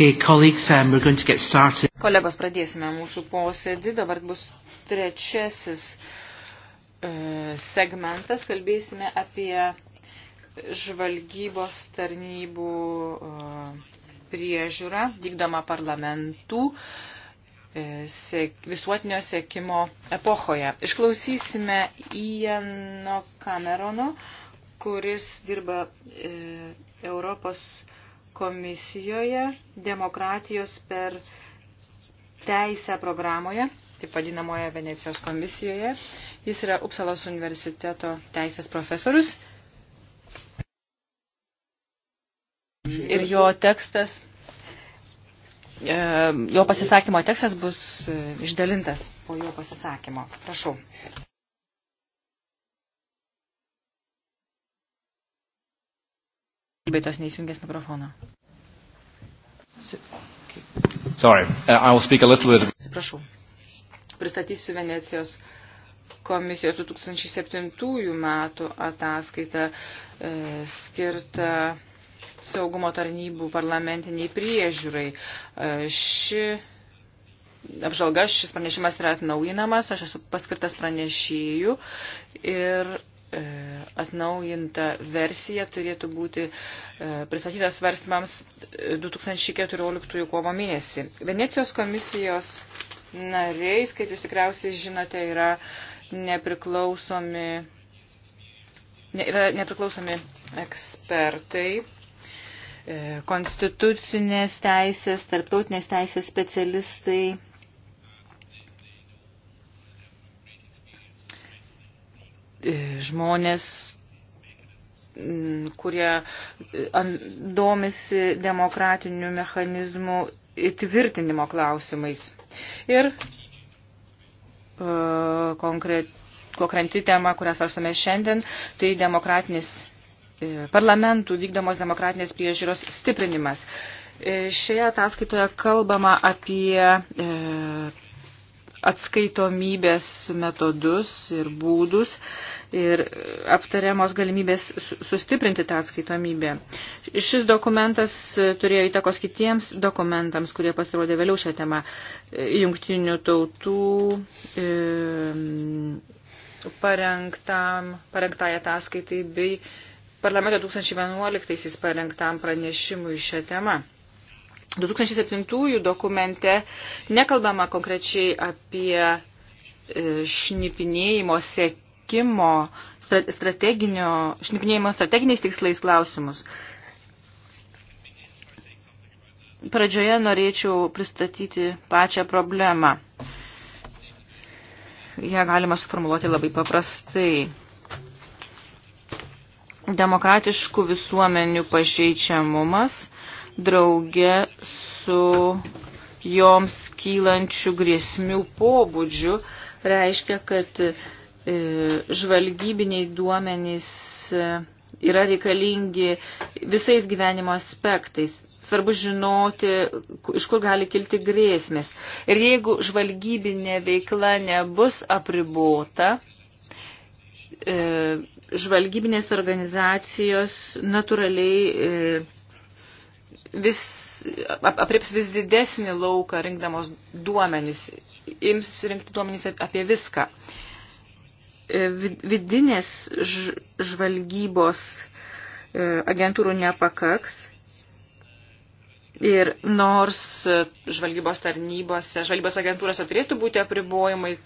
Okay, colleagues, um, we're going to get started. Kolegos, pradėsime mūsų posėdį. Dabar bus trečiasis e, segmentas. Kalbėsime apie žvalgybos tarnybų e, priežiūrą vykdomą parlamentų e, sek, visuotinio sėkimo epochoje. Išklausysime Ieno Camerono, kuris dirba e, Europos e, komisijoje demokratijos per teisę programoje, taip vadinamoje Venecijos komisijoje. Jis yra Upsalos universiteto teisės profesorius. Ir jo tekstas, e, jo pasisakymo tekstas bus e, išdalintas po jo pasisakymo. Prašau. Kalbėtos neįsijungęs mikrofoną. Sorry, uh, I will speak a little bit. Atsiprašau. Pristatysiu Venecijos komisijos 2007 metų ataskaitą e, skirtą saugumo tarnybų parlamentiniai priežiūrai. E, ši apžalga, šis pranešimas yra atnaujinamas, aš esu paskirtas pranešėjų ir E, atnaujinta versija turėtų būti e, pristatyta svarstymams 2014 e, kovo mėnesį. Venecijos komisijos nariais, kaip jūs tikriausiai žinote, yra nepriklausomi, ne, yra nepriklausomi ekspertai, konstitucinės teisės, tarptautinės teisės specialistai, E, žmonės, kurie e, domisi demokratinių mechanizmų įtvirtinimo klausimais. Ir e, konkreti tema, kurią svarstome šiandien, tai demokratinis parlamentų vykdomos demokratinės priežiūros stiprinimas. Šioje ataskaitoje kalbama apie atskaitomybės metodus ir būdus ir aptariamos galimybės sustiprinti tą atskaitomybę. Šis dokumentas turėjo įtakos kitiems dokumentams, kurie pasirodė vėliau šią temą jungtinių tautų parengtam, parengtai ataskaitai bei parlamento 2011 parengtam pranešimui šią temą. 2007 dokumente nekalbama konkrečiai apie e, šnipinėjimo sėkimo, strateginio, šnipinėjimo strateginiais tikslais klausimus. Pradžioje norėčiau pristatyti pačią problemą. Ja galima suformuluoti labai paprastai. Demokratiškų visuomenių pažeidžiamumas – drauge su joms kylančių grėsmių pobūdžiu reiškia, kad e, žvalgybiniai duomenys e, yra reikalingi visais gyvenimo aspektais. Svarbu žinoti, iš kur gali kilti grėsmės. Ir jeigu žvalgybinė veikla nebus apribota, e, žvalgybinės organizacijos natūraliai vis, ap, aprips vis didesnį lauką rinkdamos duomenys, ims rinkti duomenys apie viską. E, vidinės žvalgybos e, agentūrų nepakaks. Ir nors žvalgybos tarnybose, žvalgybos agentūrose turėtų būti apribojimai,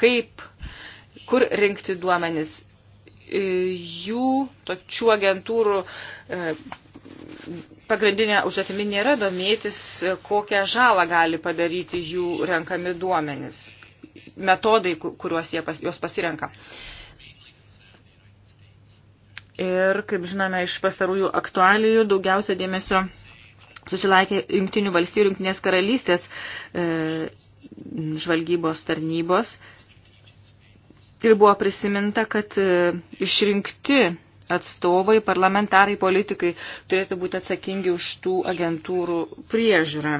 kaip, kur rinkti duomenis, E, jų, točių agentūrų e, pagrindinė užduotimi nėra domėtis, e, kokią žalą gali padaryti jų renkami duomenys, metodai, kuriuos jie pas, jos pasirenka. Ir, kaip žinome, iš pastarųjų aktualijų daugiausia dėmesio susilaikė Junktinių valstybių, Junktinės karalystės e, žvalgybos tarnybos. E, ir buvo prisiminta, kad e, išrinkti atstovai, parlamentarai, politikai turėtų būti atsakingi už tų agentūrų priežiūrą.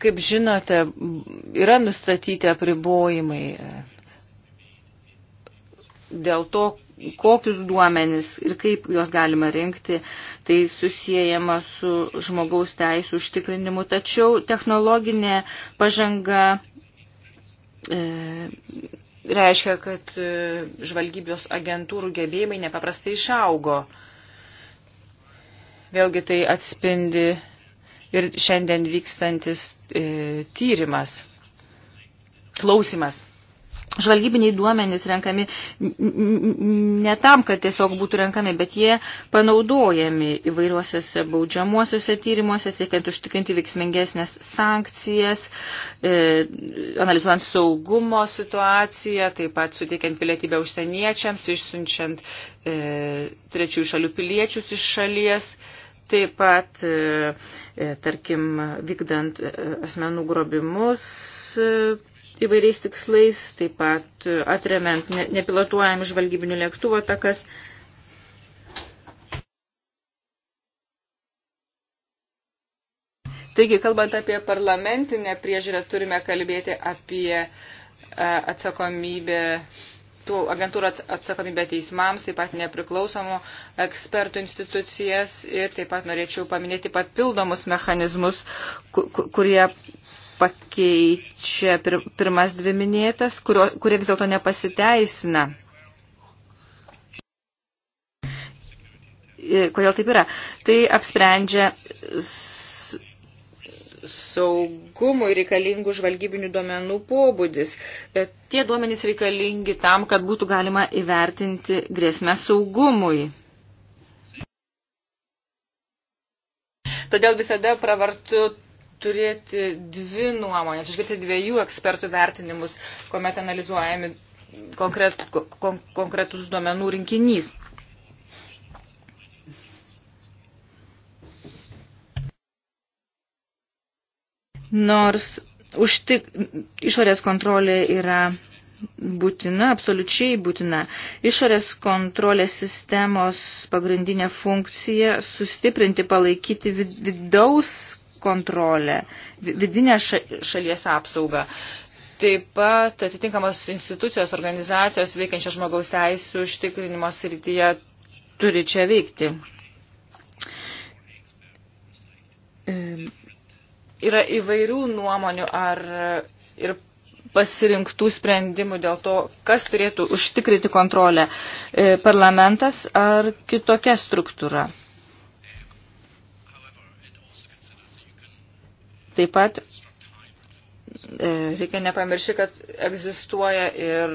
Kaip žinote, yra nustatyti apribojimai e, dėl to, kokius duomenis ir kaip juos galima rinkti, tai susijęjama su žmogaus teisų užtikrinimu. Tačiau technologinė pažanga e, reiškia, kad e, žvalgybos agentūrų gebėjimai nepaprastai išaugo. Vėlgi tai atspindi ir šiandien vykstantis e, tyrimas, klausimas žvalgybiniai duomenys renkami ne tam, kad tiesiog būtų renkami, bet jie panaudojami įvairiuosiuose baudžiamuosiuose tyrimuose, siekiant užtikrinti veiksmingesnės sankcijas, e, analizuojant saugumo situaciją, taip pat suteikiant pilietybę užsieniečiams, išsiunčiant e, trečiųjų šalių piliečius iš šalies. Taip pat, e, e tarkim, vykdant e, asmenų grobimus, e, įvairiais tikslais, taip pat atremiant nepilotuojam žvalgybinių lėktuvo takas. Taigi, kalbant apie parlamentinę priežiūrę, turime kalbėti apie e, atsakomybę, tų agentūrų atsakomybę teismams, taip pat nepriklausomų ekspertų institucijas ir taip pat norėčiau paminėti papildomus mechanizmus, kurie pakeičia pir, pirmas dvi minėtas, kurio, kurie vis dėlto nepasiteisina. E, kodėl taip yra? Tai apsprendžia saugumui reikalingų žvalgybinių duomenų pobūdis. E, tie duomenys reikalingi tam, kad būtų galima įvertinti grėsmę saugumui. Todėl visada pravartu turėti dvi nuomonės, išgirti dviejų ekspertų vertinimus, kuomet analizuojami konkret, kon, konkretus duomenų rinkinys. Nors užtik, išorės kontrolė yra būtina, absoliučiai būtina. Išorės kontrolės sistemos pagrindinė funkcija sustiprinti, palaikyti vidaus kontrolę, vidinę šalies apsaugą. Taip pat atitinkamos institucijos, organizacijos veikiančios žmogaus teisų ištikrinimo srityje turi čia veikti. Yra įvairių nuomonių ar ir pasirinktų sprendimų dėl to, kas turėtų užtikrinti kontrolę, e, parlamentas ar kitokia struktūra. Taip pat e, reikia nepamiršti, kad egzistuoja ir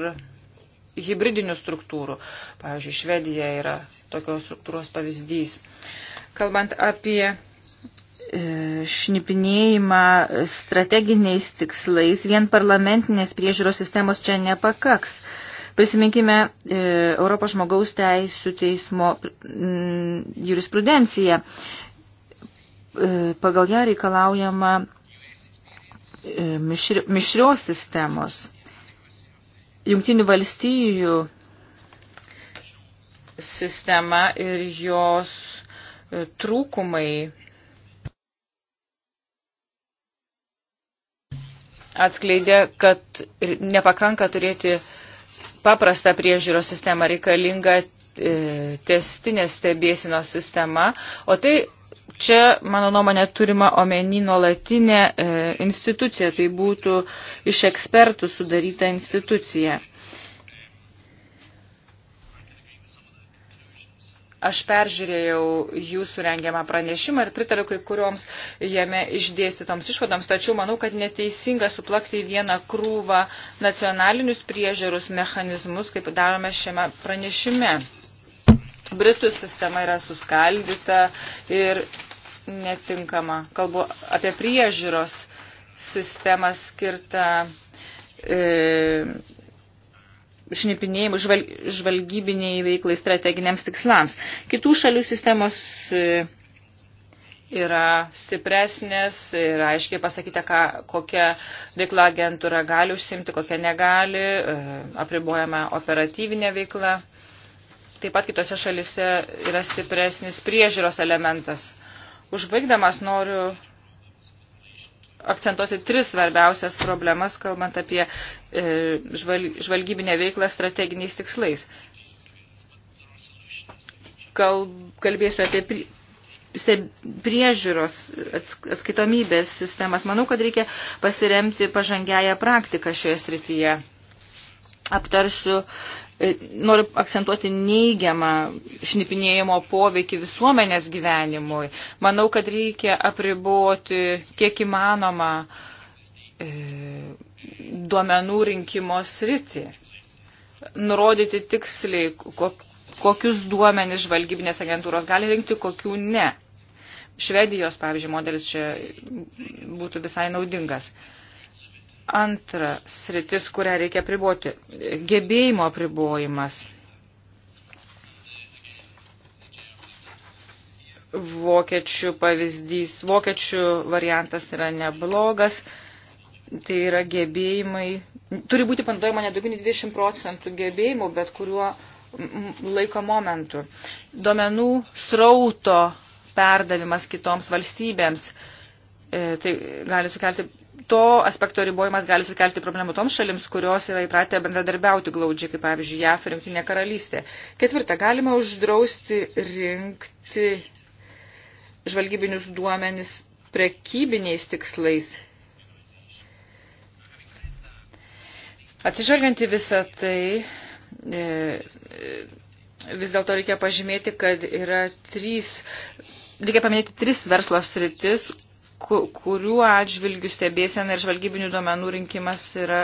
hybridinių struktūrų. Pavyzdžiui, Švedija yra tokios struktūros pavyzdys. Kalbant apie e, šnipinėjimą strateginiais tikslais, vien parlamentinės priežiūros sistemos čia nepakaks. Prisiminkime e, Europos žmogaus teisų teismo jurisprudenciją. E, pagal ją reikalaujama e, mišri, mišrios sistemos. Jungtinių valstijų sistema ir jos e, trūkumai atskleidė, kad nepakanka turėti paprastą priežiūros sistemą, reikalinga testinė stebėsinos sistema, o tai čia, mano nuomonė, turima omeny nuolatinė e, institucija, tai būtų iš ekspertų sudaryta institucija. Aš peržiūrėjau jūsų rengiamą pranešimą ir pritariu kai kurioms jame išdėstytoms išvadoms, tačiau manau, kad neteisinga suplakti į vieną krūvą nacionalinius priežiūros mechanizmus, kaip darome šiame pranešime. Britų sistema yra suskaldyta ir netinkama. Kalbu apie priežiūros sistemą skirtą e, šnipinėjimui, žval, žvalgybiniai veiklai strateginiams tikslams. Kitų šalių sistemos e, yra stipresnės ir aiškiai pasakyta, ką, kokia veikla agentūra gali užsimti, kokia negali, e, apribojama operatyvinė veikla. Taip pat kitose šalise yra stipresnis priežiūros elementas. Užbaigdamas noriu akcentuoti tris svarbiausias problemas, kalbant apie e, žvalgybinę veiklą strateginiais tikslais. Kalbėsiu apie priežiūros atskaitomybės sistemas. Manau, kad reikia pasiremti pažangiają praktiką šioje srityje. Aptarsiu E, noriu akcentuoti neigiamą šnipinėjimo poveikį visuomenės gyvenimui. Manau, kad reikia apriboti kiek įmanoma e, duomenų rinkimo sritį. Nurodyti tiksliai, kokius duomenis žvalgybinės agentūros gali rinkti, kokių ne. Švedijos, pavyzdžiui, modelis čia būtų visai naudingas. Antra sritis, kurią reikia priboti - gebėjimo pribojimas. Vokiečių pavyzdys, vokiečių variantas yra neblogas, tai yra gebėjimai, turi būti panaudojama nedaugiau nei 20 procentų gebėjimų, bet kuriuo laiko momentu. Domenų srauto perdavimas kitoms valstybėms, e, tai gali sukelti to aspekto ribojimas gali sukelti problemų toms šalims, kurios yra įpratę bendradarbiauti glaudžiai, kaip pavyzdžiui, JAF ir Junktinė karalystė. Ketvirta, galima uždrausti rinkti žvalgybinius duomenis prekybiniais tikslais. Atsižvelgiant į visą tai, e, e, vis dėlto reikia pažymėti, kad yra trys, reikia paminėti tris verslo sritis, kuriuo atžvilgių stebėsena ir žvalgybinių duomenų rinkimas yra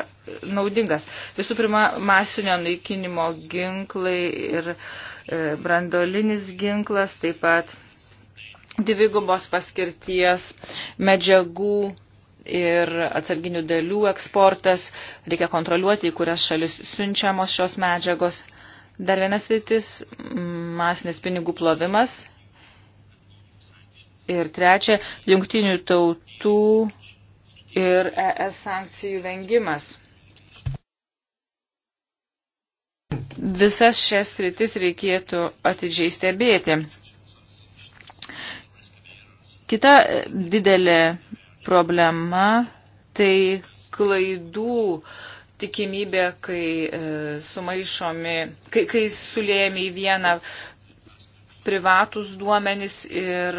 naudingas. Visų pirma, masinio naikinimo ginklai ir e, brandolinis ginklas, taip pat dvigubos paskirties medžiagų ir atsarginių dalių eksportas, reikia kontroliuoti, į kurias šalis siunčiamos šios medžiagos. Dar vienas rytis - masinis pinigų plovimas Ir trečia, jungtinių tautų ir ES sankcijų vengimas. Visas šias rytis reikėtų atidžiai stebėti. Kita didelė problema tai klaidų tikimybė, kai e, sumaišomi, kai, kai sulėjami į vieną privatus duomenys ir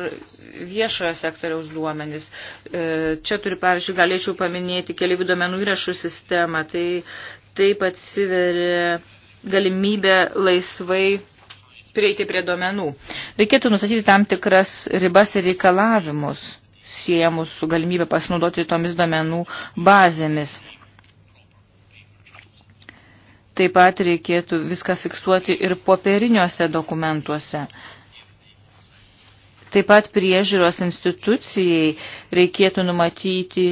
viešojo sektoriaus duomenys. E, čia turiu, pavyzdžiui, galėčiau paminėti keliaivių duomenų įrašų sistemą. Tai taip atsiveria galimybė laisvai prieiti prie duomenų. Reikėtų nusatyti tam tikras ribas ir reikalavimus siejamus su galimybė pasinaudoti tomis duomenų bazėmis. Taip pat reikėtų viską fiksuoti ir popieriniuose dokumentuose. Taip pat priežiūros institucijai reikėtų numatyti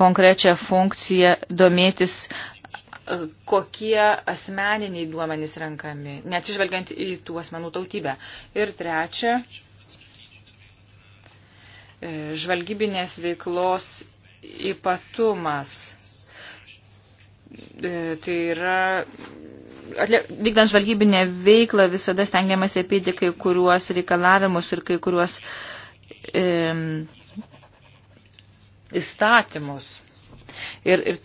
konkrečią funkciją domėtis, e, kokie asmeniniai duomenys renkami, neatsižvelgiant į tų asmenų tautybę. Ir trečia, e, žvalgybinės veiklos ypatumas. E, tai yra vykdant žvalgybinę veiklą visada stengiamasi apėti kai kuriuos reikalavimus ir kai kuriuos e, įstatymus. Ir, ir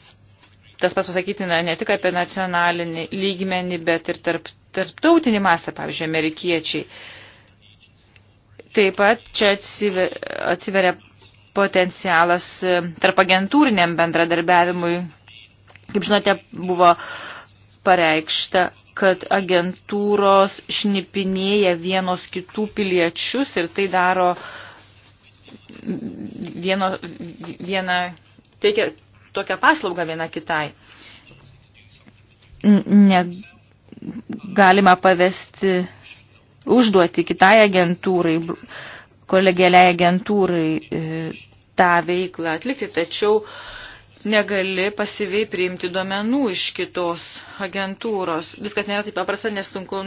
tas pas pasakytina ne tik apie nacionalinį lygmenį, bet ir tarp, tarptautinį mastą, pavyzdžiui, amerikiečiai. Taip pat čia atsiveria potencialas tarp agentūriniam bendradarbiavimui. Kaip žinote, buvo uh, pareikšta, kad agentūros šnipinėja vienos kitų piliečius ir tai daro vieno, vieną, teikia tokią paslaugą viena kitai. Ne, galima pavesti užduoti kitai agentūrai, kolegėliai agentūrai e, tą veiklą atlikti, tačiau uh, negali pasyviai priimti duomenų iš kitos agentūros. Viskas nėra taip paprasta, nes sunku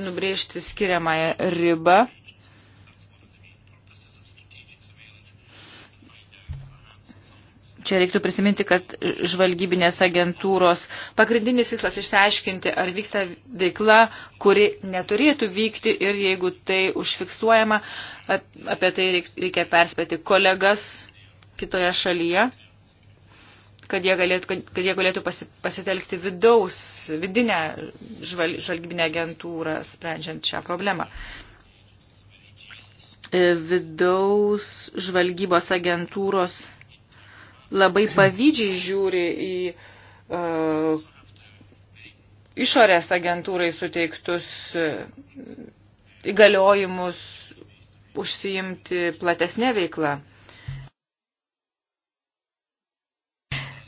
nubrėžti skiriamąją ribą. Čia reiktų prisiminti, kad žvalgybinės agentūros pagrindinis tikslas išsiaiškinti, ar vyksta veikla, kuri neturėtų vykti ir jeigu tai užfiksuojama, apie tai reikia perspėti kolegas kitoje šalyje kad jie galėtų, kad, kad jie galėtų pasi, pasitelkti vidaus, vidinę žval, žvalgybinę agentūrą, sprendžiant šią problemą. E, vidaus žvalgybos agentūros labai pavydžiai žiūri į uh, išorės agentūrai suteiktus e, įgaliojimus užsiimti platesnė veikla.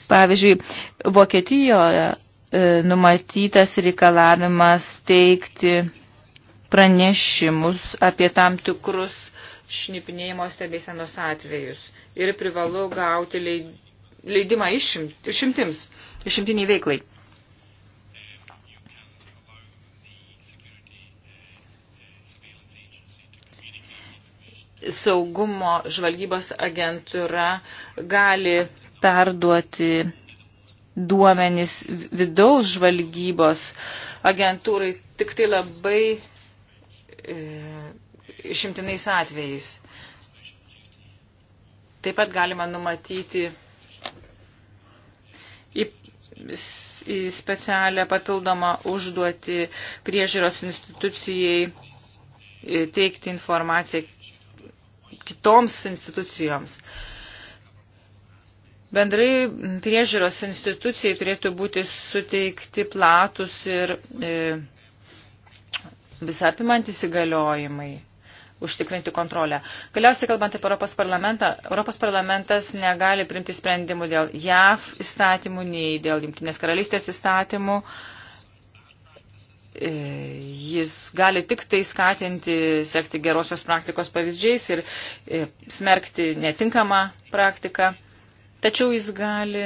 Pavyzdžiui, Vokietijoje e, numatytas reikalavimas teikti pranešimus apie tam tikrus šnipinėjimo stebėsenos atvejus ir privalu gauti leidimą išimt, išimtims, išimtiniai veiklai. Saugumo žvalgybos agentūra gali perduoti duomenys vidaus žvalgybos agentūrai tik tai labai e, išimtinais atvejais. Taip pat galima numatyti į, į specialią papildomą užduoti priežiūros institucijai e, teikti informaciją kitoms institucijoms. E, Bendrai priežiūros institucijai turėtų būti suteikti platus ir e, visapimantis įgaliojimai užtikrinti kontrolę. Galiausiai, kalbant apie Europos parlamentą, Europos parlamentas negali primti sprendimų dėl JAV įstatymų, nei dėl Jungtinės karalystės įstatymų. E, jis gali tik tai skatinti, sekti gerosios praktikos pavyzdžiais ir e, smerkti netinkamą praktiką tačiau jis gali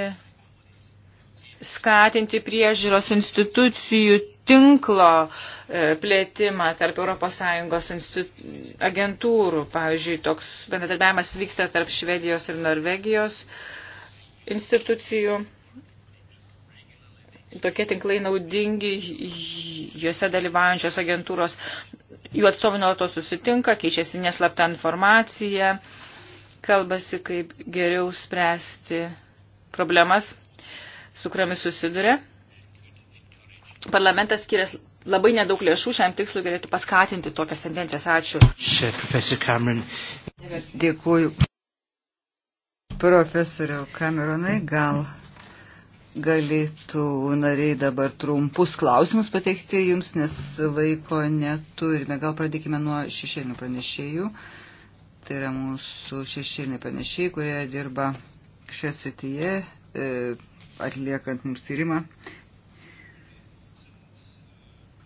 skatinti priežiūros institucijų tinklo e, plėtimą tarp ES agentūrų. Pavyzdžiui, toks bendradarbiavimas vyksta tarp Švedijos ir Norvegijos institucijų. Tokie tinklai naudingi, juose dalyvaujančios agentūros, jų atstovinoto susitinka, keičiasi neslapta informacija, kalbasi, kaip geriau spręsti problemas, su kuriamis susiduria. Parlamentas skirias labai nedaug lėšų šiam tikslui galėtų paskatinti tokias tendencijas. Ačiū. Šia, profesor Cameron. Dėkuoju. Profesoriau Cameronai, gal galėtų nariai dabar trumpus klausimus pateikti jums, nes laiko neturime. Gal pradėkime nuo šešėlinių pranešėjų. Uh, tai yra mūsų šešėliniai panešiai, kurie dirba šią srityje, e, atliekant mums tyrimą.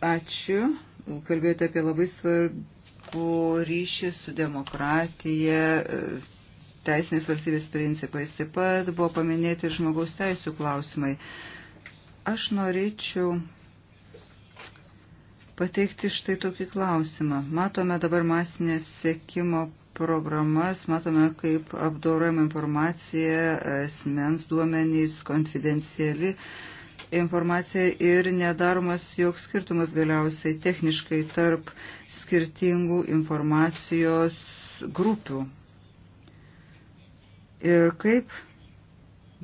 Ačiū. Kalbėjote apie labai svarbu ryšį su demokratija, e, teisinės valstybės principais. Taip pat buvo paminėti ir žmogaus teisų klausimai. Aš norėčiau pateikti štai tokį klausimą. Matome dabar masinę sėkimo programas, matome, kaip apdorojama informacija, asmens duomenys, konfidenciali informacija ir nedaromas joks skirtumas galiausiai techniškai tarp skirtingų informacijos grupių. Ir kaip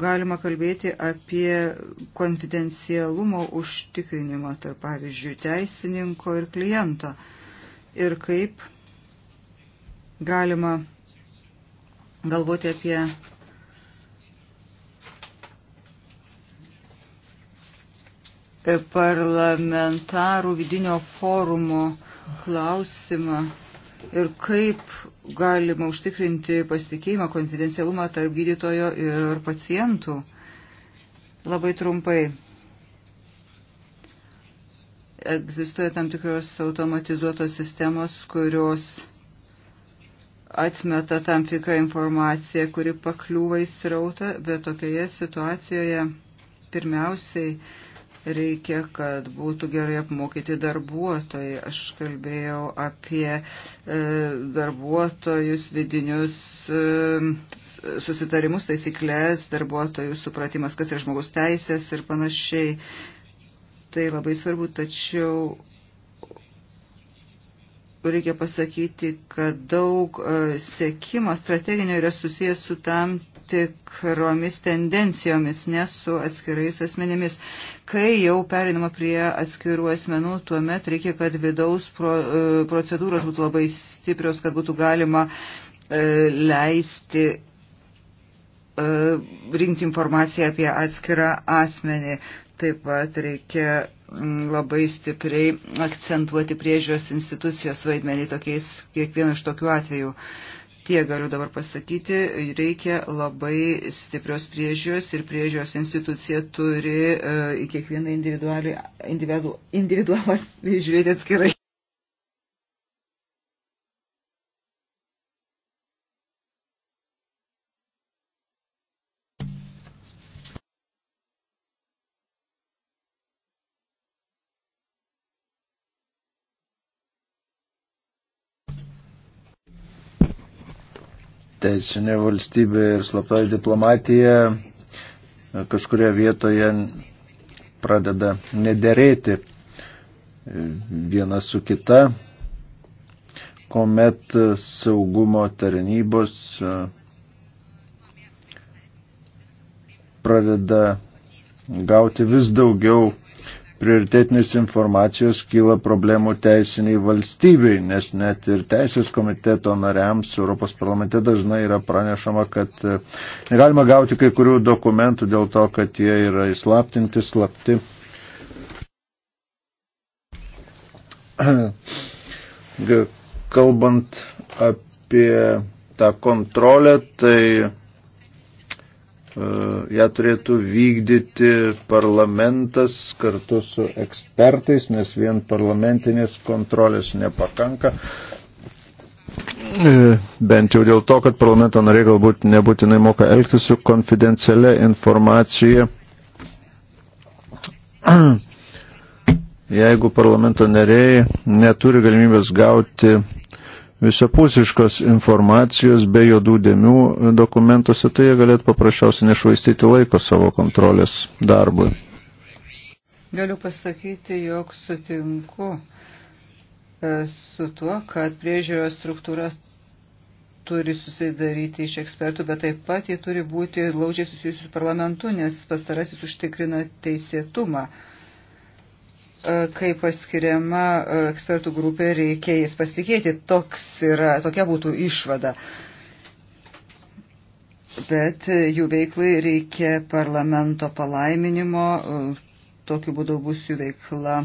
galima kalbėti apie konfidencialumo užtikrinimą tarp, pavyzdžiui, teisininko ir kliento ir kaip galima galvoti apie parlamentarų vidinio forumo klausimą ir kaip galima užtikrinti pasitikėjimą, konfidencialumą tarp gydytojo ir pacientų. Labai trumpai. Egzistuoja tam tikros automatizuotos sistemos, kurios atmeta tam tikrą informaciją, kuri pakliūva į srautą, bet tokioje situacijoje pirmiausiai reikia, kad būtų gerai apmokyti darbuotojai. Aš kalbėjau apie e, darbuotojus, vidinius e, susitarimus, taisyklės, darbuotojų supratimas, kas yra žmogus teisės ir panašiai. Tai labai svarbu, tačiau reikia pasakyti, kad daug e, sekimo strateginio yra susijęs su tam tikromis tendencijomis, ne su atskirais asmenimis. Kai jau perinama prie atskirų asmenų, tuomet reikia, kad vidaus pro, e, procedūros būtų labai stiprios, kad būtų galima e, leisti e, rinkti informaciją apie atskirą asmenį. Taip pat reikia labai stipriai akcentuoti priežiūros institucijos vaidmenį tokiais kiekvienu iš tokių atvejų. Uh, Tie galiu dabar pasakyti, reikia labai stiprios priežiūros ir priežiūros institucija turi e, į kiekvieną individualų, individualų žiūrėti atskirai. teisinė valstybė ir slaptoji diplomatija e, kažkurioje vietoje pradeda nederėti e, viena su kita, kuomet saugumo tarnybos e, pradeda gauti vis daugiau prioritetinės informacijos kyla problemų teisiniai valstybei, nes net ir teisės komiteto nariams Europos parlamente dažnai yra pranešama, kad e, negalima gauti kai kurių dokumentų dėl to, kad jie yra įslaptinti, slapti. Kalbant apie tą kontrolę, tai E, ją turėtų vykdyti parlamentas kartu su ekspertais, nes vien parlamentinės kontrolės nepakanka. E, bent jau dėl to, kad parlamento nariai galbūt nebūtinai moka elgtis su konfidencialia informacija. Jeigu parlamento nariai neturi galimybės gauti visapusiškos informacijos be jodų dėmių dokumentuose, tai jie galėtų paprasčiausiai nešvaistyti laiko savo kontrolės darbui. Galiu pasakyti, jog sutinku e, su tuo, kad priežiūros struktūra turi susidaryti iš ekspertų, bet taip pat jie turi būti glaužiai susijusius su parlamentu, nes pastarasis užtikrina teisėtumą. Uh, E, kai paskiriama e, ekspertų grupė, reikia jais pasitikėti. Toks yra, tokia būtų išvada. Bet e, jų veiklai reikia parlamento palaiminimo, tokiu būdu bus jų veikla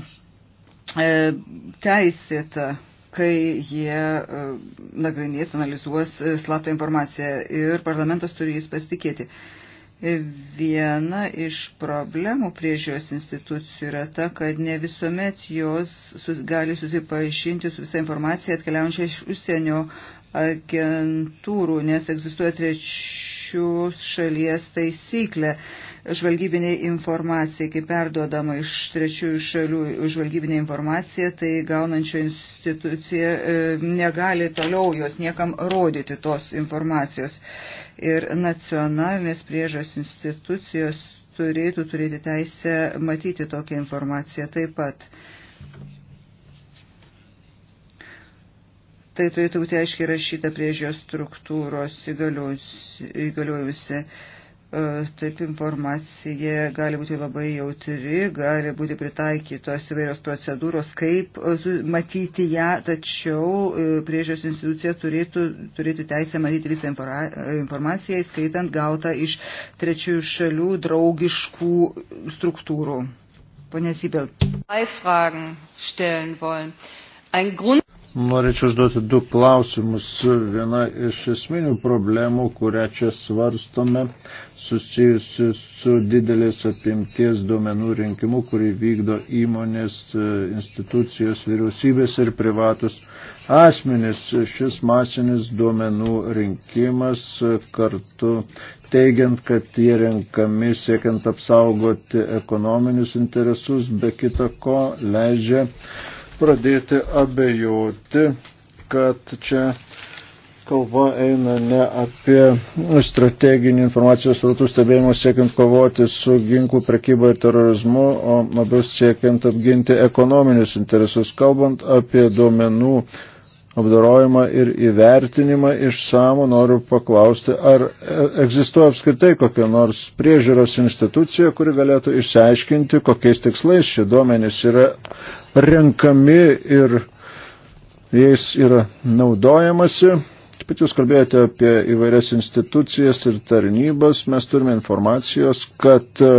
teisėta, kai jie nagrinės, analizuos slaptą informaciją ir parlamentas turi jais pasitikėti. Viena iš problemų priežiūros institucijų yra ta, kad ne visuomet jos gali susipažinti su visa informacija atkeliaujančia iš užsienio agentūrų, nes egzistuoja trečios šalies taisyklė žvalgybiniai informacijai, kai perduodama iš trečiųjų šalių žvalgybinė informacija, tai gaunančio institucija e, negali toliau jos niekam rodyti tos informacijos. Ir nacionalinės priežas institucijos turėtų turėti teisę matyti tokią informaciją taip pat. Tai turėtų būti aiškiai rašyta priežios struktūros įgaliojusi. įgaliojusi. E, taip informacija gali būti labai jautri, gali būti pritaikytos įvairios procedūros, kaip e, matyti ją, tačiau e, priežios institucija turėtų turėti teisę matyti visą informaciją, įskaitant gautą iš trečiųjų šalių draugiškų struktūrų. Pone Sibel. Norėčiau užduoti du klausimus. Viena iš esminių problemų, kurią čia svarstome, susijusi su didelės apimties duomenų rinkimu, kurį vykdo įmonės, e, institucijos, vyriausybės ir privatus asmenys. Šis masinis duomenų rinkimas e, kartu teigiant, kad jie renkami siekiant apsaugoti ekonominius interesus, be kita ko leidžia pradėti abejoti, kad čia kalba eina ne apie strateginį informacijos rautų stebėjimą siekiant kovoti su ginklų prekyba ir terorizmu, o labiau siekiant apginti ekonominius interesus. Kalbant apie duomenų apdarojimą ir įvertinimą iš samų, noriu paklausti, ar egzistuoja apskritai kokia nors priežiūros institucija, kuri galėtų išsiaiškinti, kokiais tikslais šie duomenys yra renkami ir jais yra naudojamasi Bet jūs kalbėjote apie įvairias institucijas ir tarnybas. Mes turime informacijos, kad e,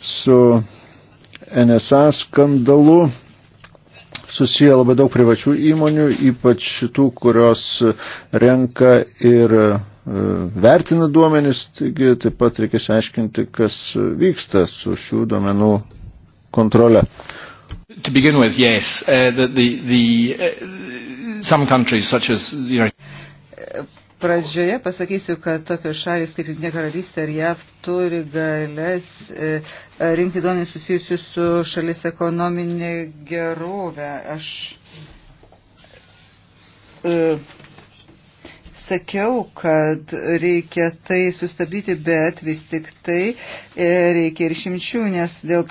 su NSA skandalu susiję labai daug privačių įmonių, ypač tų, kurios renka ir e, vertina duomenis. Taigi taip pat reikia aiškinti, kas vyksta su šių duomenų kontrole. To begin with, yes, uh, the, the, the, uh, some countries such as the you United know... Pradžioje pasakysiu, kad tokios šalis kaip Junktinė karalystė ir JAV turi galės e, e, rinkti duomenys susijusius su šalis ekonominė gerovė. Aš e, sakiau, kad reikia tai sustabdyti, bet vis tik tai e, reikia ir šimčių, nes dėl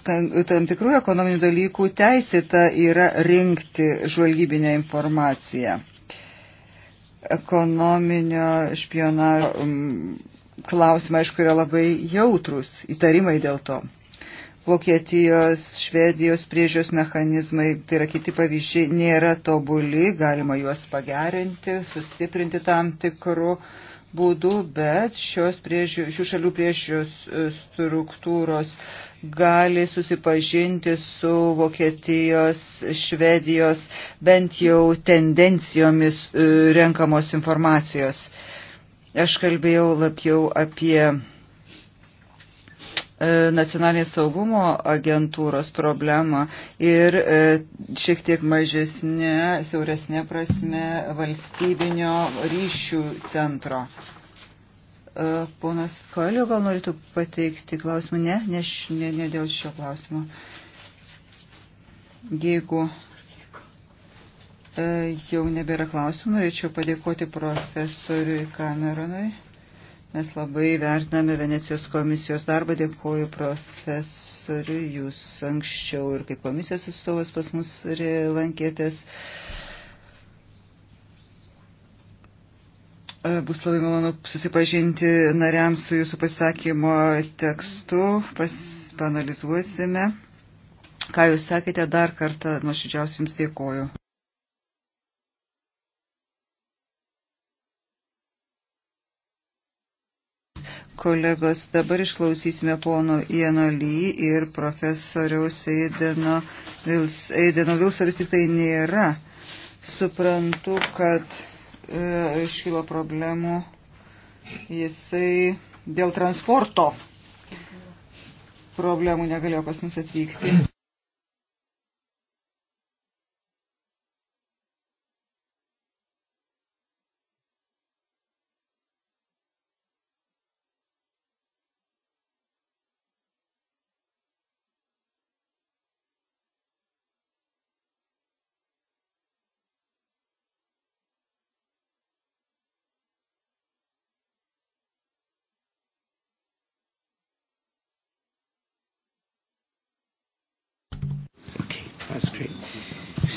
tam tikrų ekonominių dalykų teisėta yra rinkti žvalgybinę informaciją ekonominio špionažo um, klausimai, aišku, yra labai jautrus įtarimai dėl to. Vokietijos, Švedijos priežios mechanizmai, tai yra kiti pavyzdžiai, nėra tobuli, galima juos pagerinti, sustiprinti tam tikrų uh, būdų, bet šios priežių, šių šalių priežiūros e, struktūros gali susipažinti su Vokietijos, Švedijos bent jau tendencijomis e, renkamos informacijos. Aš kalbėjau labiau apie E, nacionalinės saugumo agentūros problemą ir e, šiek tiek mažesnė, siauresnė prasme valstybinio ryšių centro. E, ponas Koelio gal norėtų pateikti klausimų? Ne, ne, ne, ne dėl šio klausimo. Jeigu jau nebėra klausimų, norėčiau padėkoti profesoriui Kameronui. Mes labai vertiname Venecijos komisijos darbą. Dėkuoju profesoriui, jūs anksčiau ir kaip komisijos atstovas pas mus lankėtės. E, bus labai malonu susipažinti nariams su jūsų pasisakymo tekstu. Pas, panalizuosime. Ką jūs sakėte, dar kartą nuoširdžiausiai jums dėkoju. Kolegos, dabar išklausysime pono Ieno Ly ir profesoriaus Eideno, Vils, Eideno Vilsoris tik tai nėra. Suprantu, kad e, iškilo problemų jisai dėl transporto problemų negalėjo pas mus atvykti.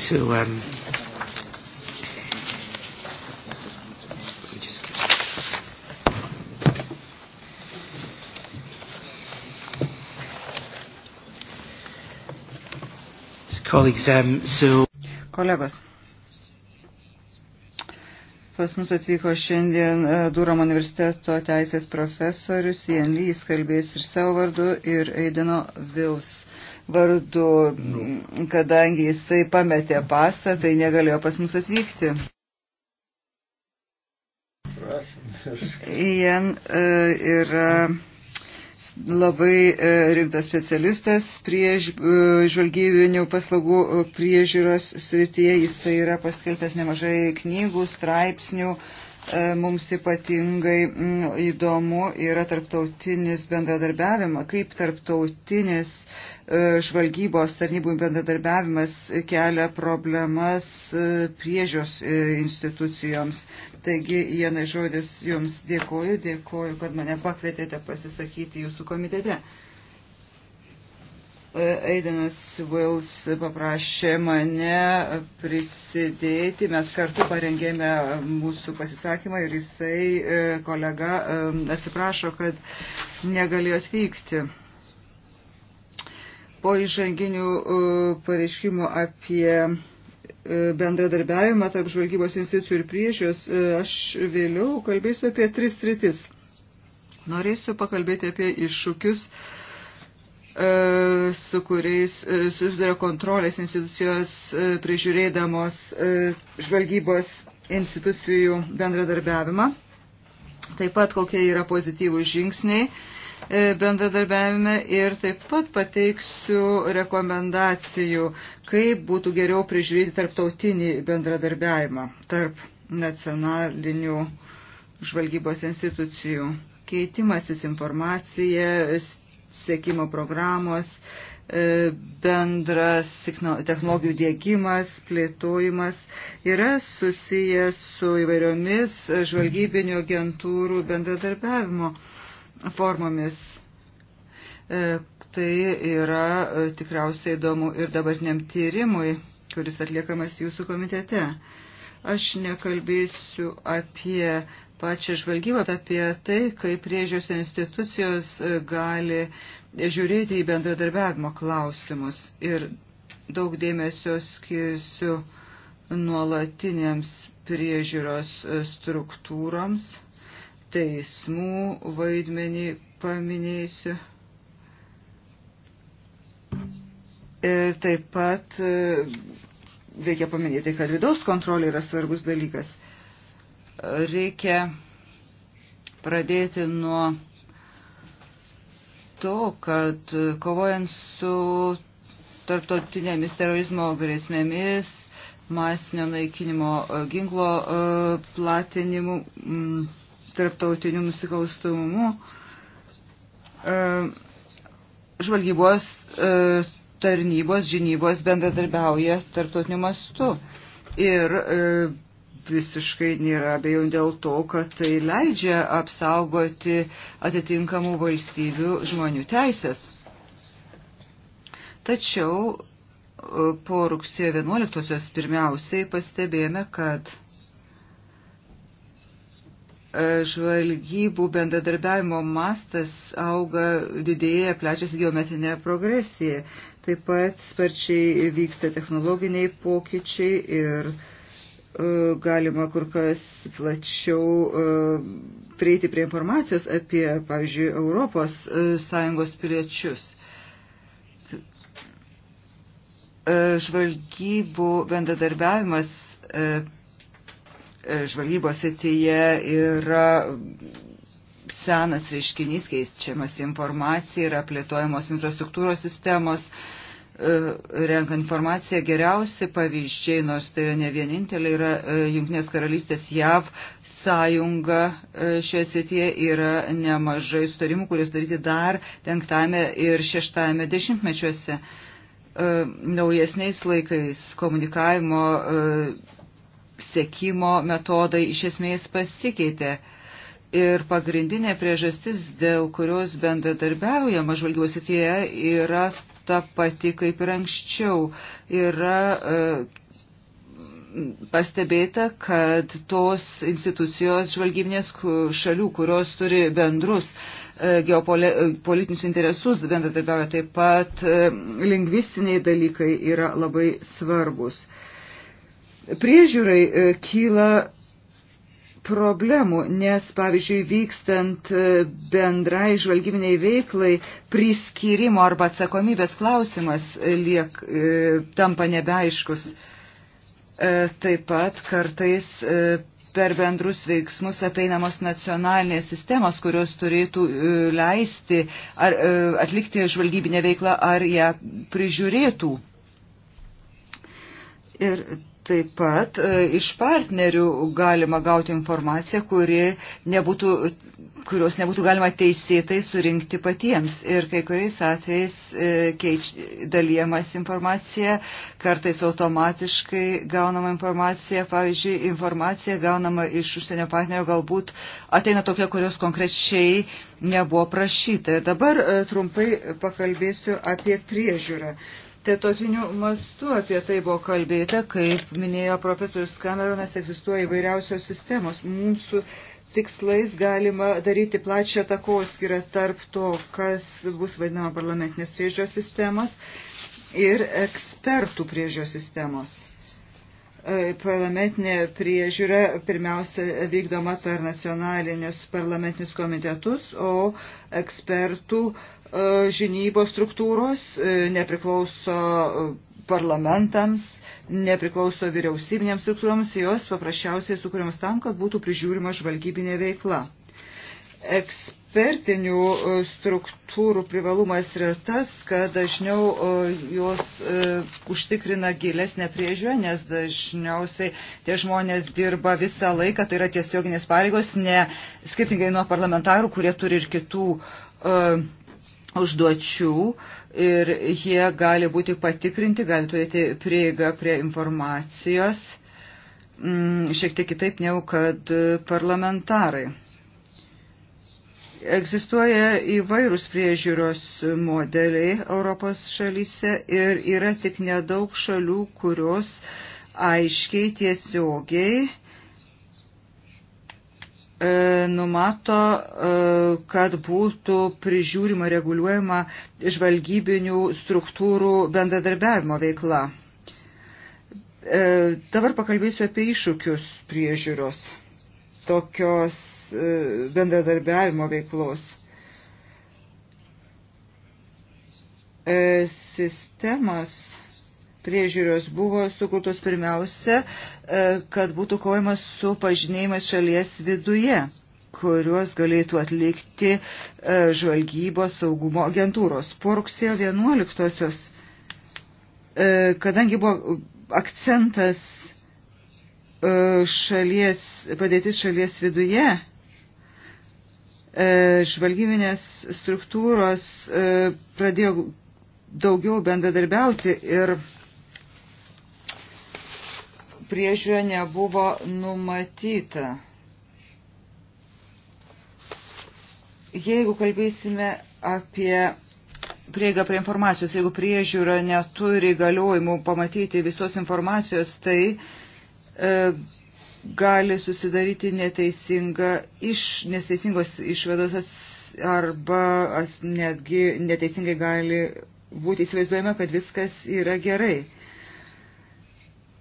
to. Um, colleagues, um, so... Kolegos. Pas mus atvyko šiandien e, Duramo universiteto teisės profesorius Jan Lys, kalbės ir savo vardu, ir Eidino Vils vardu, kadangi jisai pametė pasą, tai negalėjo pas mus atvykti. Ian e, yra labai e, rimtas specialistas prieš e, žvalgybinių paslaugų priežiūros srityje. Jisai yra paskelbęs nemažai knygų, straipsnių, uh, E, mums ypatingai mm, įdomu yra tarptautinis bendradarbiavimas, kaip tarptautinis e, žvalgybos tarnybų bendradarbiavimas kelia problemas e, priežios institucijoms. Taigi, Jena, žodis Jums dėkoju, dėkoju, kad mane pakvietėte pasisakyti Jūsų komitete. Aidenas Wills paprašė mane prisidėti. Mes kartu parengėme mūsų pasisakymą ir jisai, e, kolega, e, atsiprašo, kad negalėjo atvykti. Po įžanginių e, pareiškimų apie bendradarbiavimą tarp žvalgybos institucijų ir priežios, aš vėliau kalbėsiu apie tris sritis. Norėsiu pakalbėti apie iššūkius E, su kuriais e, susiduria kontrolės institucijos e, prižiūrėdamos žvalgybos institucijų bendradarbiavimą. Taip pat kokie yra pozityvų žingsniai bendradarbiavime ir taip pat pateiksiu rekomendacijų, kaip būtų geriau prižiūrėti tarptautinį bendradarbiavimą tarp nacionalinių žvalgybos institucijų. Keitimasis informacija, sėkimo programos, e, bendras technologijų dėgymas, plėtojimas yra susijęs su įvairiomis žvalgybinių agentūrų bendradarbiavimo formomis. E, tai yra e, tikriausiai įdomu ir dabartiniam tyrimui, kuris atliekamas jūsų komitete. Aš nekalbėsiu apie pačią žvalgybą apie tai, kaip priežios institucijos e, gali žiūrėti į bendradarbiavimo klausimus. Ir daug dėmesio skirsiu nuolatinėms priežiūros e, struktūroms, teismų vaidmenį paminėsiu. Ir taip pat e, reikia paminėti, kad vidaus kontrolė yra svarbus dalykas. Reikia pradėti nuo to, kad kovojant su tarptautinėmis terorizmo grėsmėmis, masinio naikinimo e, ginklo e, platinimu, tarptautiniu nusikalstumumu, e, žvalgybos tarnybos, žinybos bendradarbiauja tarptautiniu mastu. Ir visiškai nėra abejonių dėl to, kad tai leidžia apsaugoti atitinkamų valstybių žmonių teisės. Tačiau e, po rugsėjo 11-osios pirmiausiai pastebėjome, kad e, žvalgybų bendradarbiavimo mastas auga, didėja, plečiasi geometrinė progresija. Taip pat sparčiai vyksta technologiniai pokyčiai ir uh, galima kur kas plačiau e, prieiti prie informacijos apie, pavyzdžiui, Europos e, Sąjungos piliečius e, žvalgybų bendradarbiavimas žvalgybos ateityje yra senas reiškinys, keičiamas informacija, yra plėtojamos infrastruktūros sistemos, E, renka informaciją, geriausi pavyzdžiai, nors tai yra ne vienintelė, yra e, Junktinės karalystės JAV sąjunga e, šioje srityje yra nemažai sutarimų, kurios daryti dar penktame ir šeštame dešimtmečiuose. Naujesniais laikais komunikavimo sekimo metodai iš esmės pasikeitė. Ir pagrindinė priežastis, dėl kurios bendradarbiaujama žvalgybos srityje, yra ta pati kaip ir anksčiau. Yra e, pastebėta, kad tos institucijos žvalgybinės šalių, kurios turi bendrus e, geopolitinius e, interesus, bendradarbiauja taip pat lingvistiniai dalykai yra labai svarbus. Priežiūrai kyla problemų, nes, pavyzdžiui, vykstant e, bendrai žvalgybiniai veiklai, priskyrimo arba atsakomybės klausimas liek, e, tampa nebeaiškus. E, taip pat kartais per bendrus veiksmus apeinamos nacionalinės sistemos, kurios turėtų leisti ar, atlikti žvalgybinę veiklą ar ją prižiūrėtų. Ir Taip pat e, iš partnerių galima gauti informaciją, kuri nebūtų, kurios nebūtų galima teisėtai surinkti patiems. Ir kai kuriais atvejais e, keič, dalyjamas informacija, kartais automatiškai gaunama informacija, pavyzdžiui, informacija gaunama iš užsienio partnerių galbūt ateina tokia, kurios konkrečiai nebuvo prašyta. Dabar e, trumpai pakalbėsiu apie priežiūrą. Tetotiniu mastu apie tai buvo kalbėta, kaip minėjo profesorius Kameronas, egzistuoja įvairiausios sistemos. Mūsų tikslais galima daryti plačią takoskirą tarp to, kas bus vadinama parlamentinės priežios sistemos ir ekspertų priežios sistemos e, parlamentinė priežiūra pirmiausia vykdoma per nacionalinius parlamentinius komitetus, o ekspertų E, žinybos struktūros, e, nepriklauso e, parlamentams, nepriklauso vyriausybinėms struktūroms, jos paprasčiausiai sukūriamas tam, kad būtų prižiūrima žvalgybinė veikla. Ekspertinių struktūrų privalumas yra tas, kad dažniau jos užtikrina gilesnę priežiūrę, nes dažniausiai tie žmonės dirba visą laiką, tai yra tiesioginės pareigos, ne skirtingai nuo parlamentarų, kurie turi ir kitų uh, užduočių ir jie gali būti patikrinti, gali turėti prieigą prie informacijos mm, šiek tiek kitaip negu kad parlamentarai. Egzistuoja įvairūs priežiūros modeliai Europos šalyse ir yra tik nedaug šalių, kurios aiškiai tiesiogiai E, numato, e, kad būtų prižiūrima, reguliuojama žvalgybinių struktūrų bendradarbiavimo veikla. E, dabar pakalbėsiu apie iššūkius priežiūros tokios bendradarbiavimo veiklos. Sistemas priežiūros buvo sukurtos pirmiausia, e, kad būtų kovojamas su pažinėjimas šalies viduje, kuriuos galėtų atlikti e, žvalgybos saugumo agentūros. Po rugsėjo 11-osios, e, kadangi buvo akcentas šalies, padėtis šalies viduje, žvalgybinės struktūros pradėjo daugiau bendradarbiauti ir priežiūra nebuvo numatyta. Jeigu kalbėsime apie prieigą prie informacijos, jeigu priežiūra neturi galiojimų pamatyti visos informacijos, tai e, gali susidaryti neteisinga iš, neteisingos išvedos arba as, netgi neteisingai gali būti įsivaizduojama, kad viskas yra gerai.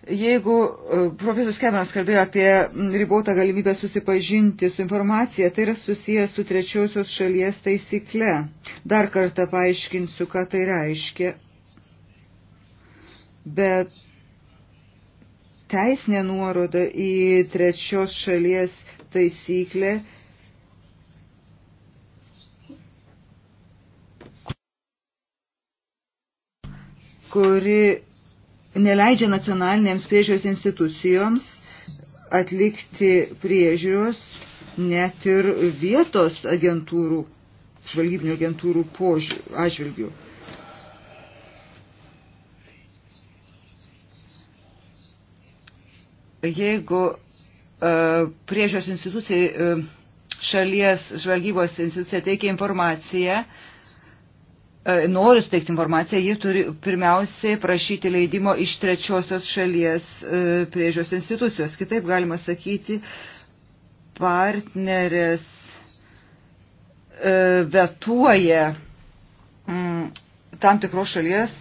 Jeigu e, profesorius Kemeras kalbėjo apie ribotą galimybę susipažinti su informacija, tai yra susijęs su trečiosios šalies taisykle. Dar kartą paaiškinsiu, ką tai reiškia. Bet teisinė nuoroda į trečios šalies taisyklę kuri neleidžia nacionalinėms priežiūros institucijoms atlikti priežiūros net ir vietos agentūrų, žvalgybinių agentūrų atžvilgių. Jeigu uh, priežiūros institucijai uh, šalies žvalgybos institucija teikia informaciją, uh, E, nori suteikti informaciją, ji turi pirmiausiai prašyti leidimo iš trečiosios šalies e, priežios institucijos. Kitaip galima sakyti, partnerės e, vetuoja mm, tam tikros šalies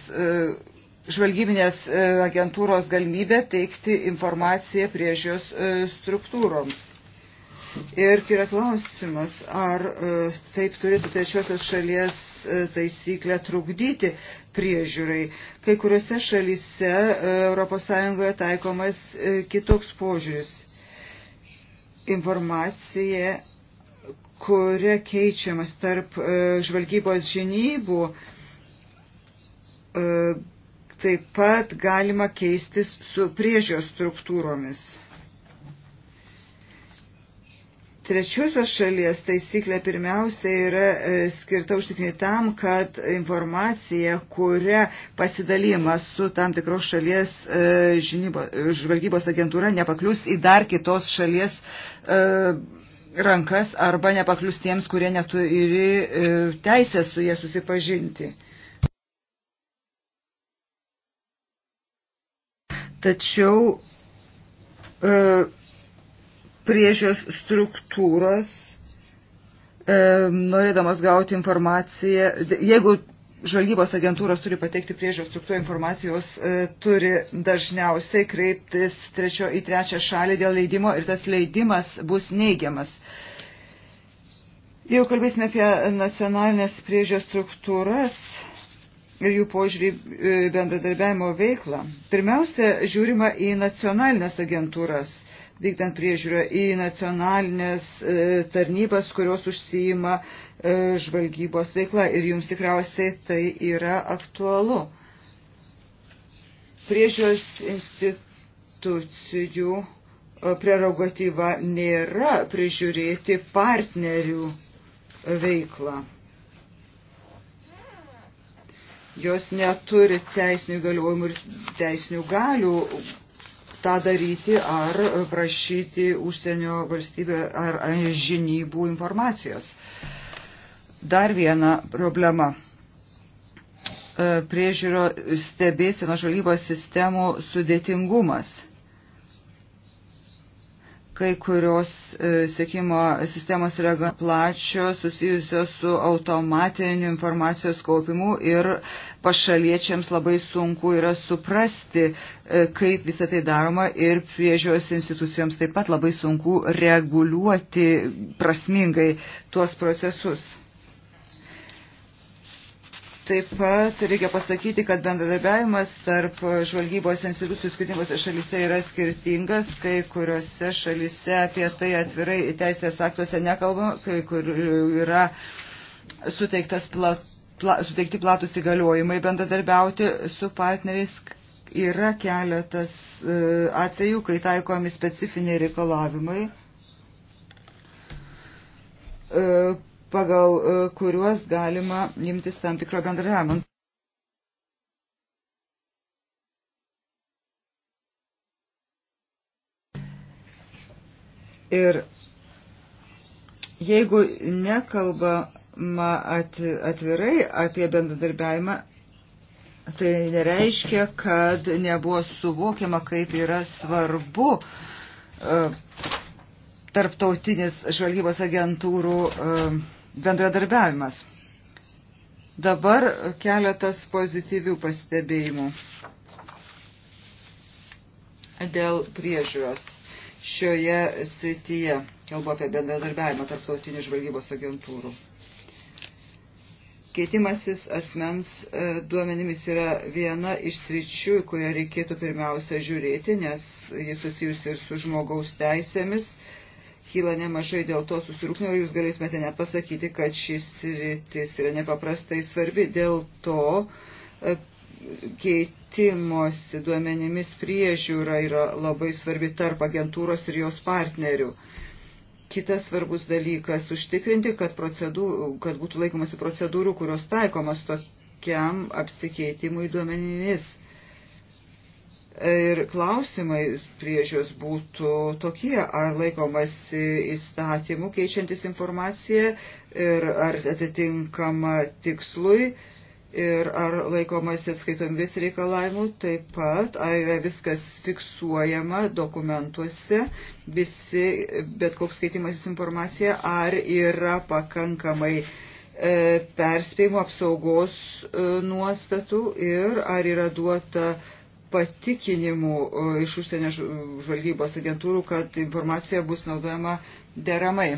žvalgybinės agentūros galimybę teikti informaciją priežios struktūroms. Ir yra klausimas, ar e, taip turėtų trečiosios šalies e, taisyklę trukdyti priežiūrai. Kai kuriuose šalyse ES taikomas e, kitoks požiūris. Informacija, kuria keičiamas tarp žvalgybos žinybų, taip pat galima keistis su priežios struktūromis trečiosios šalies taisyklė pirmiausia yra e, skirta užtikrinti tam, kad informacija, kuria pasidalyma su tam tikros šalies e, žinybo, žvalgybos agentūra, nepaklius į dar kitos šalies e, rankas arba nepaklius tiems, kurie neturi teisę su jie susipažinti. Tačiau priežios struktūros, e, norėdamas gauti informaciją, jeigu žvalgybos agentūros turi pateikti priežios struktūrą informacijos, e, turi dažniausiai kreiptis trečio į trečią šalį dėl leidimo ir tas leidimas bus neigiamas. Jau kalbėsime apie nacionalinės priežios struktūras ir jų požiūrį e, bendradarbiavimo veiklą. Pirmiausia, žiūrima į nacionalinės agentūras vykdant priežiūrą į nacionalinės e, tarnybas, kurios užsijima e, žvalgybos veikla. Ir jums tikriausiai tai yra aktualu. Priežiūros institucijų e, prerogatyva nėra prižiūrėti partnerių veiklą jos neturi teisinių įgaliojimų ir teisinių galių tą daryti ar prašyti užsienio valstybė ar žinybų informacijos. Dar viena problema e, priežiūro stebėsino žvalgybos sistemų sudėtingumas. Kai kurios e, sėkimo sistemos yra plačios, susijusios su automatiniu informacijos kaupimu ir pašaliečiams labai sunku yra suprasti, e, kaip visą tai daroma ir priežiūros institucijoms taip pat labai sunku reguliuoti prasmingai tuos procesus. Taip pat reikia pasakyti, kad bendradarbiavimas tarp žvalgybos institucijų skirtingose šalyse yra skirtingas, kai kuriuose šalyse apie tai atvirai teisės aktuose nekalbama, kai kur yra suteiktas platus pla, suteikti platus įgaliojimai bendradarbiauti su partneriais. Yra keletas e, atvejų, kai taikomi specifiniai reikalavimai, e, pagal e, kuriuos galima imtis tam tikro bendravimo. Ir jeigu nekalba atvirai apie bendradarbiavimą, tai nereiškia, kad nebuvo suvokiama, kaip yra svarbu e, tarptautinis žvalgybos agentūrų e, bendradarbiavimas. Dabar keletas pozityvių pastebėjimų dėl priežiūros šioje srityje. Kalbu apie bendradarbiavimą tarptautinių žvalgybos agentūrų. Keitimasis asmens e, duomenimis yra viena iš sričių, į kurią reikėtų pirmiausia žiūrėti, nes jis susijusi ir su žmogaus teisėmis. Kyla nemažai dėl to susirūpinimo ir jūs galėtumėte net pasakyti, kad šis rytis yra nepaprastai svarbi. Dėl to e, keitimosi duomenimis priežiūra yra labai svarbi tarp agentūros ir jos partnerių Kitas svarbus dalykas - užtikrinti, kad, procedūr, kad būtų laikomasi procedūrų, kurios taikomas tokiam apsikeitimui duomenimis. Ir klausimai priežios būtų tokie, ar laikomasi įstatymų keičiantis informaciją ir ar atitinkama tikslui ir ar laikomasi atskaitomis reikalavimų, taip pat ar yra viskas fiksuojama dokumentuose, visi, bet koks skaitimasis informacija, ar yra pakankamai e, perspėjimo apsaugos e, nuostatų ir ar yra duota patikinimų e, iš užsienio žvalgybos agentūrų, kad informacija bus naudojama deramai.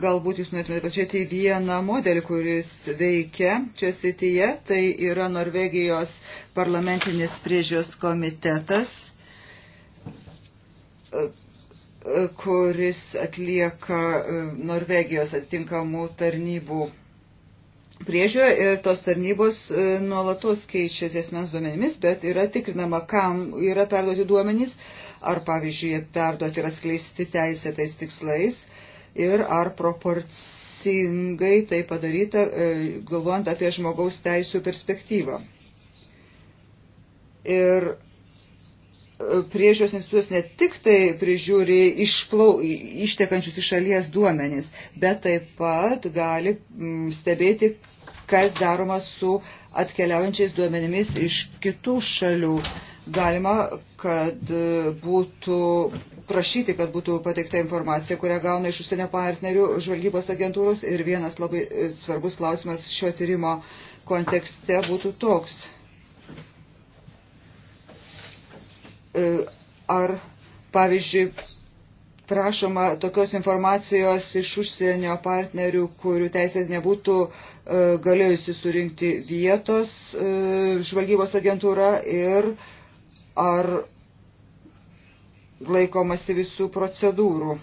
Galbūt jūs norėtumėte pažiūrėti į vieną modelį, kuris veikia čia srityje. Tai yra Norvegijos parlamentinis priežios komitetas, kuris atlieka e, Norvegijos atitinkamų tarnybų priežiūrą ir tos tarnybos e, nuolatos keičiasi esmens duomenimis, bet yra tikrinama, kam yra perduoti duomenys, ar pavyzdžiui, perduoti ir atskleisti teisėtais tikslais. Uh, ir ar proporcingai tai padaryta, e, galvojant apie žmogaus teisų perspektyvą. Ir e, priežios institucijos ne tik tai prižiūri išplau, ištekančius iš šalies duomenys, bet taip pat gali stebėti, kas daroma su atkeliaujančiais duomenimis iš kitų šalių galima, kad e, būtų prašyti, kad būtų pateikta informacija, kurią gauna iš užsienio partnerių žvalgybos agentūros. Ir vienas labai e, svarbus klausimas šio tyrimo kontekste būtų toks. E, ar, pavyzdžiui, prašoma tokios informacijos iš užsienio partnerių, kurių teisės nebūtų galėjusi surinkti vietos žvalgybos agentūra ir uh, ar laikomasi visų procedūrų.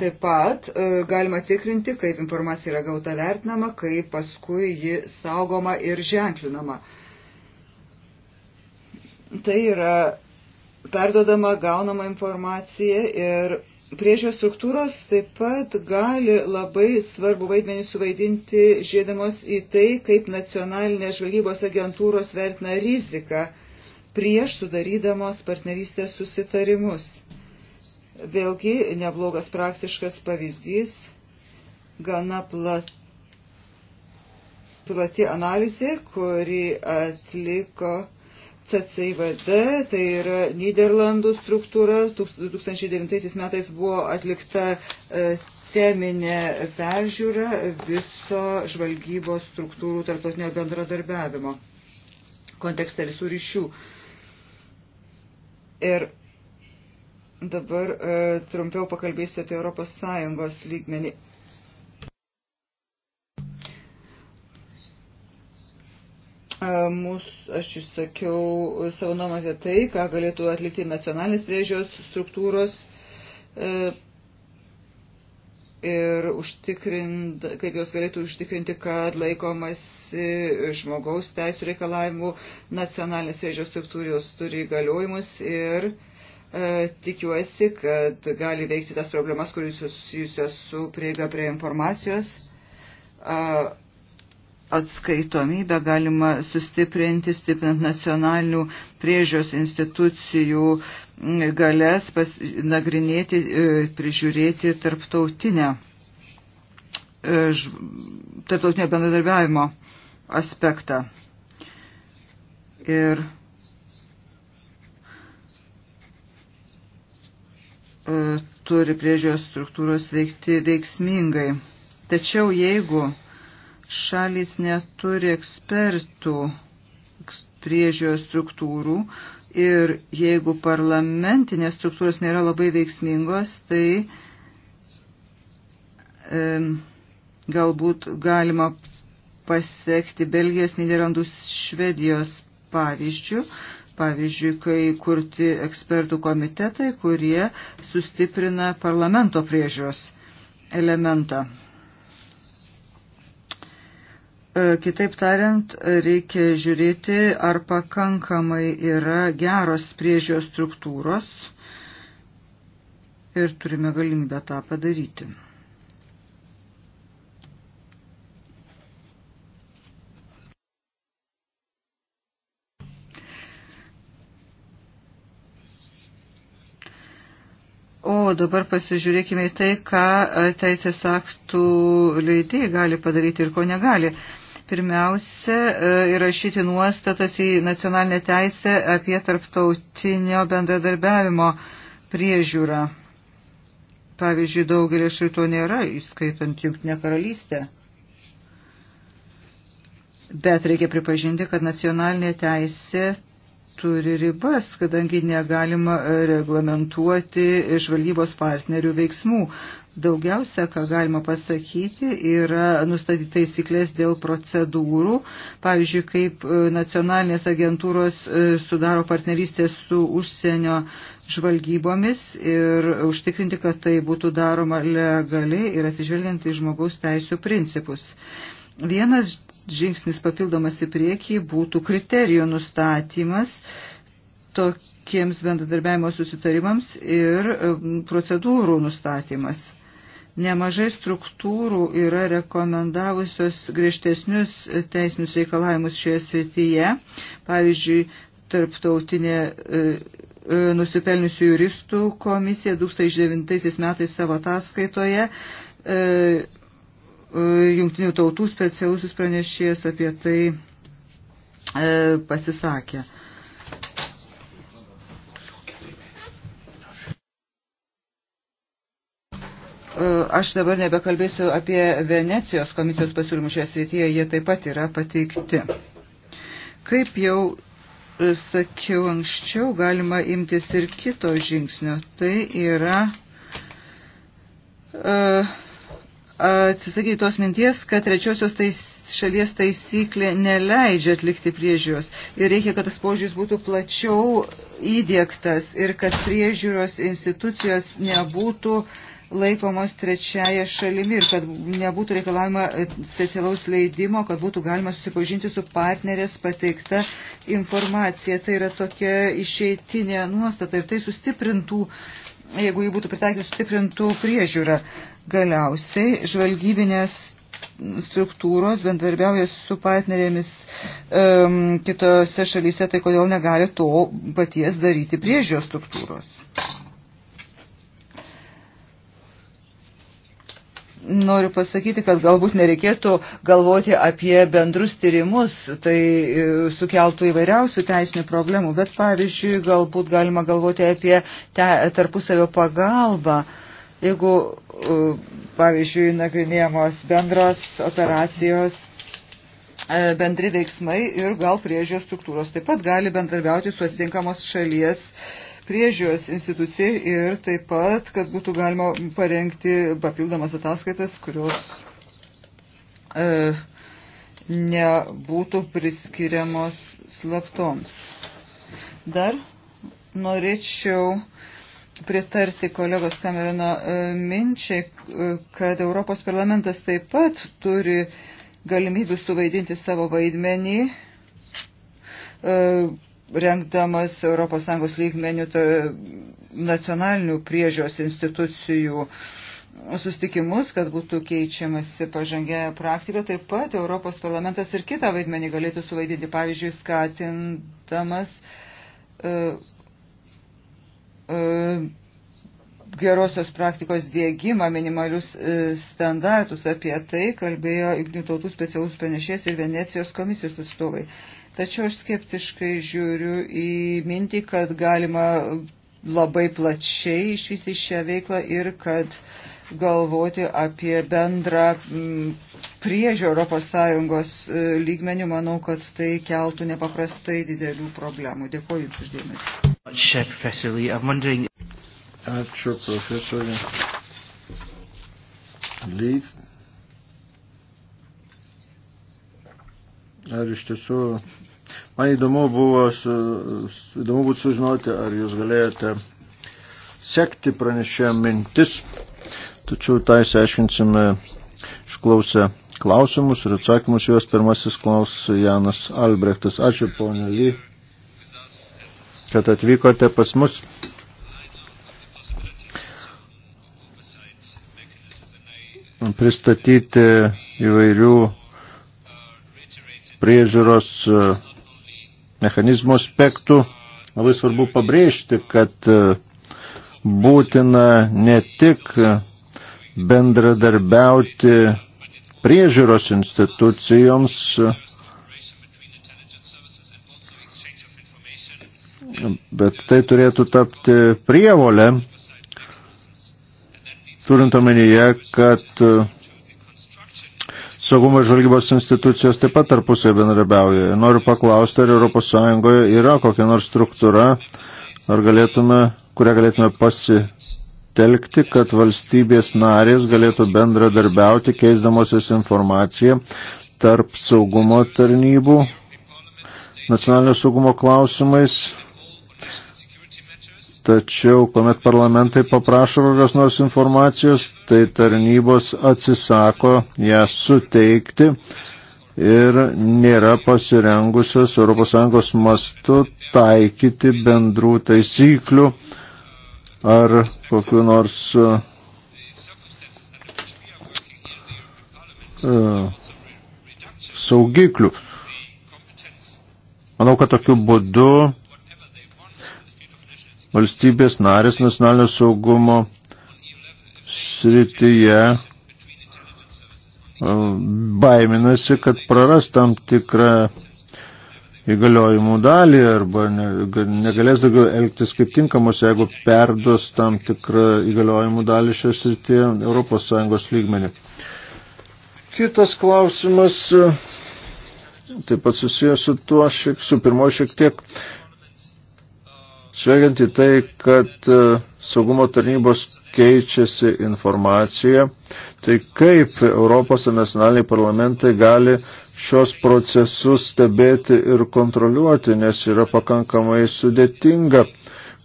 Taip pat e, galima tikrinti, kaip informacija yra gauta vertinama, kaip paskui ji saugoma ir ženklinama. Tai yra perdodama, gaunama informacija ir priežios struktūros taip pat gali labai svarbu vaidmenį suvaidinti žiedamos į tai, kaip nacionalinės žvalgybos agentūros vertina riziką prieš sudarydamos partnerystės susitarimus. Vėlgi neblogas praktiškas pavyzdys, gana plat, plati analizė, kuri atliko CCIVD, tai yra Niderlandų struktūra. 2009 metais buvo atlikta e, teminė peržiūra viso žvalgybos struktūrų tarptautinio bendradarbiavimo kontekste visų ryšių. Uh, Ir dabar e, trumpiau pakalbėsiu apie Europos Sąjungos lygmenį. E, Mūsų, aš išsakiau savo nuomonę apie tai, ką galėtų atlikti nacionalinės priežiūros struktūros e, ir kaip jos galėtų užtikrinti, kad laikomasi žmogaus teisų reikalavimų, nacionalinės priežios struktūros turi įgaliojimus ir e, tikiuosi, kad gali veikti tas problemas, kuris susijusios su prieiga prie informacijos. E, atskaitomybę galima sustiprinti, stiprinant nacionalinių priežios institucijų galės pas, nagrinėti, e, prižiūrėti tarptautinę, e, tarptautinio bendradarbiavimo aspektą. Ir e, turi priežios struktūros veikti veiksmingai. Tačiau jeigu šalis neturi ekspertų priežios struktūrų ir jeigu parlamentinės struktūros nėra labai veiksmingos, tai e, galbūt galima pasiekti Belgijos, Niderlandų, Švedijos pavyzdžių. Pavyzdžiui, kai kurti ekspertų komitetai, kurie sustiprina parlamento priežios elementą. E, kitaip tariant, reikia žiūrėti, ar pakankamai yra geros priežios struktūros ir turime galimybę tą padaryti. O dabar pasižiūrėkime į tai, ką teisės aktų leidėjai gali padaryti ir ko negali. Pirmiausia, e, įrašyti nuostatas į nacionalinę teisę apie tarptautinio bendradarbiavimo priežiūrą. Pavyzdžiui, daugelį šito nėra, įskaitant Junktinę karalystę. Bet reikia pripažinti, kad nacionalinė teisė turi ribas, kadangi negalima reglamentuoti žvalgybos partnerių veiksmų. Daugiausia, ką galima pasakyti, yra nustatyti taisyklės dėl procedūrų, pavyzdžiui, kaip e, nacionalinės agentūros e, sudaro partnerystės su užsienio žvalgybomis ir užtikrinti, kad tai būtų daroma legaliai ir atsižvelgiant į žmogaus teisų principus. Vienas žingsnis papildomas į priekį būtų kriterijų nustatymas tokiems bendradarbiavimo susitarimams ir e, procedūrų nustatymas Nemažai struktūrų yra rekomendavusios griežtesnius teisinius reikalavimus šioje srityje. Pavyzdžiui, tarptautinė e, e, nusipelniusių juristų komisija 2009 metais savo ataskaitoje e, jungtinių tautų specialusis pranešėjas apie tai pasisakė. Aš dabar nebekalbėsiu apie Venecijos komisijos pasiūlymus šioje srityje, jie taip pat yra pateikti. Kaip jau e, sakiau anksčiau, galima imtis ir kito žingsnio. Tai yra uh, atsisakyti tos minties, kad trečiosios tais, šalies taisyklė neleidžia atlikti priežiūros ir reikia, kad tas požiūris būtų plačiau įdėktas ir kad priežiūros institucijos nebūtų uh, laikomos trečiaja šalimi ir kad nebūtų reikalavima e, specialaus leidimo, kad būtų galima susipažinti su partnerės pateikta informacija. Tai yra tokia išeitinė nuostata ir tai sustiprintų, jeigu jį būtų pritaikyta, sustiprintų priežiūrą. Galiausiai žvalgybinės struktūros bendarbiauja su partnerėmis um, kitose šalyse, tai kodėl negali to paties daryti priežios struktūros. noriu pasakyti, kad galbūt nereikėtų galvoti apie bendrus tyrimus, tai e, sukeltų įvairiausių teisinių problemų, bet pavyzdžiui, galbūt galima galvoti apie te, tarpusavio pagalbą. Jeigu, e, pavyzdžiui, nagrinėjamos bendros operacijos, e, bendri veiksmai ir gal priežiūros struktūros taip pat gali bendarbiauti su atitinkamos šalies uh, priežiūros institucijai ir taip pat, kad būtų galima parengti papildomas ataskaitas, kurios e, nebūtų priskiriamos slaptoms. Dar norėčiau pritarti kolegos Kamerino e, minčiai, e, kad Europos parlamentas taip pat turi galimybių suvaidinti savo vaidmenį e, rengdamas ES lygmenių nacionalinių priežios institucijų sustikimus, kad būtų keičiamasi pažangę praktiką. Taip pat Europos parlamentas ir kitą vaidmenį galėtų suvaidinti, pavyzdžiui, skatindamas uh, uh, gerosios praktikos dėgymą, minimalius e, standartus. Apie tai kalbėjo Junktinių tautų specialus panešės ir Venecijos komisijos atstovai. Uh, Tačiau aš skeptiškai žiūriu į mintį, kad galima labai plačiai išvysti šią veiklą ir kad galvoti apie bendrą mm, priežio ES e, lygmenių, manau, kad tai keltų nepaprastai didelių problemų. Dėkuoju Jums uždėmesi. Ačiū, profesorė. Leith. Ar iš tiesų Man įdomu buvo, įdomu būtų sužinoti, ar jūs galėjote sekti pranešę mintis, tačiau tai seiškinsime išklausę klausimus ir atsakymus juos pirmasis klaus Janas Albrechtas. Ačiū ponė Ly, kad atvykote pas mus. pristatyti įvairių priežiūros mechanizmo aspektų, labai svarbu pabrėžti, kad e, būtina ne tik bendradarbiauti priežiūros institucijoms, bet tai turėtų tapti prievolę, turint omenyje, kad saugumo žvalgybos institucijos taip pat tarpusai bendrabiauja. Noriu paklausti, ar ES yra kokia nors struktūra, ar galėtume, kurią galėtume pasitelkti, kad valstybės narės galėtų bendradarbiauti keisdamosios informaciją tarp saugumo tarnybų, nacionalinio saugumo klausimais Tačiau, kuomet parlamentai paprašo kokios nors informacijos, tai tarnybos atsisako ją suteikti ir nėra pasirengusios ES mastu taikyti bendrų taisyklių ar kokiu nors uh, saugiklių. Manau, kad tokiu būdu valstybės narės nacionalinio saugumo srityje e, baiminasi, kad praras tam tikrą įgaliojimų dalį arba negalės daugiau elgtis kaip tinkamos, jeigu perduos tam tikrą įgaliojimų dalį šios srityje Europos Sąjungos lygmenį. Kitas klausimas, e, taip pat susijęs su tuo, šiek, su pirmo šiek tiek Svegiant į tai, kad e, saugumo tarnybos keičiasi informacija, tai kaip Europos nacionaliniai parlamentai gali šios procesus stebėti ir kontroliuoti, nes yra pakankamai sudėtinga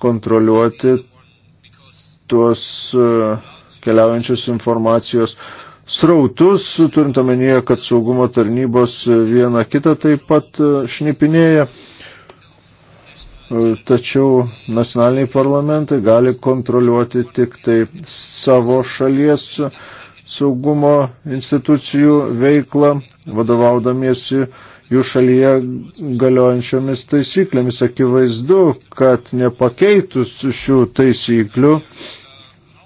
kontroliuoti tuos e, keliaujančius informacijos srautus, turint omenyje, kad saugumo tarnybos viena kitą taip pat e, šnipinėja tačiau nacionaliniai parlamentai gali kontroliuoti tik tai savo šalies saugumo institucijų veiklą, vadovaudamiesi jų šalyje galiojančiomis taisyklėmis. Akivaizdu, kad nepakeitus šių taisyklių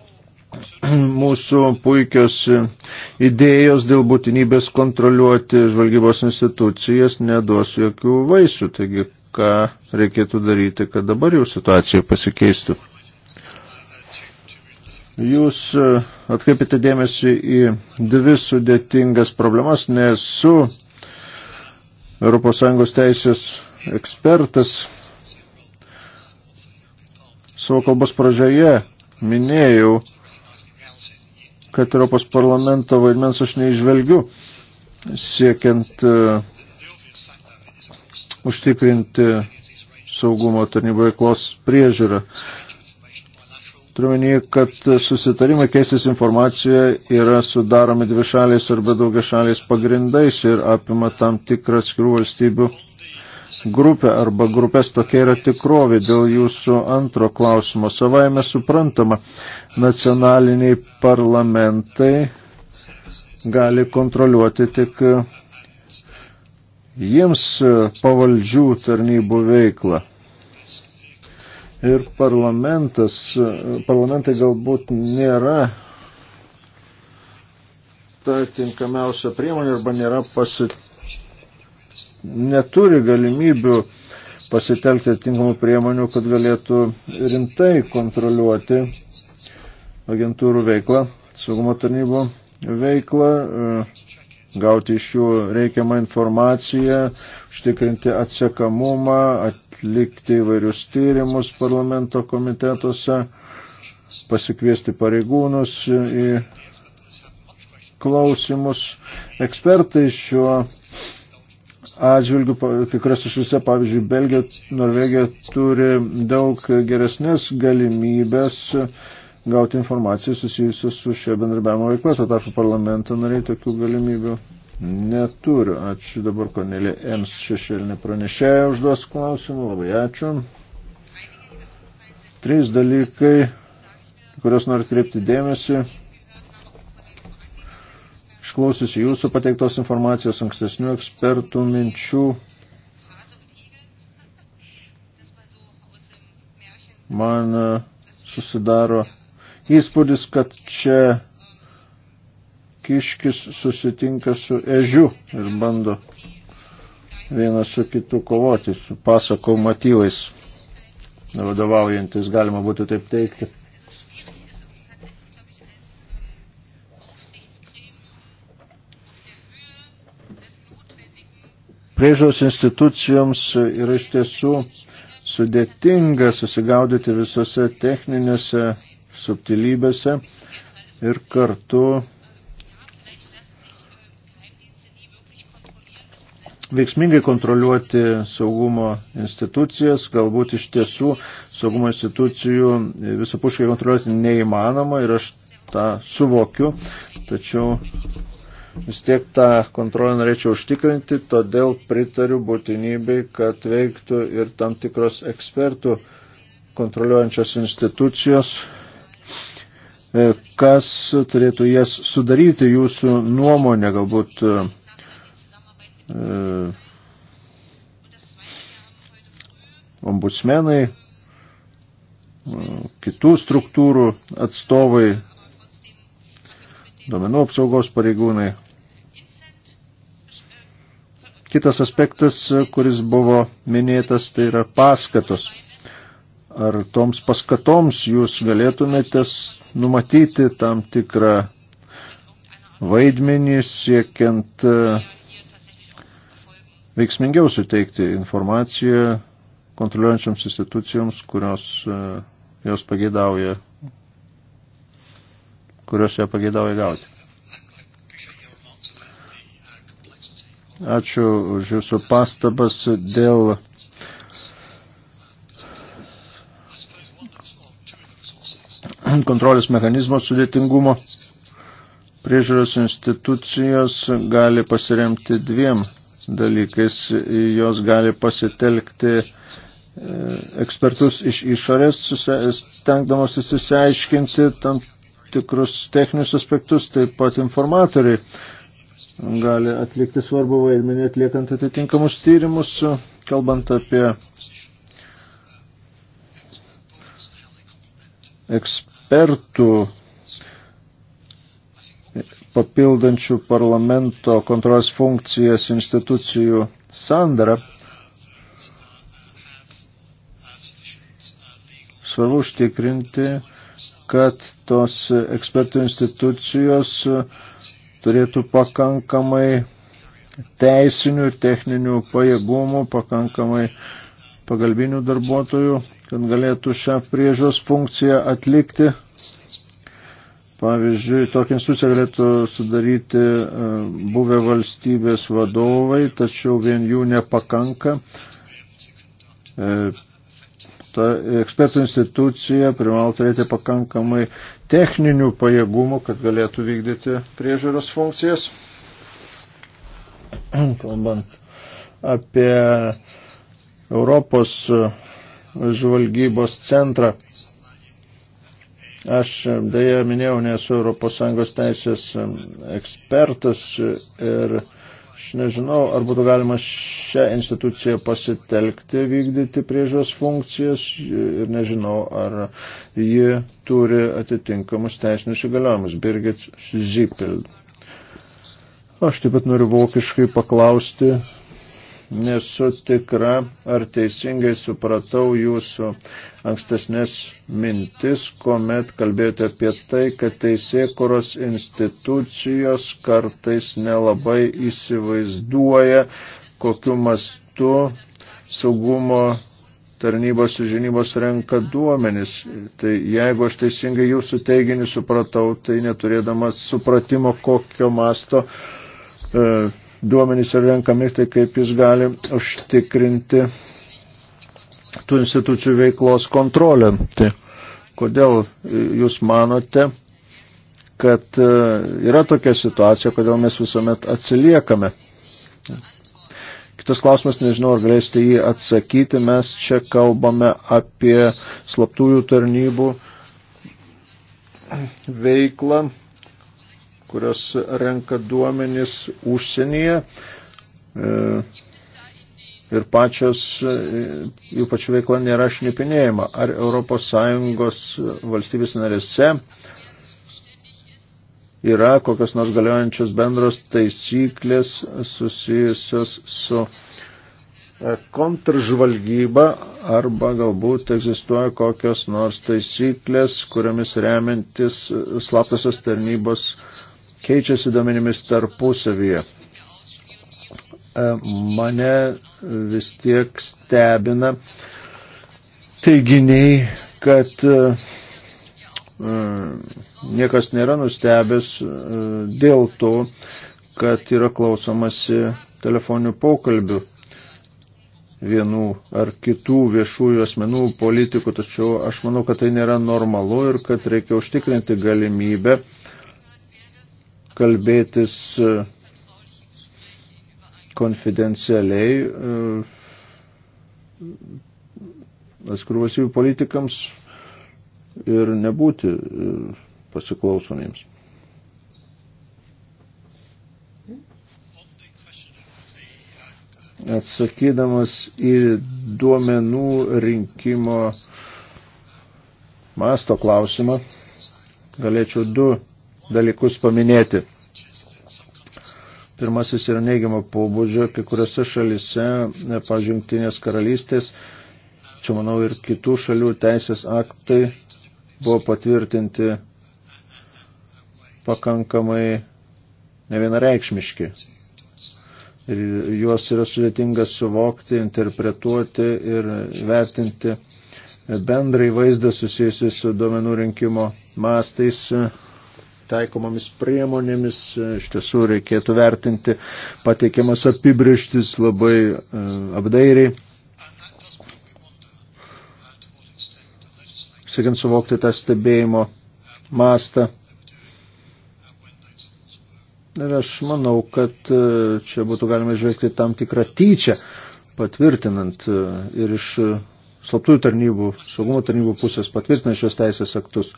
mūsų puikios idėjos dėl būtinybės kontroliuoti žvalgybos institucijas neduos jokių vaisių. Taigi ką reikėtų daryti, kad dabar jau situacija pasikeistų. Jūs e, atkreipite dėmesį į dvi sudėtingas problemas, nesu ES teisės ekspertas. Savo kalbos pradžioje minėjau, kad Europos parlamento vaidmens aš neižvelgiu, siekiant e, užtikrinti saugumo tarnybų veiklos priežiūrą. Turiuomenį, kad susitarimai keistis informacija yra sudaromi dvišaliais arba daugiašaliais pagrindais ir apima tam tikrą atskirų valstybių grupę arba grupės tokia yra tikrovė dėl jūsų antro klausimo. Savaime suprantama, nacionaliniai parlamentai gali kontroliuoti tik jiems e, pavaldžių tarnybų veiklą. Ir parlamentas, e, parlamentai galbūt nėra ta tinkamiausia priemonė arba nėra pasi... neturi galimybių pasitelkti tinkamų priemonių, kad galėtų rimtai kontroliuoti agentūrų veiklą, saugumo tarnybų veiklą, e, gauti iš jų reikiamą informaciją, užtikrinti atsekamumą, atlikti įvairius tyrimus parlamento komitetuose, pasikviesti pareigūnus į klausimus. Ekspertai šiuo atžvilgių, kai kurias iš visą, pavyzdžiui, Belgija, Norvegija turi daug geresnės galimybės gauti informaciją susijusią su šio bendrabiavimo veikla. Tuo tarpu parlamento nariai tokių galimybių neturiu. Ačiū dabar Kornelė Ems šešėlinė pranešėja užduos klausimą. Labai ačiū. Trys dalykai, kuriuos noriu kreipti dėmesį. Išklausiusi jūsų pateiktos informacijos ankstesnių ekspertų minčių. Man susidaro įspūdis, kad čia kiškis susitinka su ežiu ir bando vienas su kitu kovoti, su pasako motyvais vadovaujantis, galima būtų taip teikti. priežos institucijoms yra iš tiesų sudėtinga susigaudyti visose techninėse subtilybėse ir kartu veiksmingai kontroliuoti saugumo institucijas, galbūt iš tiesų saugumo institucijų visapuškai kontroliuoti neįmanoma ir aš tą suvokiu, tačiau vis tiek tą kontrolę norėčiau užtikrinti, todėl pritariu būtinybei, kad veiktų ir tam tikros ekspertų kontroliuojančios institucijos, E, kas turėtų jas sudaryti jūsų nuomonę, galbūt e, ombudsmenai, e, kitų struktūrų atstovai, domenų apsaugos pareigūnai. Kitas aspektas, kuris buvo minėtas, tai yra paskatos ar toms paskatoms jūs galėtumėte numatyti tam tikrą vaidmenį siekiant e, veiksmingiau suteikti informaciją kontroliuojančioms institucijoms, kurios e, jos pageidauja, kurios ją pageidauja gauti. Ačiū už Jūsų pastabas dėl kontrolės mechanizmo sudėtingumo, priežiūros institucijos gali pasiremti dviem dalykais. Jos gali pasitelkti e, ekspertus iš išorės, stengdamosi susiaiškinti tam tikrus techninius aspektus, taip pat informatoriai gali atlikti svarbu vaidmenį atliekant atitinkamus tyrimus, kalbant apie eks, ekspertų papildančių parlamento kontrolės funkcijas institucijų sandarą. Svarbu užtikrinti, kad tos ekspertų institucijos turėtų pakankamai teisinių ir techninių pajėgumų, pakankamai pagalbinių darbuotojų, kad galėtų šią priežos funkciją atlikti. Pavyzdžiui, tokią instituciją galėtų sudaryti e, buvę valstybės vadovai, tačiau vien jų nepakanka. E, ta ekspertų institucija privalo turėti pakankamai techninių pajėgumų, kad galėtų vykdyti priežiūros funkcijas. Kalbant apie Europos žvalgybos centrą. Aš e, dėja minėjau, nesu ES teisės e, ekspertas ir aš nežinau, ar būtų galima šią instituciją pasitelkti, vykdyti priežios funkcijas ir nežinau, ar ji turi atitinkamus teisinius įgaliojimus. Birgit Zipel. Aš taip pat noriu vokiškai paklausti, nesu tikra, ar teisingai supratau jūsų ankstesnės mintis, kuomet kalbėjote apie tai, kad teisėkuros institucijos kartais nelabai įsivaizduoja, kokiu mastu saugumo tarnybos ir žinybos renka duomenis. Tai jeigu aš teisingai jūsų teiginį supratau, tai neturėdamas supratimo, kokio masto e, duomenys yra renkami, tai kaip jis gali užtikrinti tų institucijų veiklos kontrolę. Tai kodėl jūs manote, kad e, yra tokia situacija, kodėl mes visuomet atsiliekame? Kitas klausimas, nežinau, ar galėsite jį atsakyti, mes čia kalbame apie slaptųjų tarnybų veiklą kurios renka duomenis užsienyje e, ir pačios, e, jų pačių veikla nėra šnipinėjama. Ar ES valstybės narėse yra kokios nors galiojančios bendros taisyklės susijusios su e, kontržvalgyba arba galbūt egzistuoja kokios nors taisyklės, kuriamis remiantis slaptosios tarnybos keičiasi duomenimis tarpusavyje. E, mane vis tiek stebina teiginiai, kad e, e, niekas nėra nustebęs dėl to, kad yra klausomasi telefoninių pokalbių vienų ar kitų viešųjų asmenų politikų, tačiau aš manau, kad tai nėra normalu ir kad reikia užtikrinti galimybę uh, kalbėtis e, konfidencialiai e, atskirų valstybių politikams ir nebūti e, pasiklausomiems. Atsakydamas į duomenų rinkimo masto klausimą, galėčiau du dalykus paminėti. Pirmasis yra neigiamo pobūdžio, kai kuriuose šalise, pavyzdžiui, Junktinės karalystės, čia manau ir kitų šalių teisės aktai buvo patvirtinti pakankamai nevienareikšmiški. Ir juos yra sudėtinga suvokti, interpretuoti ir vertinti bendrai vaizdą susijusi su duomenų rinkimo mastais taikomomis priemonėmis. Iš tiesų reikėtų vertinti pateikiamas apibrieštis labai e, apdairiai. Sėkiant suvokti tą stebėjimo mastą. Ir aš manau, kad e, čia būtų galima žvelgti tam tikrą tyčią, patvirtinant e, ir iš slaptųjų tarnybų, saugumo tarnybų pusės patvirtinant šios teisės aktus.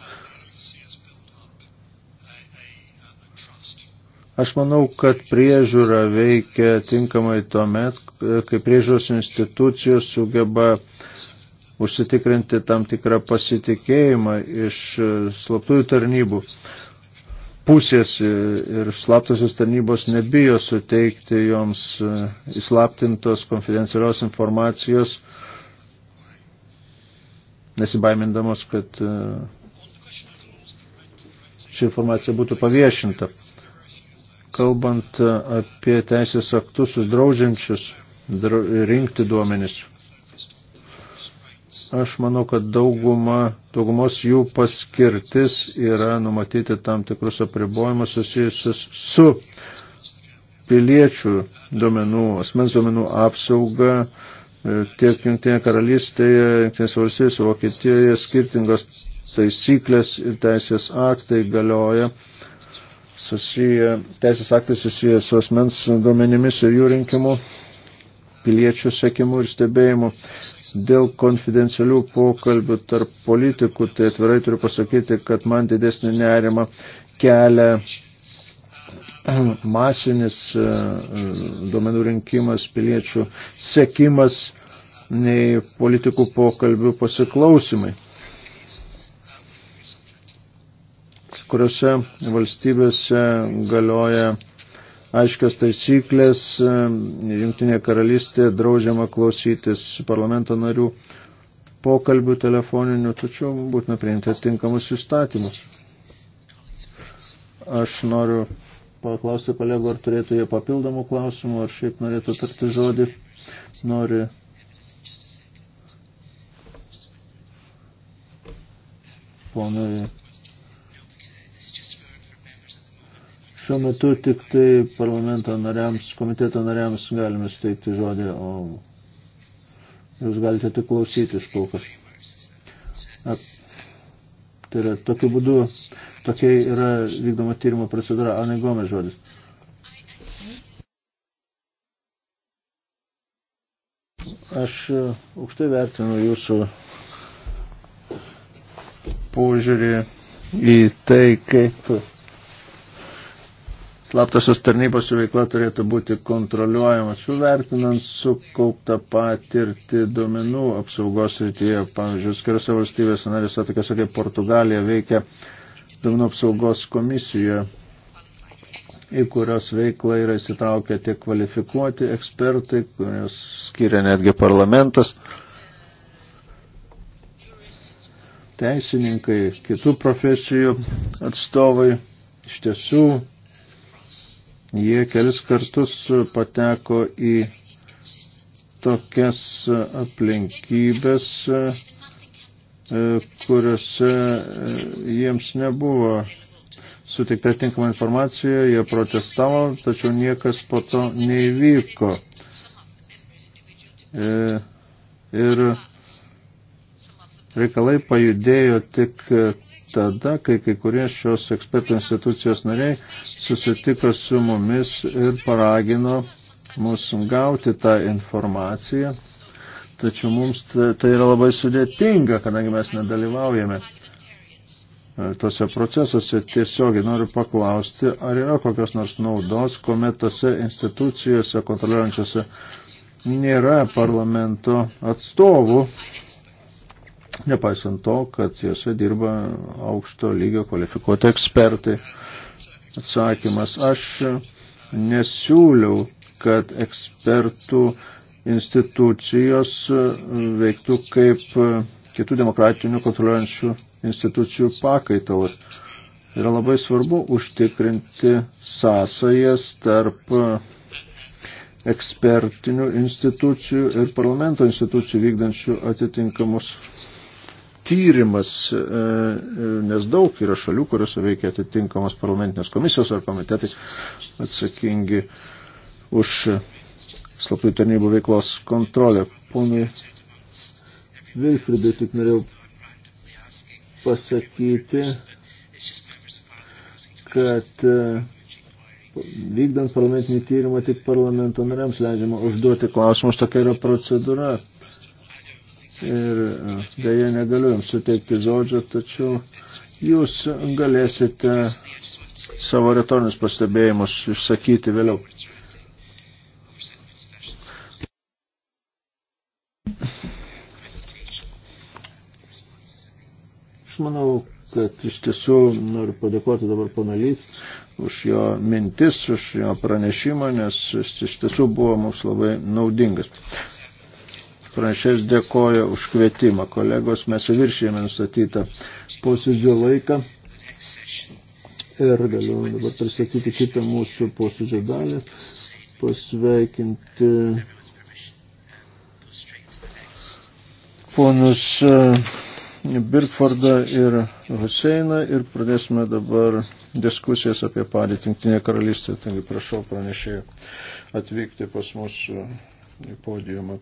Aš manau, kad priežiūra veikia tinkamai tuomet, kai priežiūros institucijos sugeba užsitikrinti tam tikrą pasitikėjimą iš slaptųjų tarnybų pusės ir slaptosios tarnybos nebijo suteikti joms įslaptintos konfidencialios informacijos, nesibaimindamos, kad e, ši informacija būtų paviešinta kalbant apie teisės aktus uždraužiančius rinkti duomenis. Aš manau, kad dauguma, daugumos jų paskirtis yra numatyti tam tikrus apribojimus susijusius su piliečių duomenų, asmens duomenų apsauga e, tiek Junktinėje karalystėje, Junktinės valstijose, Vokietijoje skirtingos taisyklės ir teisės aktai galioja susiję, teisės aktai susiję su asmens duomenimis ir jų rinkimu, piliečių sekimu ir stebėjimu. Dėl konfidencialių pokalbių tarp politikų, tai atvirai turiu pasakyti, kad man didesnį nerimą kelia masinis e, e, duomenų rinkimas, piliečių sekimas nei politikų pokalbių pasiklausimai. kuriuose valstybėse galioja aiškios taisyklės, Junktinė karalystė draudžiama klausytis parlamento narių pokalbių telefoninių, tačiau būtina priimti atitinkamus įstatymus. Aš noriu paklausti kolegų, ar turėtų jie papildomų klausimų, ar šiaip norėtų tarti žodį. Nori ponui Šiuo metu tik tai parlamento nariams, komiteto nariams galime steigti žodį, o jūs galite tik klausytis kol kas. Tai yra tokiu būdu, tokia yra vykdoma tyrimo procedūra, o ne gomės žodis. Aš e, aukštai vertinu jūsų požiūrį į tai, kaip slaptosios tarnybos veikla turėtų būti kontroliuojama, suvertinant sukauptą patirtį duomenų apsaugos rytyje. Pavyzdžiui, skiriasi valstybės narėse, tokios kaip Portugalija, veikia duomenų apsaugos komisija, į kurios veiklą yra įsitraukę tiek kvalifikuoti ekspertai, kurios skiria netgi parlamentas, teisininkai, kitų profesijų atstovai. Iš tiesų, Jie kelis kartus pateko į tokias aplinkybės, e, kuriuose e, jiems nebuvo suteikta tinkama informacija, jie protestavo, tačiau niekas po to neįvyko. E, ir reikalai pajudėjo tik tada, kai kai kurie šios ekspertų institucijos nariai susitiko su mumis ir paragino mūsų gauti tą informaciją. Tačiau mums tai yra labai sudėtinga, kadangi mes nedalyvaujame e, tose procesuose. Tiesiogiai noriu paklausti, ar yra kokios nors naudos, kuomet tose institucijose kontroliuojančiose nėra parlamento atstovų, nepaisant to, kad jose dirba aukšto lygio kvalifikuoti ekspertai. Atsakymas, aš nesiūliau, kad ekspertų institucijos e, veiktų kaip e, kitų demokratinių kontroliuojančių institucijų pakaitalas. Yra labai svarbu užtikrinti sąsajas tarp e, ekspertinių institucijų ir parlamento institucijų vykdančių atitinkamus tyrimas, e, e, nes daug yra šalių, kuriuose veikia atitinkamos parlamentinės komisijos ar komitetai atsakingi už slaptųjų tarnybų veiklos kontrolę. Ponai Vilfridai tik norėjau pasakyti, kad e, vykdant parlamentinį tyrimą tik parlamento nariams leidžiama užduoti klausimus, tokia yra procedūra ir dėja e, negaliu jums suteikti žodžio, tačiau jūs galėsite savo retorinius pastebėjimus išsakyti vėliau. Aš manau, kad iš tiesų noriu padėkoti dabar panalyt už jo mintis, už jo pranešimą, nes iš tiesų buvo mums labai naudingas pranešėjas dėkoja už kvietimą. Kolegos, mes viršėjame nustatytą posėdžio laiką. Ir galiu dabar pristatyti kitą mūsų posėdžio dalį, pasveikinti ponus e, Birfordą ir Huseiną ir pradėsime dabar diskusijas apie padėtį Junktinėje karalystėje. Taigi prašau pranešėjų atvykti pas mus e, į podiumą.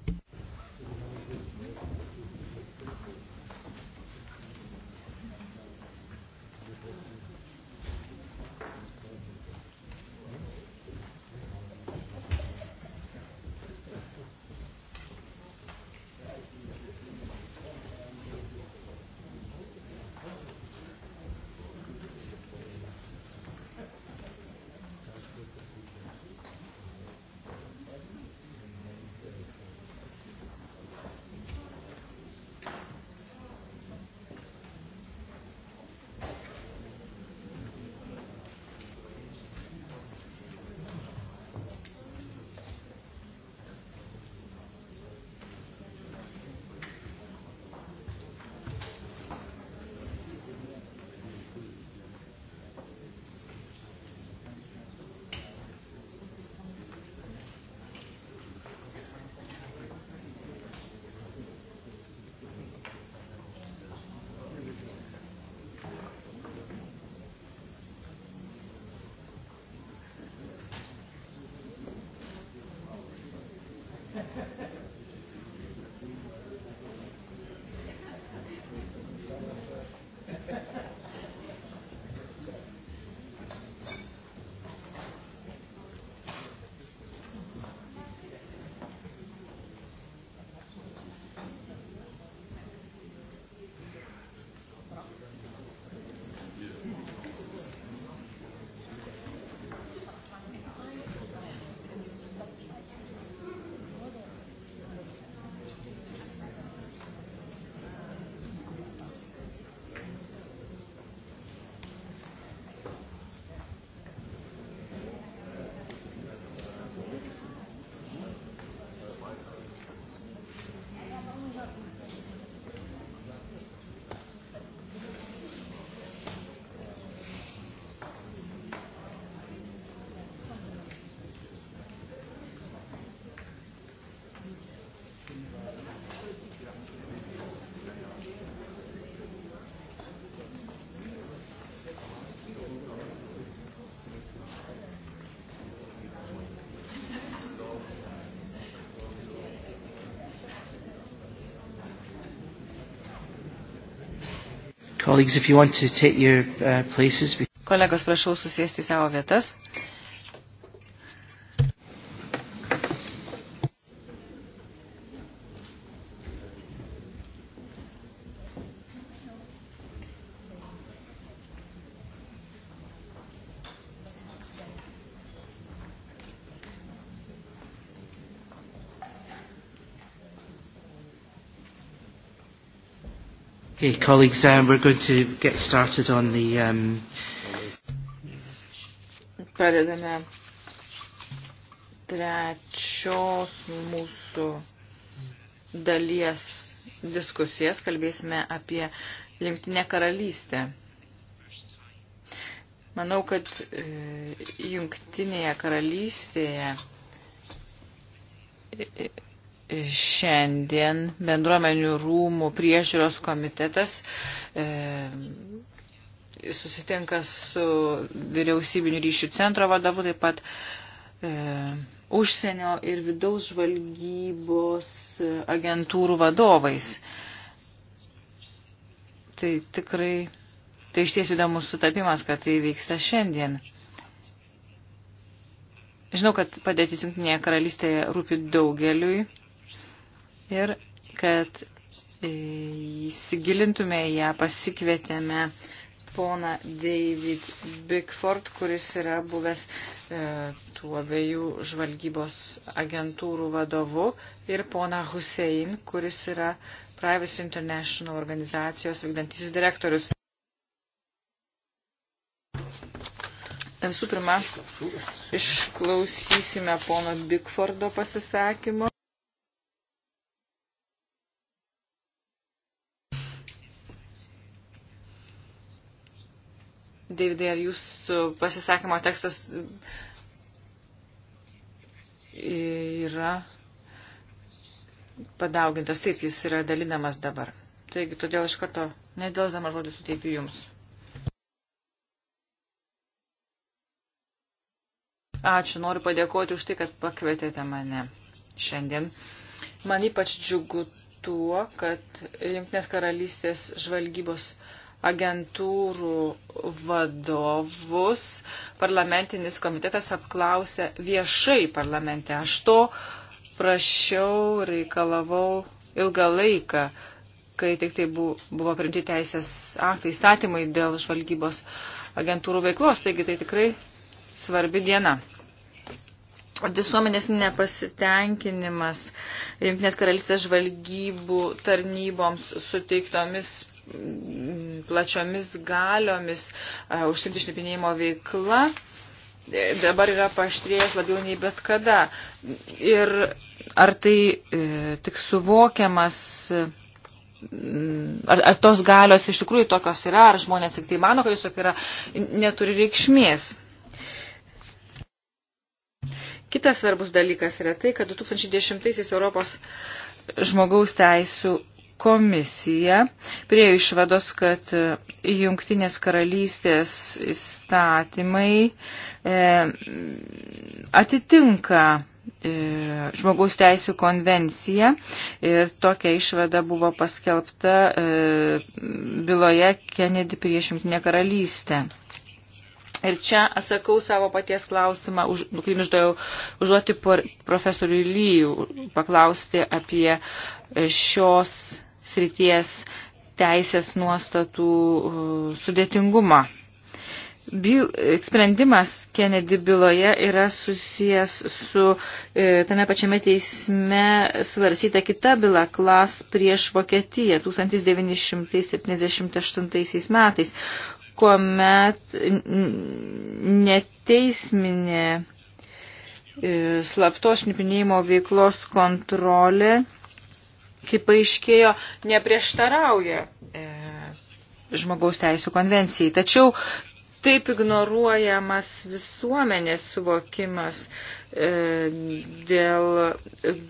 Uh, Kolegos, prašau susėsti savo vietas. Okay, colleagues, um, we're going to get started on the. Um... Pradedame trečios mūsų dalies diskusijas. Kalbėsime apie Jungtinę karalystę. Manau, kad e, Jungtinėje karalystėje e, šiandien bendruomenių rūmų priežiūros komitetas e, susitinka su vyriausybinių ryšių centro vadovu, taip pat e, užsienio ir vidaus žvalgybos agentūrų vadovais. Tai tikrai, tai išties įdomus sutapimas, kad tai vyksta šiandien. Žinau, kad padėtis Junktinėje karalystėje rūpi daugeliui ir kad e, įsigilintume į ją, pasikvietėme pona David Bigford, kuris yra buvęs e, tų abiejų žvalgybos agentūrų vadovu, ir pona Hussein, kuris yra Privacy International organizacijos vykdantisis direktorius. Visų pirma, išklausysime pono Bigfordo pasisakymo. Davidai, ar jūsų pasisakymo tekstas yra padaugintas, taip jis yra dalinamas dabar. Taigi, todėl iš karto nedėlzama žodį suteikiu jums. Ačiū, noriu padėkoti už tai, kad pakvietėte mane šiandien. Man ypač džiugu tuo, kad Junktinės karalystės žvalgybos uh, agentūrų vadovus parlamentinis komitetas apklausė viešai parlamente. Aš to prašiau, reikalavau ilgą laiką, kai tik tai buvo primti teisės aktai įstatymai dėl žvalgybos agentūrų veiklos, taigi tai tikrai svarbi diena. Visuomenės nepasitenkinimas Junktinės karalystės žvalgybų tarnyboms suteiktomis plačiomis galiomis e, užsimti šnipinėjimo veikla e, dabar yra paštrėjęs labiau nei bet kada. Ir ar tai e, tik suvokiamas, e, ar, ar tos galios iš tikrųjų tokios yra, ar žmonės tik tai mano, kad jis yra, neturi reikšmės. Kitas svarbus dalykas yra tai, kad 2010 Europos žmogaus teisų komisija prie išvados, kad jungtinės karalystės įstatymai e, atitinka e, žmogaus teisų konvenciją ir tokia išvada buvo paskelbta e, byloje Kennedy prieš jungtinę karalystę. Ir čia atsakau savo paties klausimą, už, nu, kurį uždavau užduoti profesoriui Lyjų, paklausti apie šios srities teisės nuostatų uh, sudėtingumą. Byl, sprendimas Kennedy byloje yra susijęs su e, tame pačiame teisme svarsyta kita byla klas prieš Vokietiją 1978 metais, kuomet neteisminė e, slapto šnipinėjimo veiklos kontrolė, kaip aiškėjo, neprieštarauja e, žmogaus teisų konvencijai. Tačiau taip ignoruojamas visuomenės suvokimas e, dėl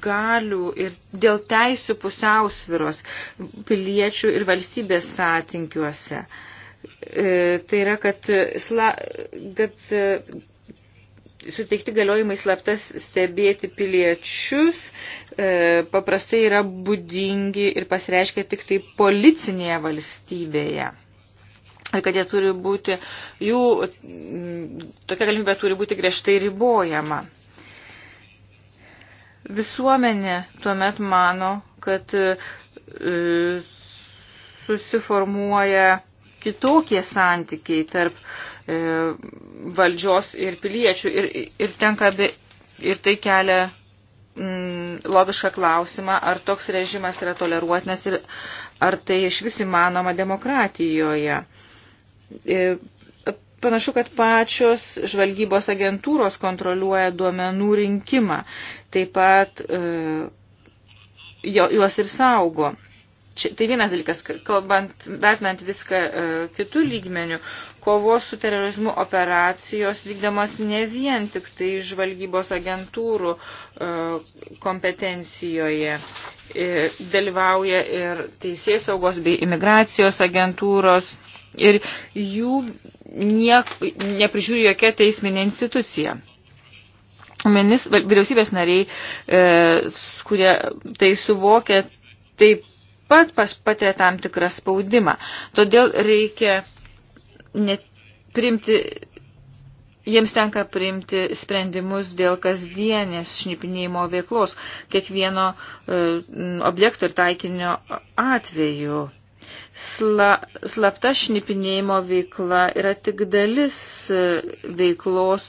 galių ir dėl teisų pusiausviros piliečių ir valstybės satinkiuose. E, E, tai yra, kad, sla, kad e, suteikti galiojimai slaptas stebėti piliečius e, paprastai yra būdingi ir pasireiškia tik tai policinėje valstybėje. Ir kad jie turi būti, jų mm, tokia galimybė turi būti griežtai ribojama. Visuomenė tuomet mano, kad e, susiformuoja kitokie santykiai tarp e, valdžios ir piliečių ir, ir tenka be, ir tai kelia mm, logišką klausimą, ar toks režimas yra toleruotinas ir ar tai iš vis įmanoma demokratijoje. E, panašu, kad pačios žvalgybos agentūros kontroliuoja duomenų rinkimą, taip pat e, juos ir saugo. Čia, tai vienas dalykas, kalbant, vertinant viską e, kitų lygmenių, kovos su terorizmu operacijos vykdomas ne vien tik tai žvalgybos agentūrų e, kompetencijoje. E, dalyvauja ir teisės saugos bei imigracijos agentūros ir jų niek, neprižiūri jokia teisminė institucija. Minis, vyriausybės nariai, e, kurie tai suvokia, taip pat patiria tam tikrą spaudimą. Todėl reikia priimti, jiems tenka priimti sprendimus dėl kasdienės šnipinėjimo veiklos, kiekvieno e, objekto ir taikinio atveju. Sla, slapta šnipinėjimo veikla yra tik dalis e, veiklos,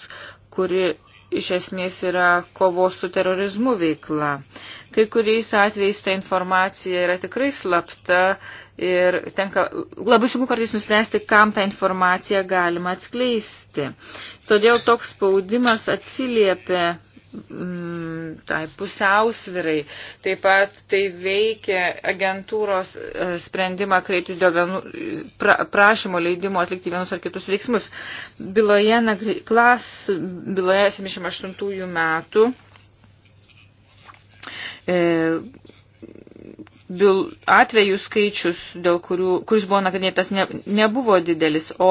kuri iš esmės yra kovos su terorizmu veikla. Kai kuriais atvejais ta informacija yra tikrai slapta ir tenka labai sunku kartais nuspręsti, kam tą informaciją galima atskleisti. Todėl toks spaudimas atsiliepia Mm, tai pusiausvirai. Taip pat tai veikia agentūros e, sprendimą kreiptis dėl vienu, pra, prašymo leidimo atlikti vienus ar kitus veiksmus. Byloje klas, byloje 78 metų. E, Byl, atvejų skaičius, dėl kurių, kuris buvo nagrinėtas, ne, nebuvo didelis, o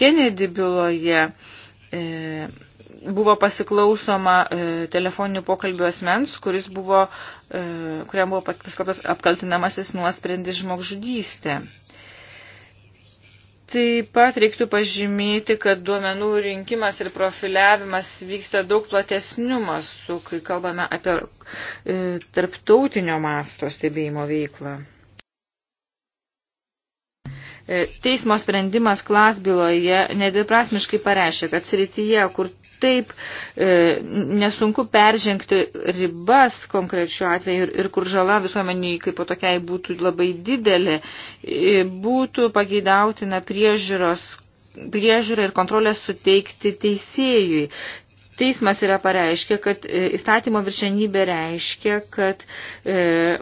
Kennedy byloje e, buvo pasiklausoma e, telefoninių pokalbių asmens, kuris buvo, e, kuriam buvo paskaltas apkaltinamasis nuosprendis žmogžudystė. Taip pat reiktų pažymėti, kad duomenų rinkimas ir profiliavimas vyksta daug platesnių mastų, kai kalbame apie e, tarptautinio masto stebėjimo veiklą. E, teismo sprendimas klasbyloje nedviprasmiškai pareiškia, kad srityje, kur taip e, nesunku peržengti ribas konkrečiu atveju ir, ir kur žala visuomeniai kaip po tokiai būtų labai didelė, e, būtų pageidautina priežiūros priežiūrą ir kontrolę suteikti teisėjui. Teismas yra pareiškia, kad e, įstatymo viršenybė reiškia, kad e,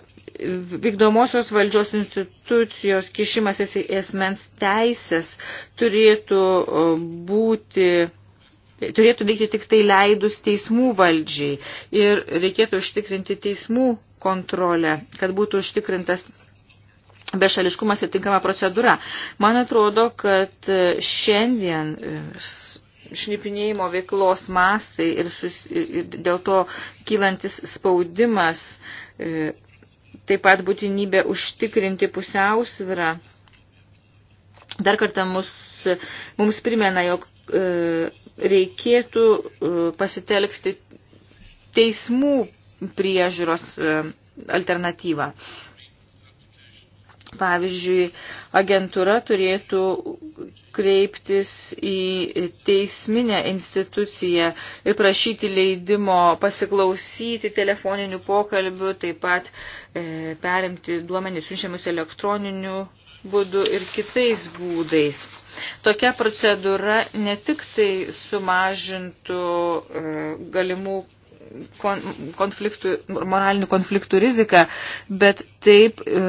vykdomosios valdžios institucijos kišimasis į esmens teisės turėtų būti turėtų veikti tik tai leidus teismų valdžiai ir reikėtų užtikrinti teismų kontrolę, kad būtų užtikrintas bešališkumas ir tinkama procedūra. Man atrodo, kad šiandien e, šnipinėjimo veiklos mastai ir, sus, ir dėl to kylantis spaudimas, e, taip pat būtinybė užtikrinti pusiausvyrą, dar kartą mus, mums primena, jog E, reikėtų e, pasitelkti teismų priežiūros e, alternatyvą. Pavyzdžiui, agentūra turėtų kreiptis į teisminę instituciją ir prašyti leidimo pasiklausyti telefoninių pokalbių, taip pat e, perimti duomenys siunčiamus elektroniniu būdu ir kitais būdais. Tokia procedūra ne tik tai sumažintų e, galimų konfliktų, moralinių konfliktų riziką, bet taip e,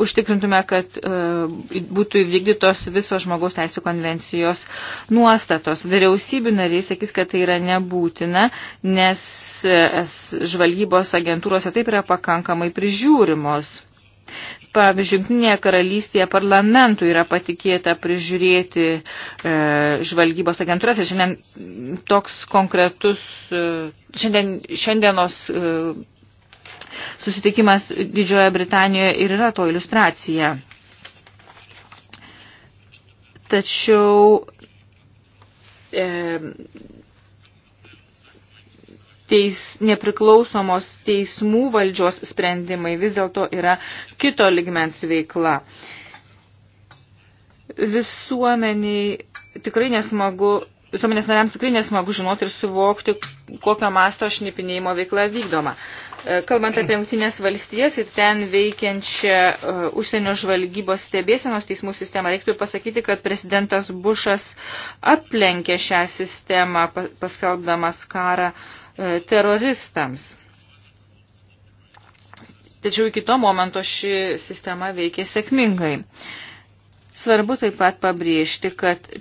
užtikrintume, kad e, būtų įvykdytos visos žmogaus teisų konvencijos nuostatos. Vyriausybių nariai sakys, kad tai yra nebūtina, nes e, žvalgybos agentūrose taip yra pakankamai prižiūrimos. Pavyzdžiui, Junktinėje karalystėje parlamentų yra patikėta prižiūrėti e, žvalgybos agentūras ir šiandien toks konkretus, e, šiandien, šiandienos e, susitikimas Didžiojo Britanijoje ir yra to iliustracija. Tačiau e, teis, nepriklausomos teismų valdžios sprendimai vis dėlto yra kito ligmens veikla. Visuomeniai tikrai nesmagu. Visuomenės nariams tikrai nesmagu žinoti ir suvokti, kokio masto šnipinėjimo veikla vykdoma. E, kalbant apie jungtinės valstijas ir ten veikiančią uh, užsienio žvalgybos stebėsenos teismų sistemą, reiktų pasakyti, kad prezidentas Bušas aplenkė šią sistemą, paskelbdamas karą uh, teroristams. Tačiau iki to momento ši sistema veikė sėkmingai. Svarbu taip pat pabrėžti, kad e,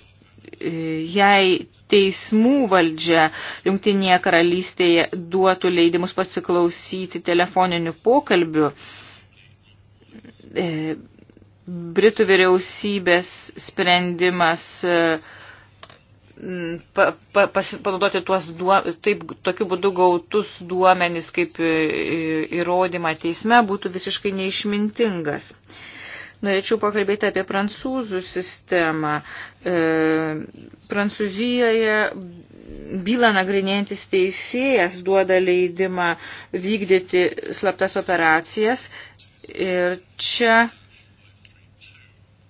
jei teismų valdžia Jungtinėje karalystėje duotų leidimus pasiklausyti telefoninių pokalbių, e, Britų vyriausybės sprendimas e, pa, pa, panaudoti tuos duo, taip, tokiu būdu gautus duomenys kaip e, e, įrodymą teisme būtų visiškai neišmintingas. Norėčiau pakalbėti apie prancūzų sistemą. E, Prancūzijoje bylą nagrinėjantis teisėjas duoda leidimą vykdyti slaptas operacijas ir čia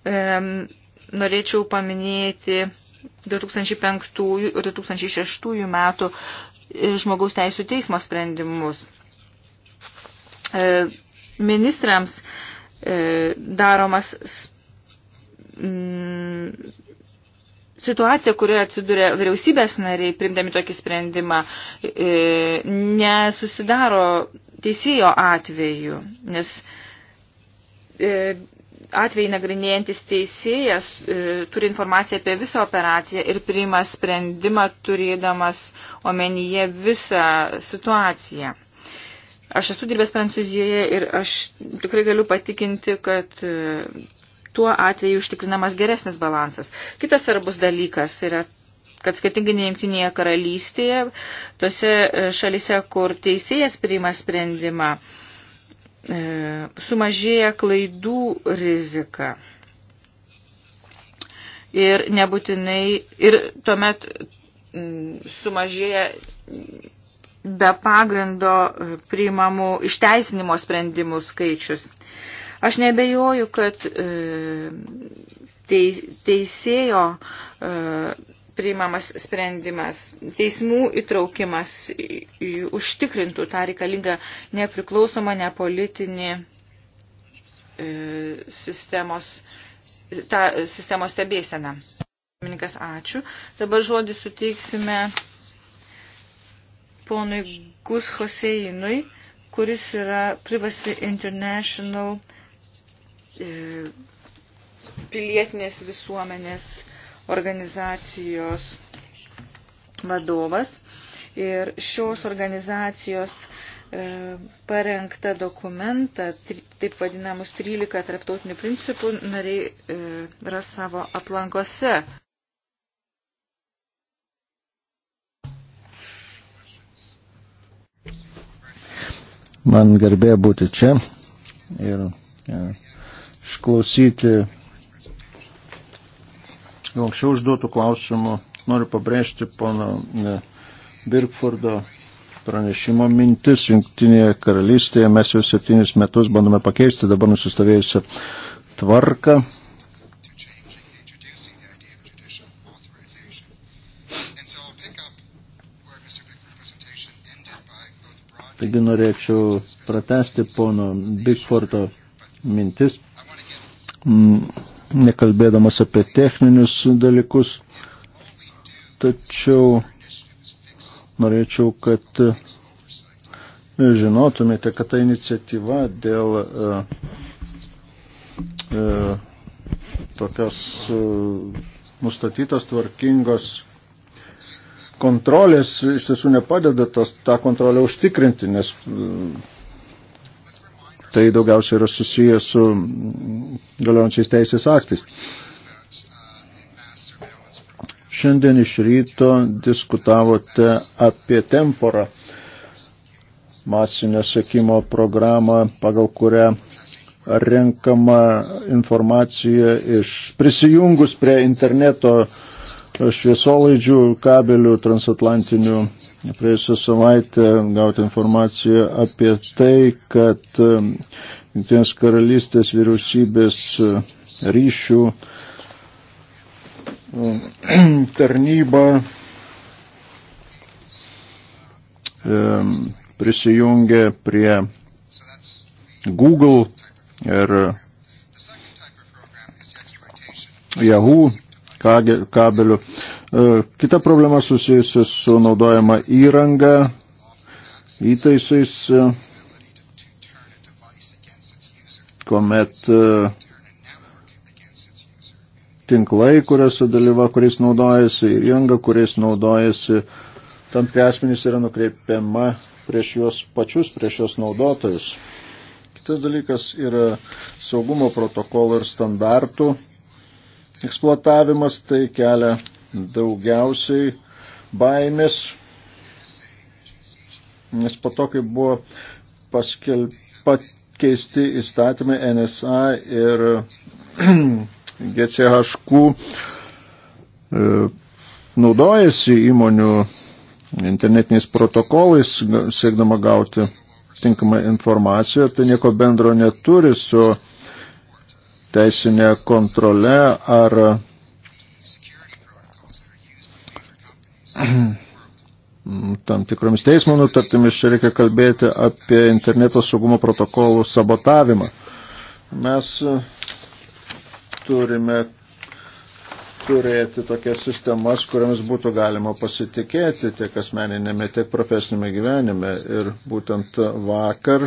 norėčiau paminėti 2005 ir 2006 metų e, žmogaus teisų teismo sprendimus. E, ministrams e, daromas situacija, kurioje atsiduria vyriausybės nariai, primdami tokį sprendimą, nesusidaro teisėjo atveju, nes atvejai nagrinėjantis teisėjas e, turi informaciją apie visą operaciją ir priima sprendimą turėdamas omenyje visą situaciją. Aš esu dirbęs Prancūzijoje ir aš tikrai galiu patikinti, kad e, tuo atveju užtikrinamas geresnis balansas. Kitas svarbus dalykas yra kad skirtingai nei Junktinėje karalystėje, tose e, šalise, kur teisėjas priima sprendimą, E, sumažėja klaidų rizika. Ir nebūtinai, ir tuomet sumažėja be pagrindo priimamų išteisinimo sprendimų skaičius. Aš nebejoju, kad e, teisėjo e, priimamas sprendimas, teismų įtraukimas užtikrintų tą reikalingą nepriklausomą, nepolitinį e, sistemos, tą sistemos stebėseną. Pirmininkas, ačiū. Dabar žodį suteiksime ponui Gus Hoseinui, kuris yra Privacy International e, pilietinės visuomenės organizacijos vadovas. Ir šios organizacijos e, parengta dokumentą, taip vadinamus 13 tarptautinių principų, nariai e, ras savo aplankose. Man garbė būti čia ir e, išklausyti ja, anksčiau užduotų klausimų noriu pabrėžti pono e, Birkfordo pranešimo mintis Junktinėje karalystėje. Mes jau septynis metus bandome pakeisti dabar nusistovėjusią tvarką. Taigi norėčiau pratesti pono Bigforto mintis. Mm nekalbėdamas apie techninius dalykus, tačiau norėčiau, kad e, žinotumėte, kad ta iniciatyva dėl e, e, tokios e, nustatytos tvarkingos kontrolės iš tiesų nepadeda tos, tą kontrolę užtikrinti, nes e, tai daugiausiai yra susiję su galiojančiais teisės aktais. Šiandien iš ryto diskutavote apie temporą masinio sekimo programą, pagal kurią renkama informacija iš prisijungus prie interneto šviesolaidžių kabelių transatlantinių praėjusią savaitę gauti informaciją apie tai, kad um, Junktinės karalystės vyriausybės uh, ryšių um, tarnyba um, prisijungė prie Google ir Yahoo kabelių. E, kita problema susijusi su naudojama įranga, įtaisais, e, kuomet e, tinklai, kuriuose dalyva, kuriais naudojasi, įranga, kuriais naudojasi, tam prie asmenys yra nukreipiama prieš juos pačius, prieš juos naudotojus. Kitas dalykas yra saugumo protokolo ir standartų eksploatavimas, tai kelia daugiausiai baimės, nes po to, kai buvo paskel, pakeisti įstatymai NSA ir GCHQ e, naudojasi įmonių internetiniais protokolais, siekdama gauti tinkamą informaciją ir tai nieko bendro neturi su teisinė kontrole ar tam tikromis teismo nutartimis čia reikia kalbėti apie interneto saugumo protokolų sabotavimą. Mes turime turėti tokias sistemas, kuriamis būtų galima pasitikėti tiek asmeninėme, tiek profesinėme gyvenime. Ir būtent vakar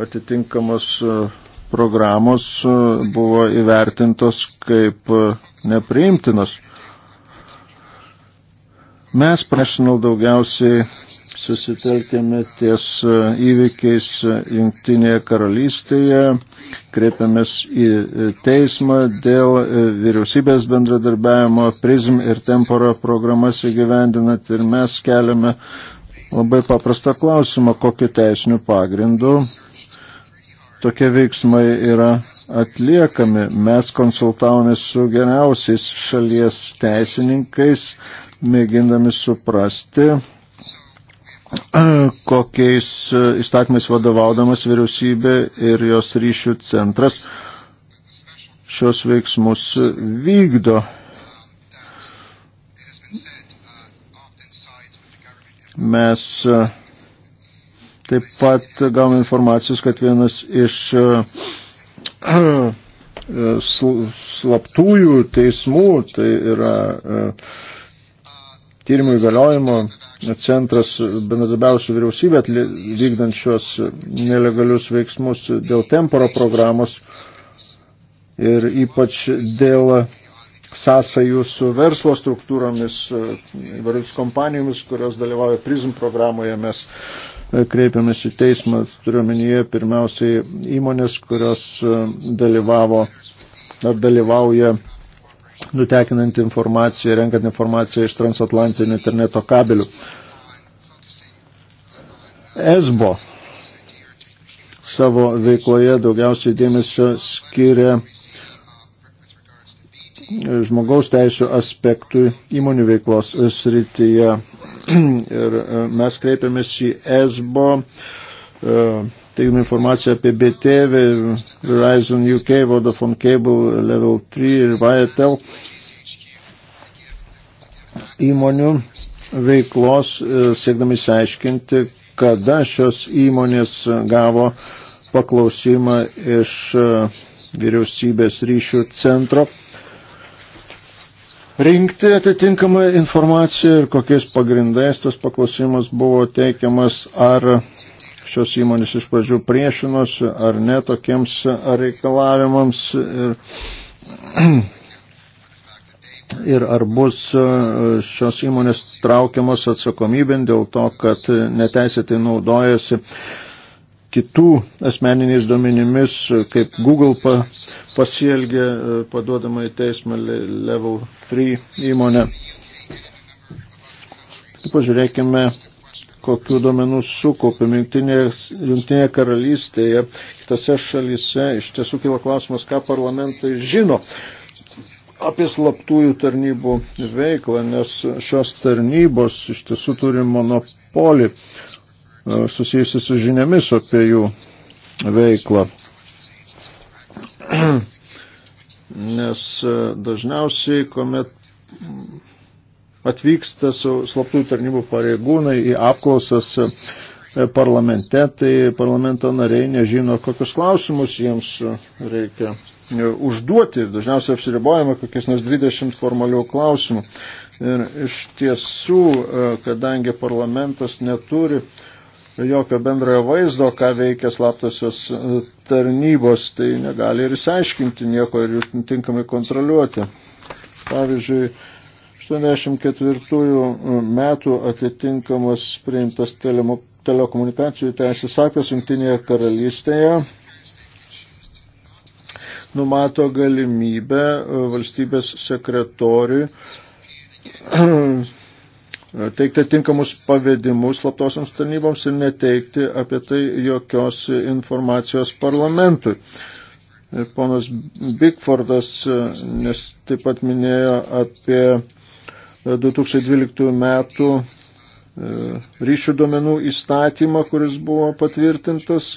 atitinkamos uh, programos e, buvo įvertintos kaip e, nepriimtinos. Mes prašinal daugiausiai susitelkėme ties e, įvykiais Junktinėje karalystėje, kreipiamės į teismą dėl vyriausybės bendradarbiavimo, prizm ir tempora programas įgyvendinat ir mes keliame labai paprastą klausimą, kokiu teisiniu pagrindu tokie veiksmai yra atliekami. Mes konsultavome su geriausiais šalies teisininkais, mėgindami suprasti, kokiais e, įstatymais vadovaudamas vyriausybė ir jos ryšių centras šios veiksmus vykdo. Mes uh, Taip pat gavome informacijos, kad vienas iš e, e, slaptųjų teismų, tai yra e, tyrimų įgaliojimo centras bendradabiausių vyriausybė vykdant šios nelegalius veiksmus dėl temporo programos ir ypač dėl sąsajų su verslo struktūromis, įvairius kompanijomis, kurios dalyvauja PRISM programoje. Mes kreipiamės į teismą, turiuomenyje pirmiausiai įmonės, kurios e, dalyvavo ar dalyvauja nutekinant informaciją, renkant informaciją iš transatlantinių interneto kabelių. ESBO savo veikloje daugiausiai dėmesio skiria žmogaus teisų aspektui įmonių veiklos srityje. Ir e, mes kreipiamės į ESBO, e, teikime informaciją apie BT, Verizon UK, Vodafone Cable, Level 3 ir Viatel įmonių veiklos, e, siekdami išsiaiškinti, kada šios įmonės gavo paklausimą iš vyriausybės ryšių centro rinkti atitinkamą informaciją ir kokiais pagrindais tas paklausimas buvo teikiamas, ar šios įmonės iš pradžių priešinosi, ar ne tokiems reikalavimams ir, ir ar bus e, šios įmonės traukiamas atsakomybėn dėl to, kad neteisėtai naudojasi kitų asmeniniais duomenimis, kaip Google pa, pasielgė e, paduodama į teismą Level 3 įmonę. Pažiūrėkime, kokiu duomenų sukaupėm Junktinėje karalystėje, kitose šalyse. Iš tiesų kilo klausimas, ką parlamentai žino apie slaptųjų tarnybų veiklą, nes šios tarnybos iš tiesų turi monopolį E, susijusi su žiniomis apie jų veiklą. Nes e, dažniausiai, kuomet atvyksta su slaptų tarnybų pareigūnai į apklausas e, parlamente, tai parlamento nariai nežino, kokius klausimus jiems reikia užduoti. Dažniausiai apsiribojama kokiais nors 20 formalių klausimų. Ir iš tiesų, kadangi parlamentas neturi uh, jokio bendrojo vaizdo, ką veikia slaptosios e, tarnybos, tai negali ir išsiaiškinti nieko ir tinkamai kontroliuoti. Pavyzdžiui, 84 e, metų atitinkamas priimtas telemo, telekomunikacijų teisės aktas Junktinėje karalystėje numato galimybę e, valstybės sekretoriui E, teikti tinkamus pavedimus slaptosiams tarnyboms ir neteikti apie tai jokios informacijos parlamentui. Ir e, ponas Bigfordas e, nes taip pat minėjo apie 2012 metų ryšių duomenų įstatymą, kuris buvo patvirtintas.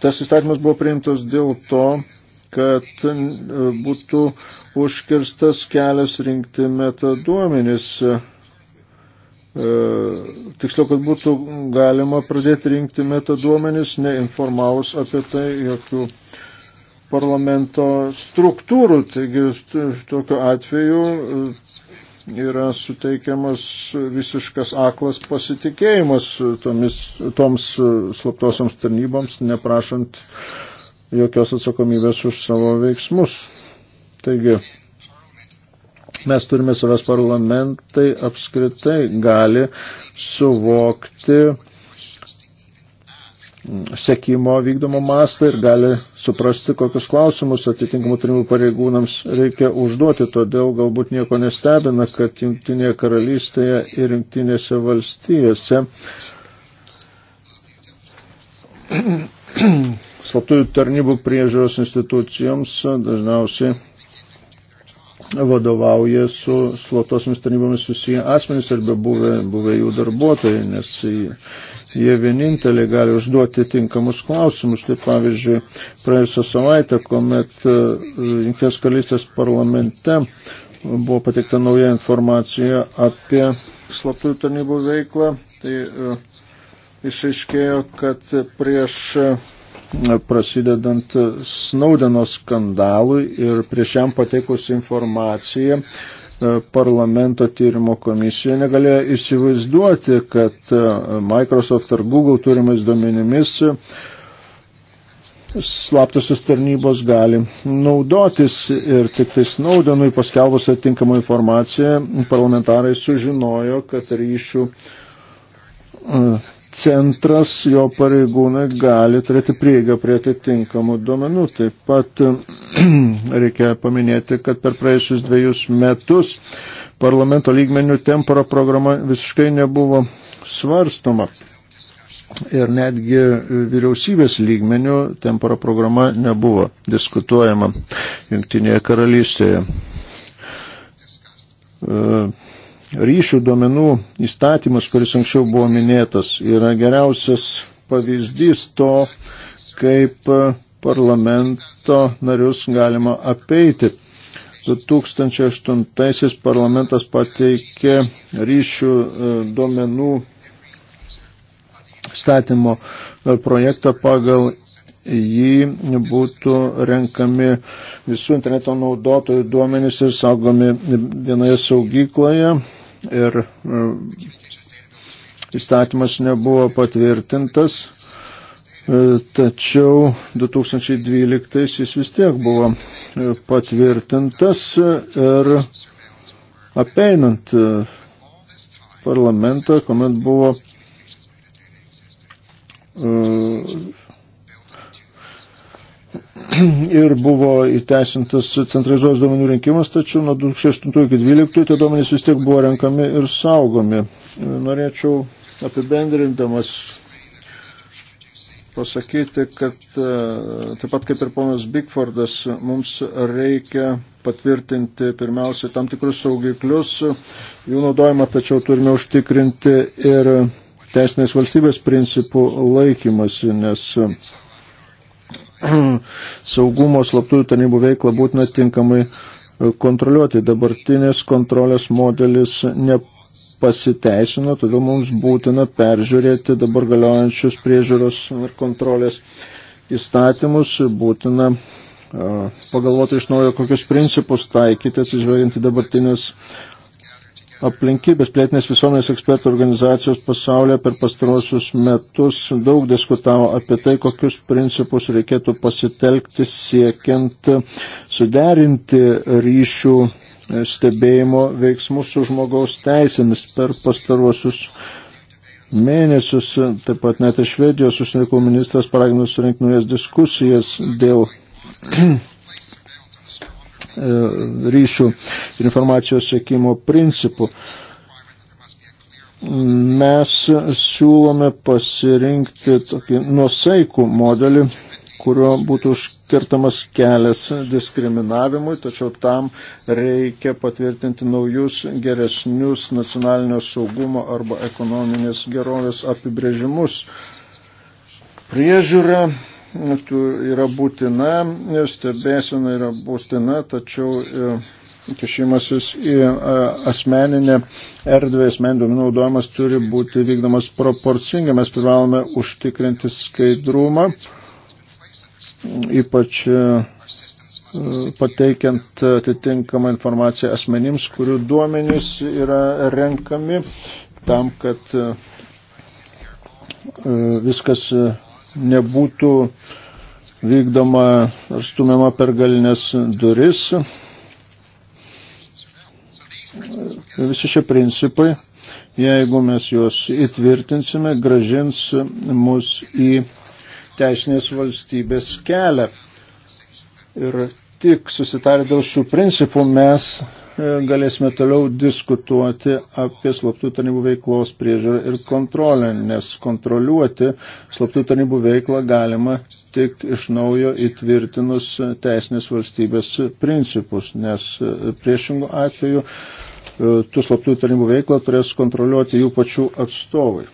Tas įstatymas buvo priimtas dėl to, kad e, būtų užkirstas kelias rinkti metaduomenis. E, tiksliau, kad būtų galima pradėti rinkti metaduomenis, neinformavus apie tai jokių parlamento struktūrų. Taigi, tokiu atveju e, yra suteikiamas visiškas aklas pasitikėjimas tomis, toms slaptosioms tarnyboms, neprašant uh, jokios atsakomybės už savo veiksmus. Taigi, mes turime savęs parlamentai apskritai gali suvokti sekimo vykdomo mastą ir gali suprasti, kokius klausimus atitinkamų trimų pareigūnams reikia užduoti. Todėl galbūt nieko nestebina, kad Junktinėje karalystėje ir Junktinėse valstijose slaptųjų tarnybų priežiūros institucijoms dažniausiai vadovauja su slaptosiomis tarnybomis susiję asmenys arba buvę, buvę jų darbuotojai, nes jie vieninteliai gali užduoti tinkamus klausimus. Tai pavyzdžiui, praėjusią savaitę, kuomet Junktinės karalystės parlamente buvo pateikta nauja informacija apie slaptųjų tarnybų veiklą, tai išaiškėjo, kad prieš prasidedant Snaudeno skandalui ir prieš jam pateikus informaciją e, parlamento tyrimo komisija negalėjo įsivaizduoti, kad e, Microsoft ar Google turimais duomenimis e, slaptosios tarnybos gali naudotis ir tik tai Snaudenui paskelbus atinkamą informaciją parlamentarai sužinojo, kad ryšių centras, jo pareigūnai gali turėti prieigą prie atitinkamų duomenų. Taip pat reikia paminėti, kad per praėjusius dviejus metus parlamento lygmenių tempora programa visiškai nebuvo svarstoma. Ir netgi vyriausybės lygmenių tempora programa nebuvo diskutuojama Junktinėje karalystėje. Uh, ryšių duomenų įstatymas, kuris anksčiau buvo minėtas, yra geriausias pavyzdys to, kaip e, parlamento narius galima apeiti. 2008 parlamentas pateikė ryšių e, duomenų statymo e, projektą pagal jį būtų renkami visų interneto naudotojų duomenys ir saugomi vienoje saugykloje ir e, įstatymas nebuvo patvirtintas, e, tačiau 2012 jis vis tiek buvo e, patvirtintas ir apeinant parlamentą, kuomet buvo ir buvo įteisintas centralizuotas duomenų rinkimas, tačiau nuo 2008 iki 2012 tie duomenys vis tiek buvo renkami ir saugomi. Norėčiau apibendrindamas pasakyti, kad e, taip pat kaip ir ponas Bigfordas, mums reikia patvirtinti pirmiausiai tam tikrus saugiklius, jų naudojimą, tačiau turime užtikrinti ir teisinės valstybės principų laikymasi, nes saugumo slaptųjų tarnybų veiklą būtina tinkamai e, kontroliuoti. Dabartinės kontrolės modelis nepasiteisino, todėl mums būtina peržiūrėti dabar galiojančius priežiūros ir kontrolės įstatymus, būtina e, pagalvoti iš naujo, kokius principus taikyti, atsižvelgiant į dabartinės aplinkybės. Plėtinės visuomenės ekspertų organizacijos pasaulyje per pastarosius metus daug diskutavo apie tai, kokius principus reikėtų pasitelkti siekiant suderinti ryšių e, stebėjimo veiksmus su žmogaus teisėmis per pastarosius mėnesius. Taip pat net ir Švedijos užsienio ministras paragino surinkti naujas diskusijas dėl E, ryšių ir informacijos sėkimo principų. Mes siūlome pasirinkti tokį nuosaikų modelį, kurio būtų užkirtamas kelias diskriminavimui, tačiau tam reikia patvirtinti naujus geresnius nacionalinio saugumo arba ekonominės gerovės apibrėžimus. Priežiūra yra būtina, stebėsena yra būtina, tačiau e, kišimasis į e, asmeninę erdvę, asmeninių duomenų naudojimas turi būti vykdomas proporcingai. Mes privalome užtikrinti skaidrumą, ypač e, pateikiant atitinkamą informaciją asmenims, kurių duomenys yra renkami tam, kad viskas nebūtų vykdoma ar stumiama per galinės duris. Visi šie principai, jeigu mes juos įtvirtinsime, gražins mus į teisinės valstybės kelią. Ir tik susitarę dėl šių principų mes E, galėsime toliau diskutuoti apie slaptų tarnybų veiklos priežiūrą ir kontrolę, nes kontroliuoti slaptų tarnybų veiklą galima tik iš naujo įtvirtinus teisinės valstybės principus, nes e, priešingų atveju e, tų slaptų tarnybų veiklą turės kontroliuoti jų pačių atstovai.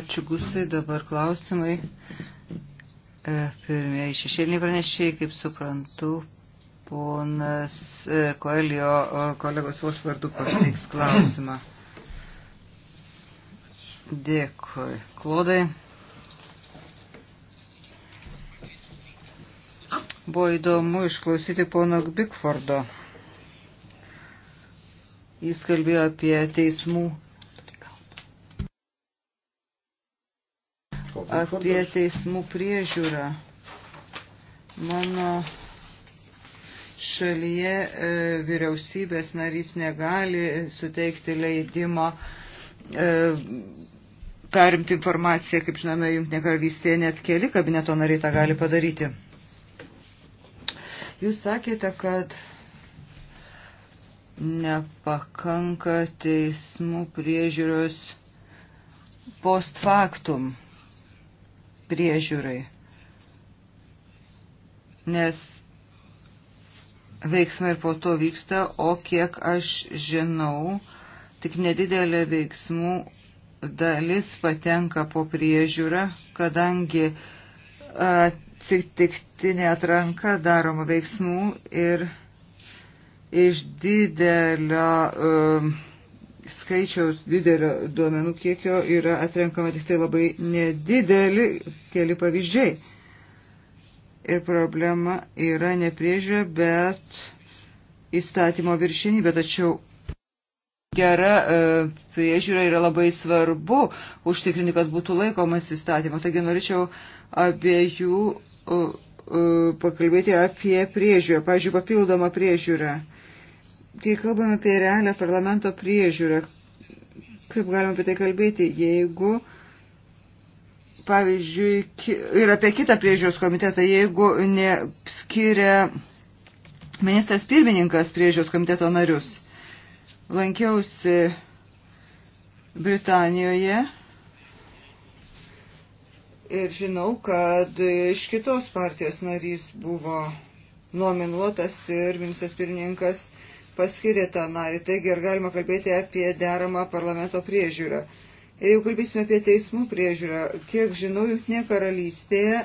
Ačiū Gusai, dabar klausimai. Pirmieji šešėliniai pranešiai, kaip suprantu, Ponas e, Koelio kolegos vos vardu pateiks klausimą. Dėkui. Klodai. Buvo įdomu išklausyti pono Bigfordo. Jis kalbėjo apie teismų. Apie teismų priežiūrą. Mano šalyje e, vyriausybės narys negali suteikti leidimo e, perimti informaciją, kaip žinome, Junktinė karalystėje net keli kabineto nariai tą gali padaryti. Jūs sakėte, kad nepakanka teismų priežiūros post factum priežiūrai, nes veiksmai ir po to vyksta, o kiek aš žinau, tik nedidelė veiksmų dalis patenka po priežiūrą, kadangi atsitiktinė atranka daroma veiksmų ir iš didelio um, skaičiaus, didelio duomenų kiekio yra atrenkama tik tai labai nedideli keli pavyzdžiai ir problema yra nepriežiūra, bet įstatymo viršinybė. Tačiau gera e, priežiūra yra labai svarbu užtikrinti, kad būtų laikomas įstatymo. Taigi norėčiau abiejų e, e, pakalbėti apie priežiūrą, pavyzdžiui, papildomą priežiūrą. Kai kalbame apie realią parlamento priežiūrą, kaip galime apie tai kalbėti, jeigu e, pavyzdžiui, ir apie kitą priežiūros komitetą, jeigu neskiria ministras pirmininkas priežiūros komiteto narius. Lankiausi Britanijoje ir žinau, kad iš kitos partijos narys buvo nominuotas ir ministras pirmininkas paskiria tą narį. Taigi, ar galima kalbėti apie deramą parlamento priežiūrą? Jeigu kalbėsime apie teismų priežiūrą, kiek žinau, Junktinė karalystėje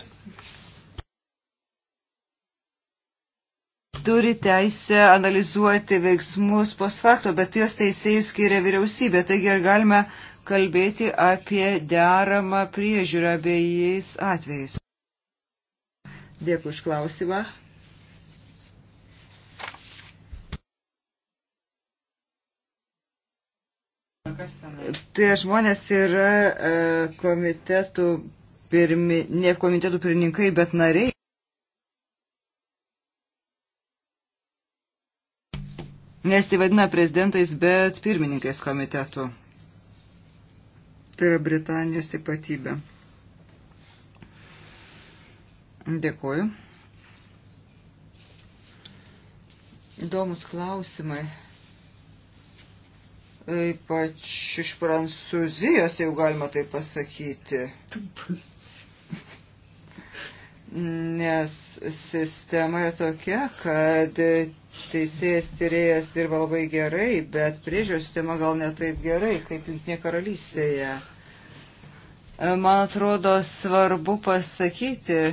turi teisę analizuoti veiksmus pos fakto, bet jos teisėjus skiria vyriausybė. Taigi ar galime kalbėti apie deramą priežiūrą abiejais atvejais? Dėkui už klausimą. Tai žmonės yra e, komitetų, pirmi, ne komitetų pirmininkai, bet nariai. Nesivadina prezidentais, bet pirmininkais komitetų. Tai yra Britanijos ypatybė. Dėkuoju. Įdomus klausimai ypač iš Prancūzijos, jeigu galima tai pasakyti. Nes sistema yra tokia, kad teisėjas tyrėjas dirba labai gerai, bet priežiūros sistema gal netaip gerai, kaip Junktinė karalystėje. Man atrodo svarbu pasakyti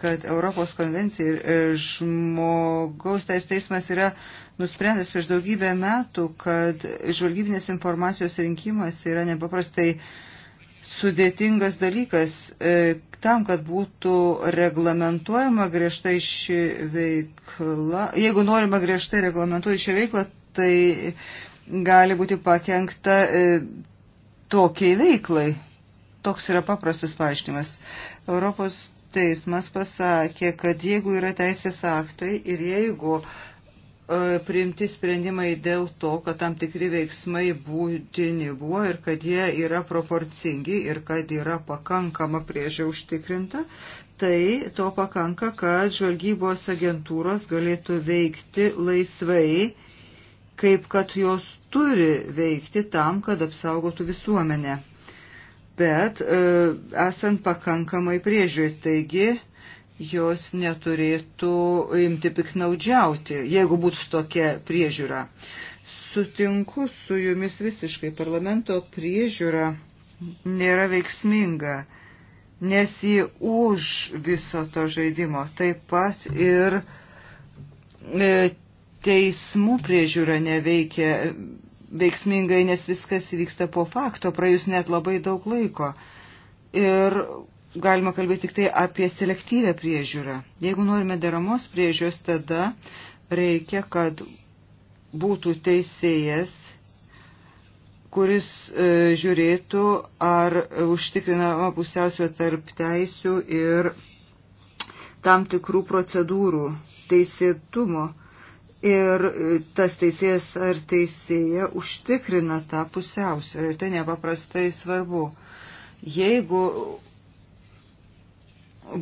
kad Europos konvencija ir e, žmogaus teisų teismas yra nusprendęs prieš daugybę metų, kad žvalgybinės informacijos rinkimas yra nepaprastai sudėtingas dalykas. E, tam, kad būtų reglamentuojama griežtai ši veikla, jeigu norima griežtai reglamentuoti šią veiklą, tai gali būti pakengta e, tokiai veiklai. Toks yra paprastas paaiškinimas. Europos teismas pasakė, kad jeigu yra teisės aktai ir jeigu e, priimti sprendimai dėl to, kad tam tikri veiksmai būtini buvo ir kad jie yra proporcingi ir kad yra pakankama priežia užtikrinta, tai to pakanka, kad žvalgybos agentūros galėtų veikti laisvai, kaip kad jos turi veikti tam, kad apsaugotų visuomenę bet e, esant pakankamai priežiūrį. Taigi, jos neturėtų imti piknaudžiauti, jeigu būtų tokia priežiūra. Sutinku su jumis visiškai. Parlamento priežiūra nėra veiksminga, nes ji už viso to žaidimo. Taip pat ir e, teismų priežiūra neveikia veiksmingai, nes viskas vyksta po fakto, praėjus net labai daug laiko. Ir galima kalbėti tik tai apie selektyvę priežiūrą. Jeigu norime deramos priežiūros, tada reikia, kad būtų teisėjas, kuris e, žiūrėtų, ar užtikrinama pusiausvė tarp teisių ir tam tikrų procedūrų teisėtumo. E, Ir e, tas teisėjas ar teisėja užtikrina tą pusiausvyrą ir tai nepaprastai svarbu. Jeigu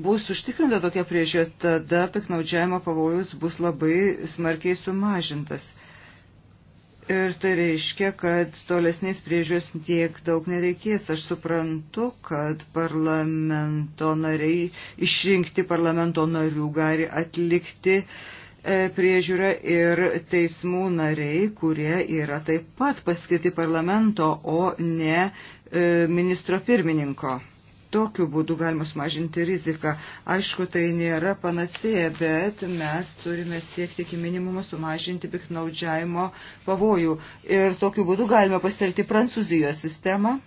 bus užtikrinta tokia priežiūra, tada piknaudžiavimo pavojus bus labai smarkiai sumažintas. Ir tai reiškia, kad tolesnės priežiūros tiek daug nereikės. Aš suprantu, kad parlamento nariai, išrinkti parlamento narių gali atlikti uh, E, priežiūra ir teismų nariai, kurie yra taip pat paskirti parlamento, o ne e, ministro pirmininko. Tokiu būdu galima sumažinti riziką. Aišku, tai nėra panacėja, bet mes turime siekti iki minimumo sumažinti piknaudžiavimo pavojų. Ir tokiu būdu galime pasitelti Prancūzijos sistemą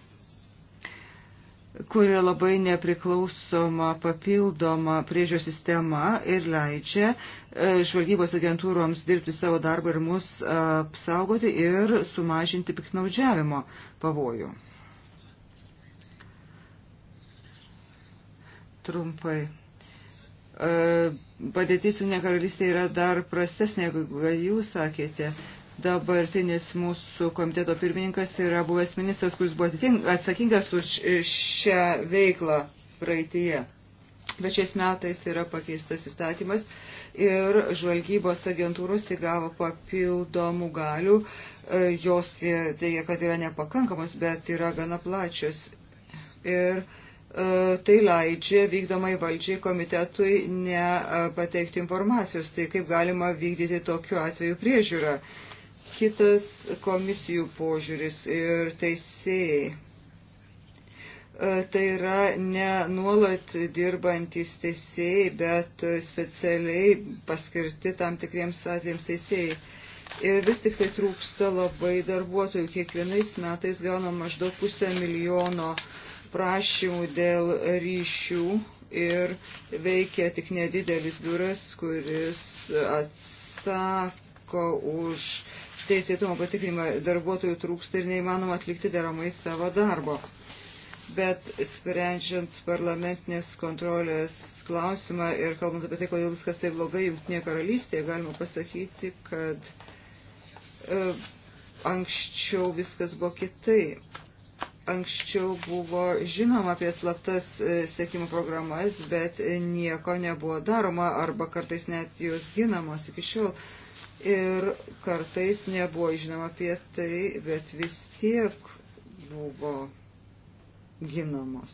kuria labai nepriklausoma papildoma priežios sistema ir leidžia e, žvalgybos agentūroms dirbti savo darbą ir mus e, apsaugoti ir sumažinti piknaudžiavimo pavojų. Trumpai. E, padėtis jų nekaralystė yra dar prastesnė, negu jūs sakėte. Dabartinis mūsų komiteto pirmininkas yra buvęs ministras, kuris buvo atsakingas už šią veiklą praeitie. Bet šiais metais yra pakeistas įstatymas ir žvalgybos agentūros įgavo papildomų galių. E, jos teigia, kad yra nepakankamos, bet yra gana plačios. Ir e, tai leidžia vykdomai valdžiai komitetui nepateikti e, informacijos, tai kaip galima vykdyti tokiu atveju priežiūrą kitas komisijų požiūris ir teisėjai. E, tai yra ne nuolat dirbantis teisėjai, bet specialiai paskirti tam tikriems atvejams teisėjai. Ir vis tik tai trūksta labai darbuotojų. Kiekvienais metais gauna maždaug pusę milijono prašymų dėl ryšių ir veikia tik nedidelis biuras, kuris atsako už teisėtumo patikrinimą darbuotojų trūksta ir neįmanoma atlikti deramai savo darbo. Bet sprendžiant parlamentinės kontrolės klausimą ir kalbant apie tai, kodėl viskas taip blogai Junktinėje karalystėje, galima pasakyti, kad e, anksčiau viskas buvo kitai. Anksčiau buvo žinoma apie slaptas e, sėkimo programas, bet nieko nebuvo daroma arba kartais net jos ginamos iki šiol. E, ir kartais nebuvo žinoma apie tai, bet vis tiek buvo ginamos.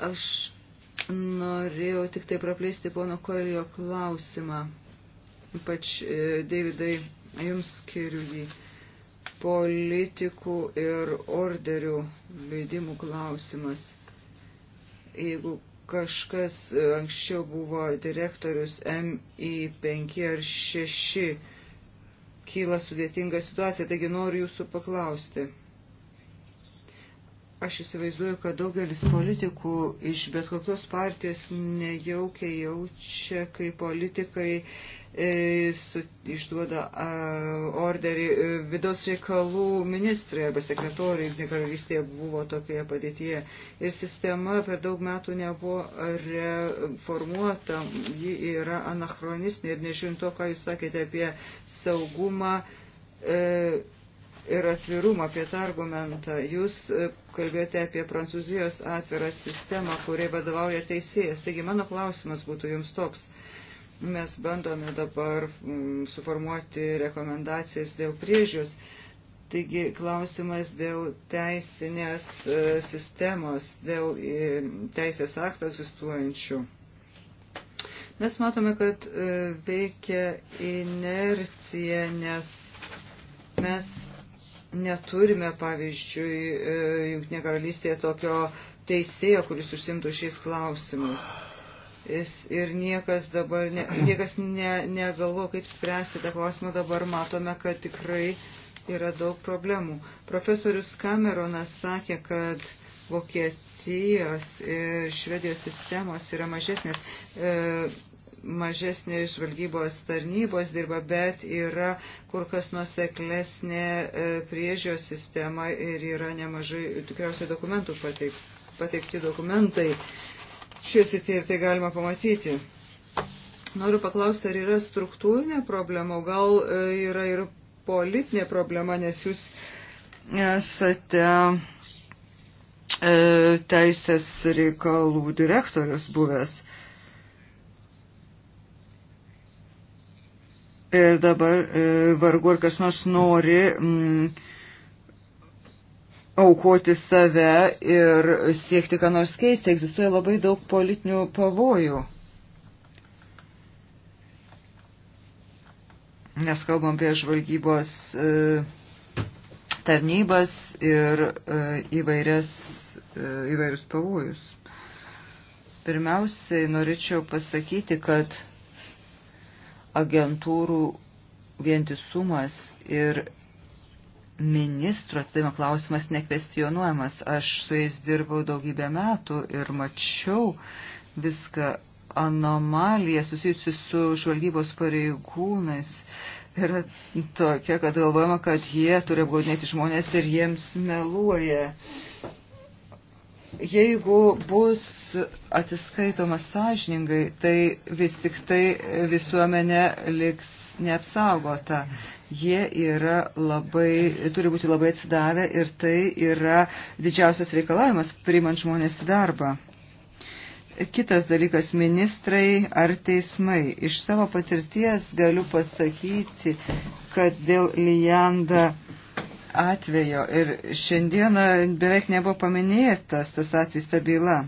Aš norėjau tik tai praplėsti pono Koelio klausimą. Ypač, e, Davidai, jums skiriu jį politikų ir orderių leidimų klausimas. Jeigu kažkas e, anksčiau buvo direktorius MI5 ar 6, kyla sudėtinga situacija, taigi noriu jūsų paklausti. Aš įsivaizduoju, kad daugelis politikų iš bet kokios partijos nejaukiai jaučia, kai politikai E, išduoda orderį e, vidaus reikalų ministrai arba sekretoriai, jungtinė karalystėje buvo tokioje padėtyje. Ir sistema per daug metų nebuvo reformuota, ji yra anachronistinė ir nežiūrint to, ką jūs sakėte apie saugumą. E, ir atvirumą apie tą argumentą. Jūs e, kalbėjote apie Prancūzijos atvirą sistemą, kuriai vadovauja teisėjas. Taigi mano klausimas būtų jums toks. E, Mes bandome dabar mm, suformuoti rekomendacijas dėl priežius. Taigi klausimas dėl teisinės e, sistemos, dėl e, teisės aktų egzistuojančių. Mes matome, kad e, veikia inercija, nes mes neturime, pavyzdžiui, Junktinė karalystėje tokio teisėjo, kuris užsimtų šiais klausimais ir niekas dabar ne, niekas ne, negalvo, kaip spręsti tą klausimą, dabar matome, kad tikrai yra daug problemų. Profesorius Cameronas sakė, kad Vokietijos ir Švedijos sistemos yra mažesnės. E, mažesnės žvalgybos tarnybos dirba, bet yra kur kas nuseklesnė e, priežios sistema ir yra nemažai tikriausiai dokumentų pateik, pateikti dokumentai. E, šioje srityje ir tai galima pamatyti. Noriu paklausti, ar yra struktūrinė problema, gal e, yra ir politinė problema, nes jūs esate e, teisės reikalų direktorius buvęs. Ir dabar e, vargu ar kas nors nori. Mm, aukoti save ir siekti, ką nors keisti. Egzistuoja labai daug politinių pavojų. Nes kalbam apie žvalgybos e, tarnybas ir e, įvairias, e, įvairius pavojus. Pirmiausiai norėčiau pasakyti, kad agentūrų vientisumas ir ministro atsidavimo klausimas nekvestionuojamas. Aš su jais dirbau daugybę metų ir mačiau viską anomalija susijusi su žvalgybos pareigūnais yra tokia, kad galvojama, kad jie turi apgaudinėti žmonės ir jiems meluoja. Jeigu bus atsiskaitoma sąžiningai, tai vis tik tai visuomenė liks neapsaugota jie yra labai, turi būti labai atsidavę ir tai yra didžiausias reikalavimas priimant žmonės į darbą. Kitas dalykas - ministrai ar teismai. Iš savo patirties galiu pasakyti, kad dėl Lijanda atvejo ir šiandieną beveik nebuvo paminėtas tas atvejs ta byla.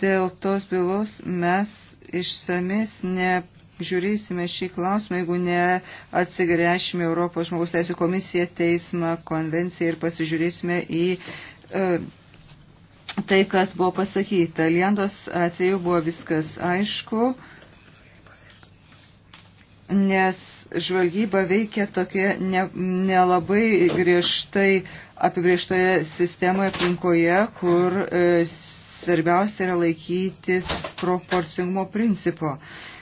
Dėl tos bylos mes išsamis ne žiūrėsime šį klausimą, jeigu ne atsigręšime Europos žmogus teisų komisiją, teismą, konvenciją ir pasižiūrėsime į e, tai, kas buvo pasakyta. Liendos atveju buvo viskas aišku, nes žvalgyba veikia tokia nelabai ne, ne griežtai apibrieštoje sistemoje aplinkoje, kur e, svarbiausia yra laikytis proporcingumo principo. E,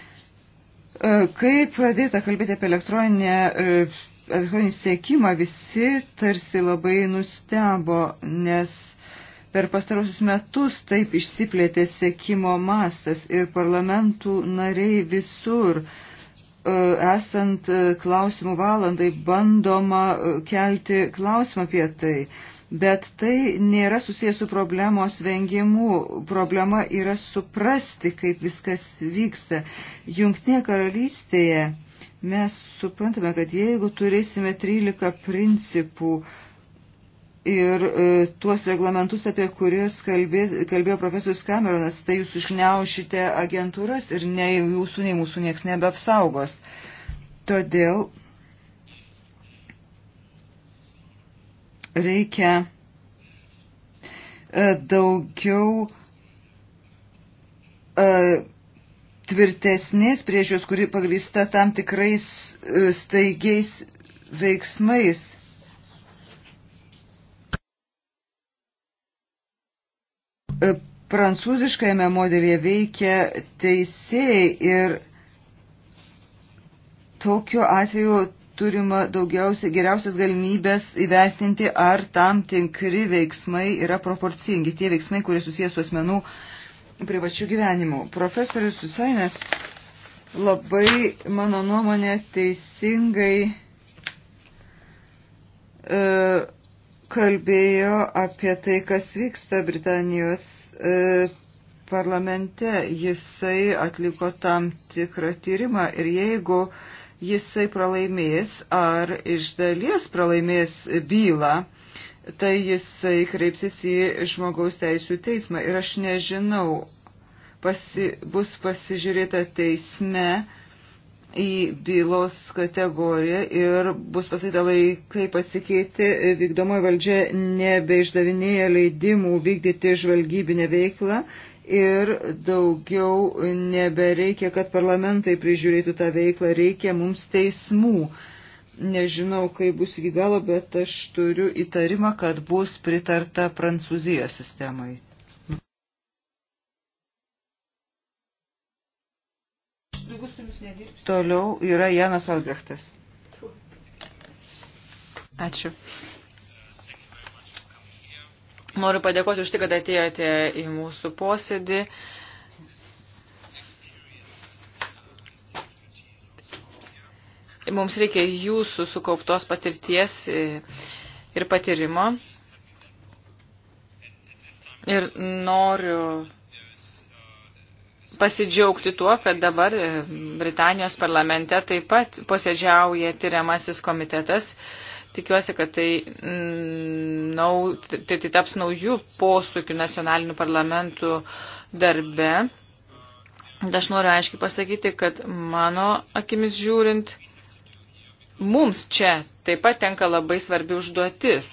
E, Kai pradėta kalbėti apie elektroninę, e, elektroninį sėkimą, visi tarsi labai nustebo, nes per pastarosius metus taip išsiplėtė sėkimo mastas ir parlamentų nariai visur e, esant klausimų valandai bandoma kelti klausimą apie tai. Bet tai nėra susijęs su problemos vengimu. Problema yra suprasti, kaip viskas vyksta. Jungtinė karalystėje mes suprantame, kad jeigu turėsime 13 principų ir e, tuos reglamentus, apie kuriuos kalbė, kalbėjo profesorius Cameronas, tai jūs užgneušite agentūras ir nei jūsų, nei mūsų nieks nebeapsaugos. Todėl reikia e, daugiau e, tvirtesnės priežios, kuri pagrįsta tam tikrais e, staigiais veiksmais. Prancūziškajame modelyje veikia teisėjai ir tokiu atveju turima daugiausiai geriausias galimybės įvertinti, ar tam tinkri veiksmai yra proporcingi, tie veiksmai, kurie susijęs su asmenų privačių gyvenimų. Profesorius Susainas labai, mano nuomonė, teisingai e, kalbėjo apie tai, kas vyksta Britanijos e, parlamente. Jisai atliko tam tikrą tyrimą ir jeigu e, jisai pralaimės ar iš dalies pralaimės bylą, tai jisai kreipsis į žmogaus teisų teismą. Ir aš nežinau, pasi, bus pasižiūrėta teisme į bylos kategoriją ir bus pasakyta laikai pasikeiti, vykdomoji valdžia nebeišdavinėja leidimų vykdyti žvalgybinę veiklą ir daugiau nebereikia, kad parlamentai prižiūrėtų tą veiklą, reikia mums teismų. Nežinau, kaip bus iki galo, bet aš turiu įtarimą, kad bus pritarta Prancūzijos sistemai. Toliau yra Janas Albrechtas. Ačiū. Noriu padėkoti už tai, kad atėjote į mūsų posėdį. Mums reikia jūsų sukauptos patirties ir patyrimo. Ir noriu pasidžiaugti tuo, kad dabar Britanijos parlamente taip pat posėdžiauja tyriamasis komitetas Tikiuosi, kad tai, mm, nau, tai, tai, tai taps naujų posūkių nacionalinių parlamentų darbe. Aš noriu aiškiai pasakyti, kad mano akimis žiūrint, mums čia taip pat tenka labai svarbi užduotis,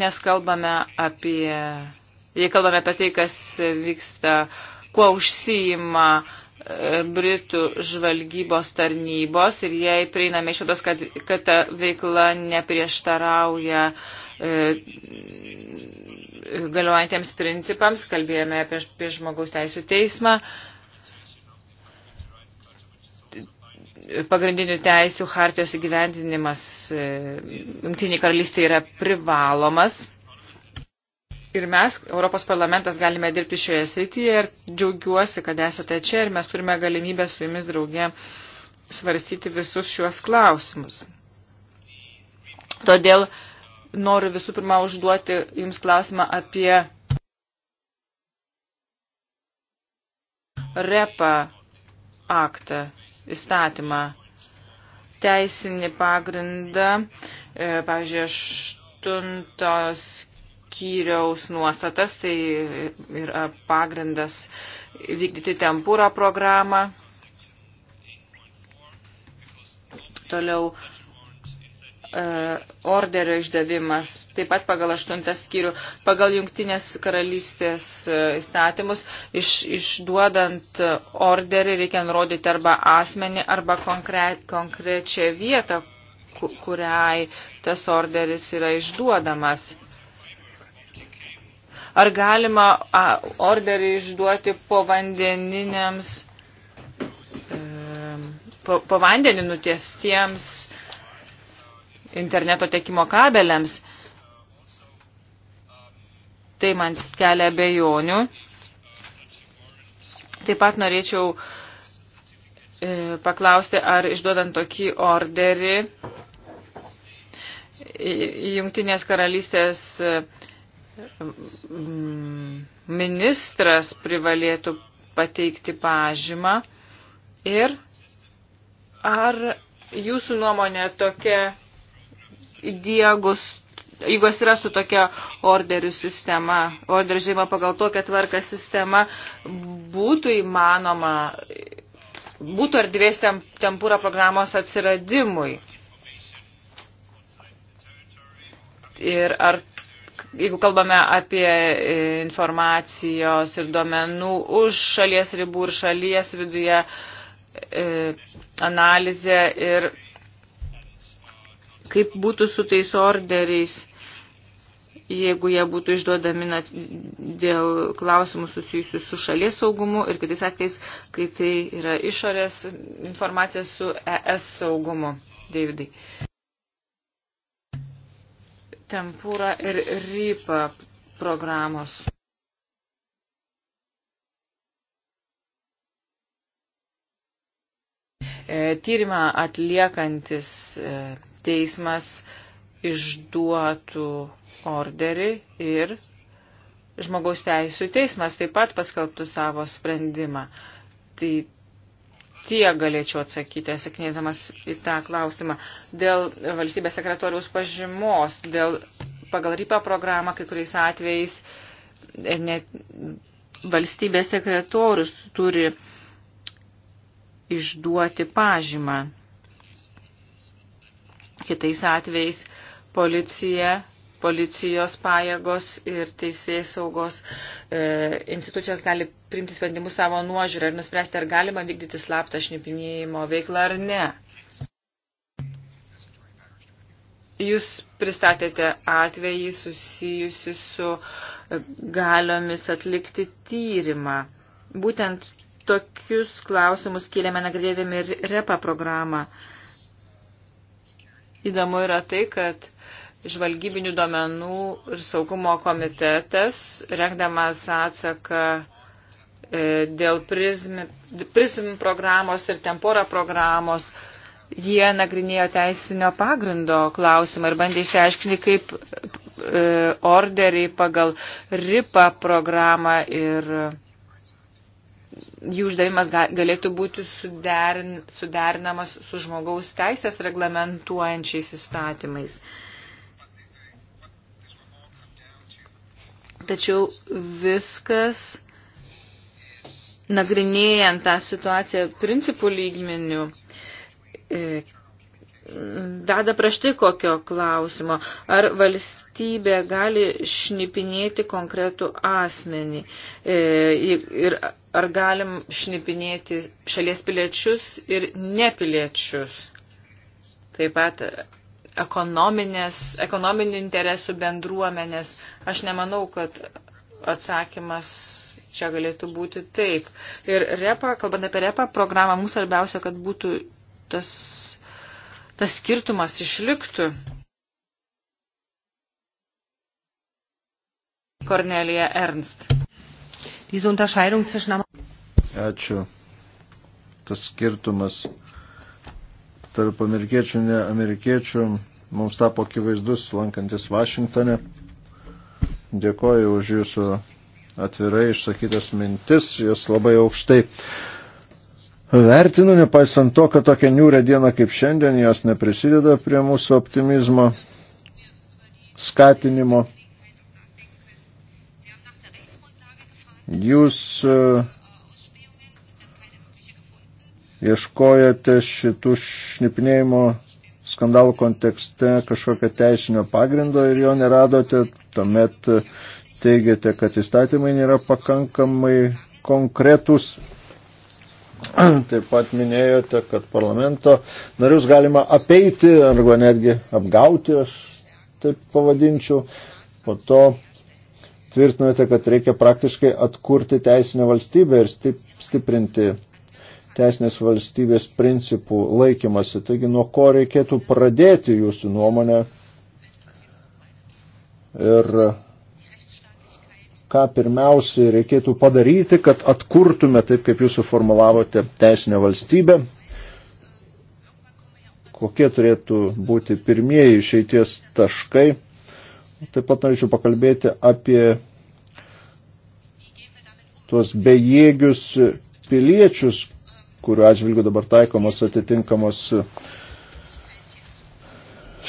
nes kalbame apie, jei kalbame apie tai, kas vyksta, kuo užsijima Britų žvalgybos tarnybos ir jei prieiname išvados, kad, kad ta veikla neprieštarauja e, galiuojantiems principams, kalbėjome apie, apie žmogaus teisų teismą, pagrindinių teisų hartijos įgyvendinimas e, Junktinė karalystė yra privalomas ir mes, Europos parlamentas, galime dirbti šioje srityje ir džiaugiuosi, kad esate čia ir mes turime galimybę su jumis draugė svarstyti visus šiuos klausimus. Todėl noriu visų pirma užduoti jums klausimą apie repa aktą, įstatymą, teisinį pagrindą, e, pavyzdžiui, 8 skyriaus nuostatas, tai yra pagrindas vykdyti tempūrą programą. Toliau e, orderio išdavimas, taip pat pagal aštuntą skyrių, pagal jungtinės karalystės e, įstatymus, iš, išduodant orderį reikia nurodyti arba asmenį, arba konkre, konkrečią vietą, kuriai tas orderis yra išduodamas. Ar galima a, orderį išduoti po vandeniniams, e, po, po vandenį nutiestiems interneto tekimo kabeliams? Tai man kelia bejonių. Taip pat norėčiau e, paklausti, ar išduodant tokį orderį Jungtinės karalystės e, Mm, ministras privalėtų pateikti pažymą ir ar jūsų nuomonė tokia įdiegus, jeigu yra su tokia orderių sistema, orderių žymą pagal tokią tvarką sistema, būtų įmanoma, būtų erdvės tempūra programos atsiradimui. Ir ar jeigu kalbame apie e, informacijos ir duomenų už šalies ribų ir šalies viduje e, analizę ir kaip būtų su tais orderiais, jeigu jie būtų išduodami dėl klausimų susijusių su šalies saugumu ir kitais atvejais, kai tai yra išorės informacija su ES saugumu. Davidai. Tempūra ir Rypa programos. E, tyrimą atliekantis e, teismas išduotų orderį ir žmogaus teisų teismas taip pat paskelbtų savo sprendimą. Tai tiek galėčiau atsakyti, atsakinėdamas į tą klausimą. Dėl valstybės sekretoriaus pažymos, dėl pagal RIPA programą kai kuriais atvejais e, net valstybės sekretorius turi išduoti pažymą. Kitais atvejais policija policijos pajėgos ir teisėjai saugos e, institucijos gali priimti sprendimus savo nuožiūrą ir nuspręsti, ar galima vykdyti slaptą šnipinėjimo veiklą ar ne. Jūs pristatėte atvejį susijusi su galiomis atlikti tyrimą. Būtent tokius klausimus kėlėme nagrinėdami ir REPA programą. Įdomu yra tai, kad žvalgybinių duomenų ir saugumo komitetas, rengdamas atsaką e, dėl PRISM, PRISM programos ir Tempora programos, jie nagrinėjo teisinio pagrindo klausimą ir bandė išsiaiškinti, kaip e, orderiai pagal RIPA programą ir jų uždavimas galėtų būti suderin, suderinamas su žmogaus teisės reglamentuojančiais įstatymais. Tačiau viskas, nagrinėjant tą situaciją principų lygmenių, veda e, prašti kokio klausimo. Ar valstybė gali šnipinėti konkretų asmenį? E, ir ar galim šnipinėti šalies piliečius ir nepiliečius? Taip pat ekonominių interesų bendruomenės. Aš nemanau, kad atsakymas čia galėtų būti taip. Ir repa, kalbant apie repa programą, mums svarbiausia, kad būtų tas, tas skirtumas išliktų. Kornelija Ernst. Ačiū. Tas skirtumas tarp amerikiečių, ne amerikiečių, mums tapo akivaizdus lankantis Vašingtone. Dėkoju už jūsų atvirai išsakytas mintis, jas labai aukštai vertinu, nepaisant to, kad tokia niūrė diena kaip šiandien, jos neprisideda prie mūsų optimizmo skatinimo. Jūs uh, ieškojote šitų šnipinėjimo skandalų kontekste kažkokio teisinio pagrindo ir jo neradote, tuomet teigiate, kad įstatymai nėra pakankamai konkretus. Taip pat minėjote, kad parlamento narius galima apeiti arba netgi apgauti, aš taip pavadinčiau. Po to tvirtinote, kad reikia praktiškai atkurti teisinę valstybę ir stiprinti teisinės valstybės principų laikymasi. Taigi, nuo ko reikėtų pradėti jūsų nuomonę ir ką pirmiausiai reikėtų padaryti, kad atkurtume, taip kaip jūs suformulavote, teisinę valstybę, kokie turėtų būti pirmieji išeities taškai. Taip pat norėčiau pakalbėti apie tuos bejėgius piliečius, kuriuo atžvilgiu dabar taikomos atitinkamos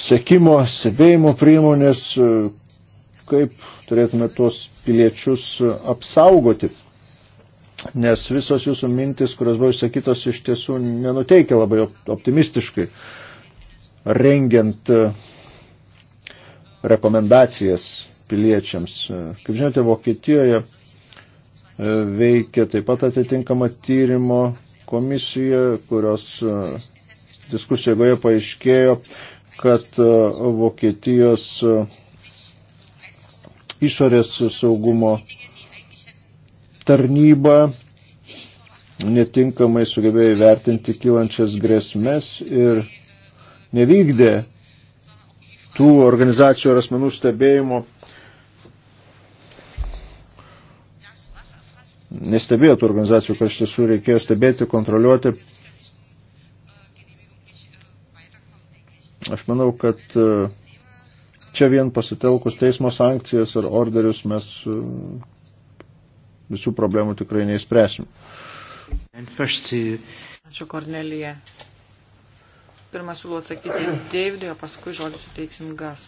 sekimo, stebėjimo priemonės, kaip turėtume tuos piliečius apsaugoti. Nes visos jūsų mintis, kurios buvo išsakytos, iš tiesų nenuteikia labai optimistiškai, rengiant e, rekomendacijas piliečiams. Kaip žinote, Vokietijoje e, veikia taip pat atitinkama tyrimo komisija, kurios e, diskusijoje paaiškėjo, kad e, Vokietijos e, išorės saugumo tarnyba netinkamai sugebėjo įvertinti kylančias grėsmės ir nevykdė tų organizacijų ar asmenų stebėjimo nestebėjo tų organizacijų, kad iš tiesų reikėjo stebėti, kontroliuoti. Aš manau, kad e, čia vien pasitelkus teismo sankcijas ir orderius mes e, visų problemų tikrai neįspręsim. Ačiū Kornelija. Pirmą siūlau atsakyti Davidui, o paskui žodį suteiksim gas.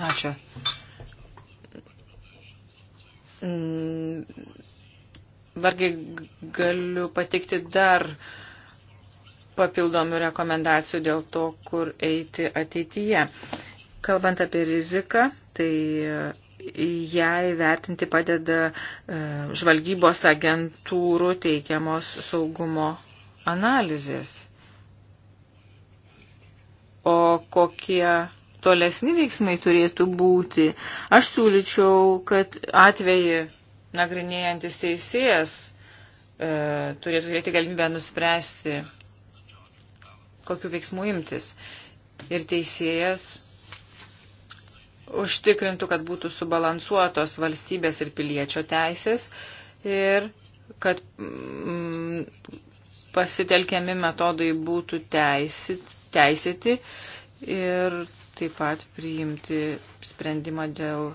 Ačiū. Mm, Vargiai galiu patikti dar papildomų rekomendacijų dėl to, kur eiti ateityje. Kalbant apie riziką, tai e, jai vertinti padeda e, žvalgybos agentūrų teikiamos saugumo analizės. O kokie tolesni veiksmai turėtų būti. Aš siūlyčiau, kad atvejį nagrinėjantis teisėjas e, turėtų turėti galimybę nuspręsti, kokiu veiksmu imtis. Ir teisėjas užtikrintų, kad būtų subalansuotos valstybės ir piliečio teisės ir kad mm, pasitelkiami metodai būtų teisėti ir taip pat priimti sprendimą dėl,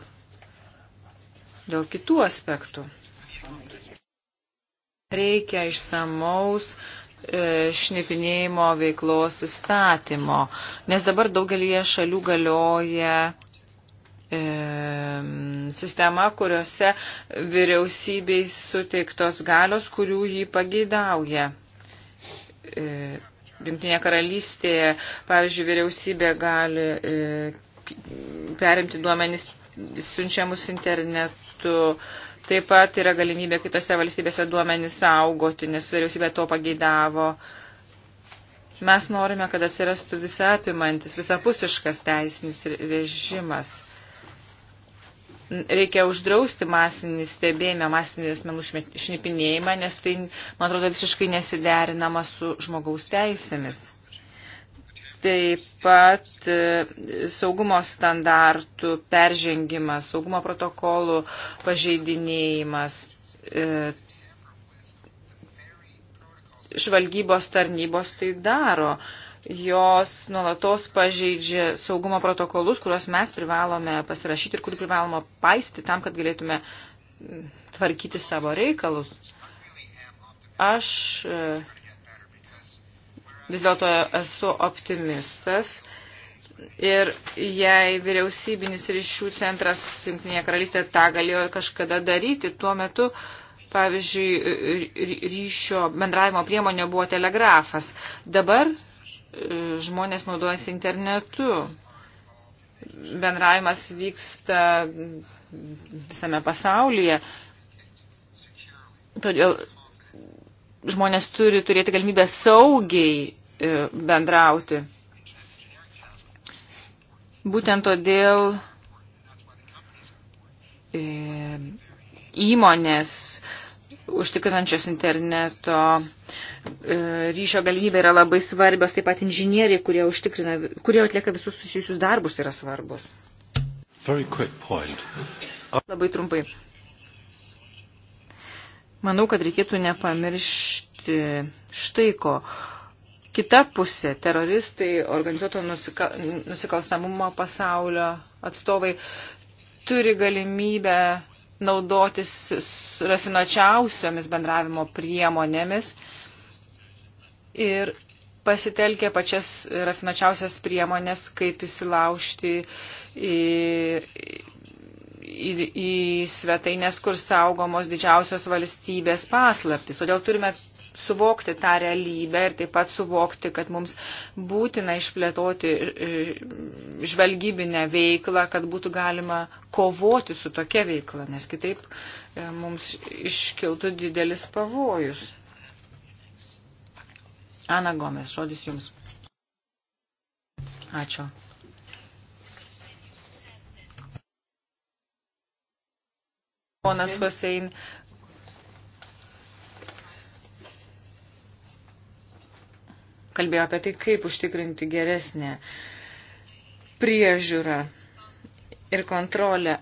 dėl kitų aspektų. Reikia išsamaus e, šnipinėjimo veiklos įstatymo, nes dabar daugelie šalių galioja e, sistema, kuriuose vyriausybei suteiktos galios, kurių jį pageidauja. E, Junktinėje karalystėje, pavyzdžiui, vyriausybė gali e, perimti duomenys siunčiamus internetu. Taip pat yra galimybė kitose valstybėse duomenys saugoti, nes vyriausybė to pageidavo. Mes norime, kad atsirastų visapimantis, visapusiškas teisinis režimas reikia uždrausti masinį stebėjimą, masinį asmenų šnipinėjimą, nes tai, man atrodo, visiškai nesiderinama su žmogaus teisėmis. Taip pat e, saugumo standartų peržengimas, saugumo protokolų pažeidinėjimas, e, žvalgybos tarnybos tai daro. Jos nuolatos pažeidžia saugumo protokolus, kuriuos mes privalome pasirašyti ir kurių privalome paisti tam, kad galėtume tvarkyti savo reikalus. Aš e, vis dėlto esu optimistas. Ir jei vyriausybinis ryšių centras Junktinėje karalystėje tą galėjo kažkada daryti, tuo metu, pavyzdžiui, ryšio bendravimo priemonė buvo telegrafas. Dabar žmonės naudojasi internetu. Bendravimas vyksta visame pasaulyje. Todėl žmonės turi turėti galimybę saugiai e, bendrauti. Būtent todėl e, įmonės užtikrinančios interneto e, ryšio galimybė yra labai svarbios, taip pat inžinieriai, kurie, užtikrina, kurie atlieka visus susijusius darbus, yra svarbus. Labai trumpai. Manau, kad reikėtų nepamiršti štai ko. Kita pusė - teroristai, organizuoto nusika, nusikalstamumo pasaulio atstovai turi galimybę naudotis rafinačiausiomis bendravimo priemonėmis ir pasitelkė pačias rafinačiausias priemonės, kaip įsilaužti į, į, į svetainės, kur saugomos didžiausios valstybės paslaptis. Todėl turime suvokti tą realybę ir taip pat suvokti, kad mums būtina išplėtoti e, žvalgybinę veiklą, kad būtų galima kovoti su tokia veikla, nes kitaip e, mums iškiltų didelis pavojus. Ana Gomes, žodis jums. Ačiū. Ponas Hosein kalbėjo apie tai, kaip užtikrinti geresnę priežiūrą ir kontrolę.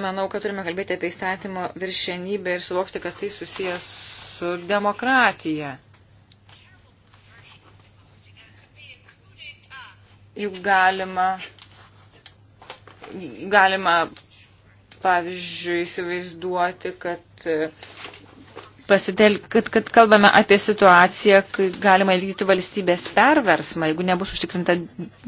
Manau, kad turime kalbėti apie įstatymo viršenybę ir suvokti, kad tai susijęs su demokratija. Juk galima, galima pavyzdžiui, įsivaizduoti, kad pasitel, kad, kad kalbame apie situaciją, kai galima įvykdyti valstybės perversmą, jeigu nebus užtikrinta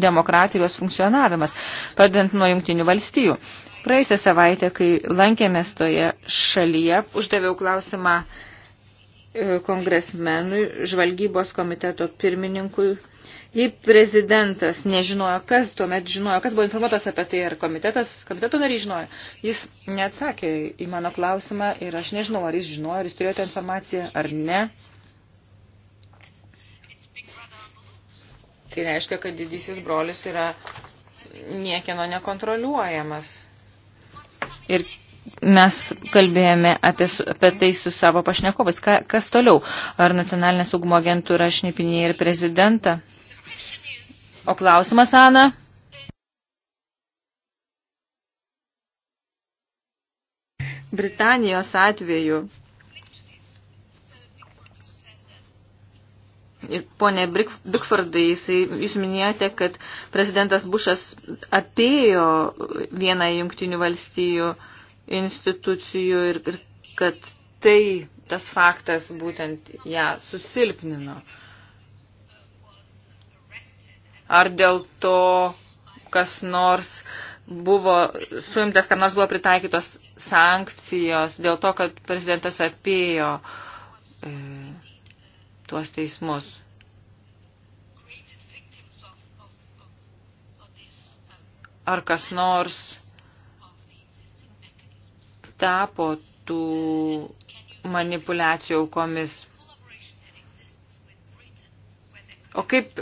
demokratija ir jos funkcionavimas, pradedant nuo jungtinių valstijų. Praėjusią savaitę, kai lankėmės toje šalyje, uždaviau klausimą kongresmenui, žvalgybos komiteto pirmininkui. Jei prezidentas nežinojo, kas tuomet žinojo, kas buvo informuotas apie tai, ar komitetas, komiteto nariai žinojo, jis neatsakė į mano klausimą ir aš nežinau, ar jis žinojo, ar jis turėjo tą informaciją, ar ne. Tai reiškia, kad didysis brolis yra niekieno nekontroliuojamas. Ir mes kalbėjome apie, apie tai su savo pašnekovais. Ka, kas toliau? Ar nacionalinė saugumo agentūra šnipinėje ir prezidentą? O klausimas, Ana? Britanijos atveju. Ir ponė Bigfordai, jūs minėjote, kad prezidentas Bušas apėjo vieną jungtinių valstijų uh, institucijų ir, ir kad tai, tas faktas būtent ją susilpnino. Ar dėl to kas nors buvo suimtas, kam nors buvo pritaikytos sankcijos dėl to, kad prezidentas apėjo e, tuos teismus. Ar kas nors tapo tų manipulacijų aukomis. O kaip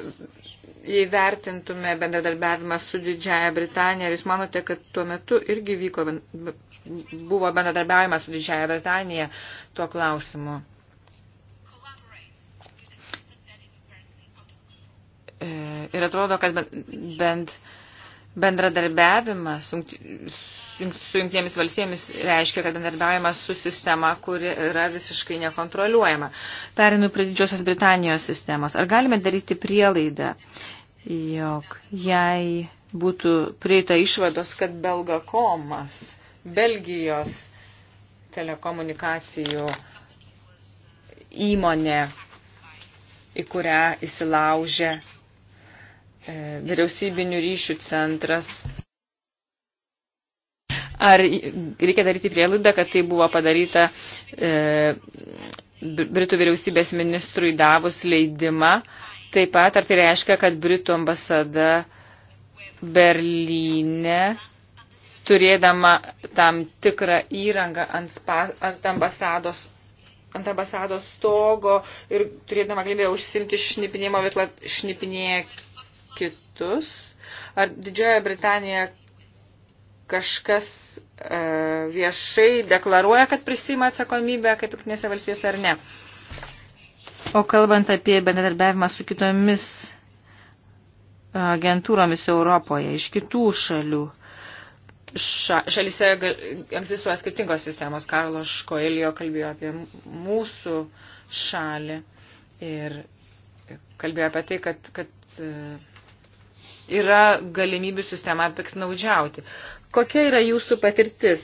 įvertintume bendradarbiavimą su Didžiaja Britanija, ar jūs manote, kad tuo metu irgi vyko, buvo bendradarbiavimas su Didžiaja Britanija tuo klausimu? E, ir atrodo, kad bent bendradarbiavimas su jungtinėmis valstybėmis reiškia, kad bendarbiavimas su sistema, kuri yra visiškai nekontroliuojama. Perinu prie Didžiosios Britanijos sistemos. Ar galime daryti prielaidą, jog jei būtų prieita išvados, kad Belgakomas, Belgijos telekomunikacijų įmonė, į kurią įsilaužė e, vyriausybinių ryšių centras Ar reikia daryti prielaidą, kad tai buvo padaryta e, Britų vyriausybės ministrui davus leidimą? Taip pat, ar tai reiškia, kad Britų ambasada Berlyne, turėdama tam tikrą įrangą ant, spa, ant ambasados ant ambasados stogo ir turėdama galimybę užsimti šnipinėjimo veiklą šnipinėje kitus? Ar Didžiojoje Britanijoje kažkas e, viešai deklaruoja, kad prisima atsakomybę, kaip jungtinėse valstijose ar ne. O kalbant apie bendradarbiavimą su kitomis agentūromis Europoje, iš kitų šalių, ša, šalise egzistuoja skirtingos sistemos. Karlos Koelio kalbėjo apie mūsų šalį ir kalbėjo apie tai, kad, kad e, yra galimybių sistema piknaudžiauti. Kokia yra jūsų patirtis?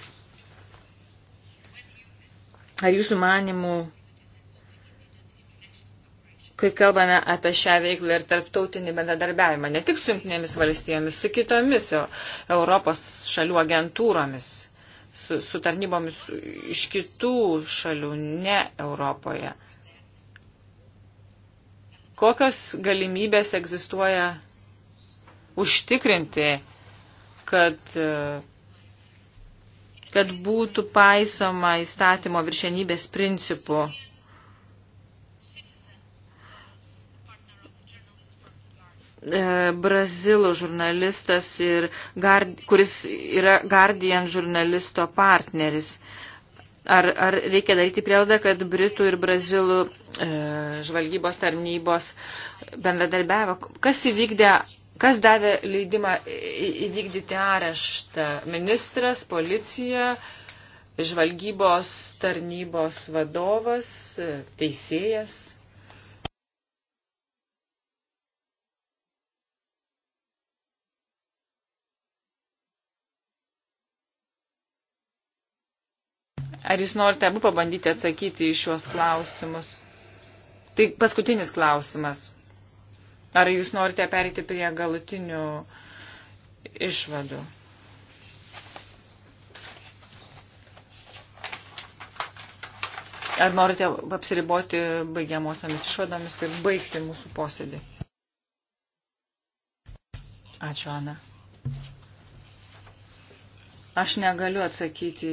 Ar jūsų manimų, kai kalbame apie šią veiklą ir tarptautinį bendradarbiavimą, ne tik su jungtinėmis valstijomis, su kitomis e, Europos šalių agentūromis, su, su tarnybomis iš kitų šalių, ne Europoje. Kokios galimybės egzistuoja užtikrinti kad, kad būtų paisoma įstatymo viršenybės principų. E, brazilų žurnalistas, ir, kuris yra Guardian žurnalisto partneris. Ar, ar reikia daryti prielaidą, kad Britų ir Brazilų e, žvalgybos tarnybos bendradarbiavo? Kas įvykdė Kas davė leidimą įvykdyti areštą? Ministras, policija, žvalgybos tarnybos vadovas, teisėjas? Ar jūs norite abu pabandyti atsakyti į šiuos klausimus? Tai paskutinis klausimas. Ar jūs norite perėti prie galutinių išvadų? Ar norite apsiriboti baigiamosiomis išvadomis ir baigti mūsų posėdį? Ačiū, Ana. Aš negaliu atsakyti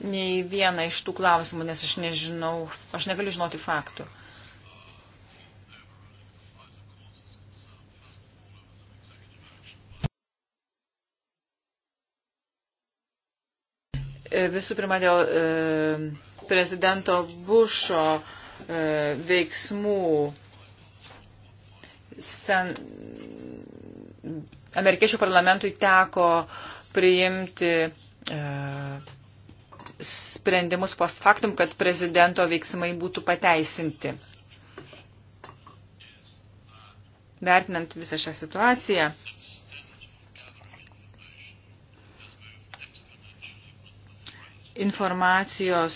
nei vieną iš tų klausimų, nes aš nežinau, aš negaliu žinoti faktų. E, visų pirma, dėl e, prezidento Bušo e, veiksmų sen, amerikiečių parlamentui teko priimti e, sprendimus post factum, kad prezidento veiksmai būtų pateisinti. Vertinant visą šią situaciją, informacijos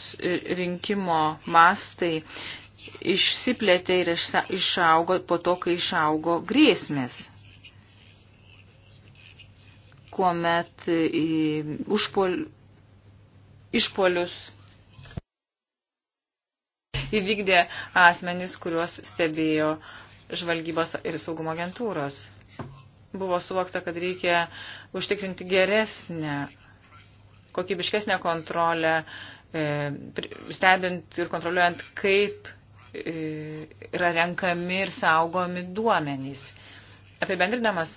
rinkimo mastai išsiplėtė ir išaugo po to, kai išaugo grėsmės kuomet užpol, išpolius įvykdė asmenys, kuriuos stebėjo žvalgybos ir saugumo agentūros. Buvo suvokta, kad reikia užtikrinti geresnę kokybiškesnę kontrolę, e, stebint ir kontroliuojant, kaip e, yra renkami ir saugomi duomenys. Apibendrinamas,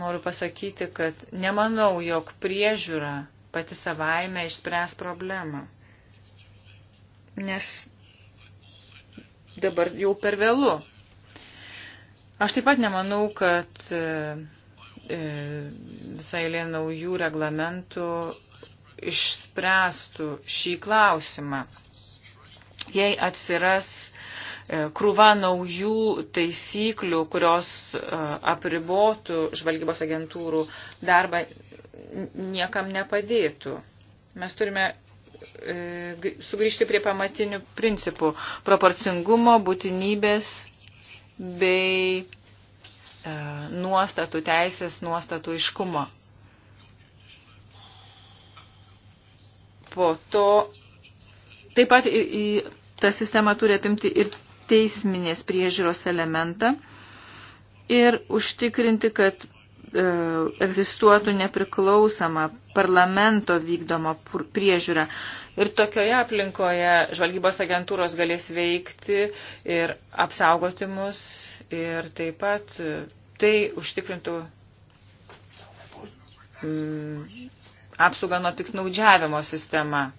noriu pasakyti, kad nemanau, jog priežiūra pati savaime išspręs problemą. Nes dabar jau per vėlu. Aš taip pat nemanau, kad e, visai lė naujų reglamentų išspręstų šį klausimą. Jei atsiras e, krūva naujų taisyklių, kurios e, apribotų žvalgybos agentūrų darbą, niekam nepadėtų. Mes turime e, sugrįžti prie pamatinių principų - proporcingumo, būtinybės bei nuostatų teisės, nuostatų iškumo. po to taip pat į, į, ta sistema turi apimti ir teisminės priežiūros elementą ir užtikrinti, kad e, egzistuotų nepriklausoma parlamento vykdoma priežiūra. Ir tokioje aplinkoje žvalgybos agentūros galės veikti ir apsaugoti mus ir taip pat e, tai užtikrintų mm, apsaugą nuo piknaudžiavimo sistema.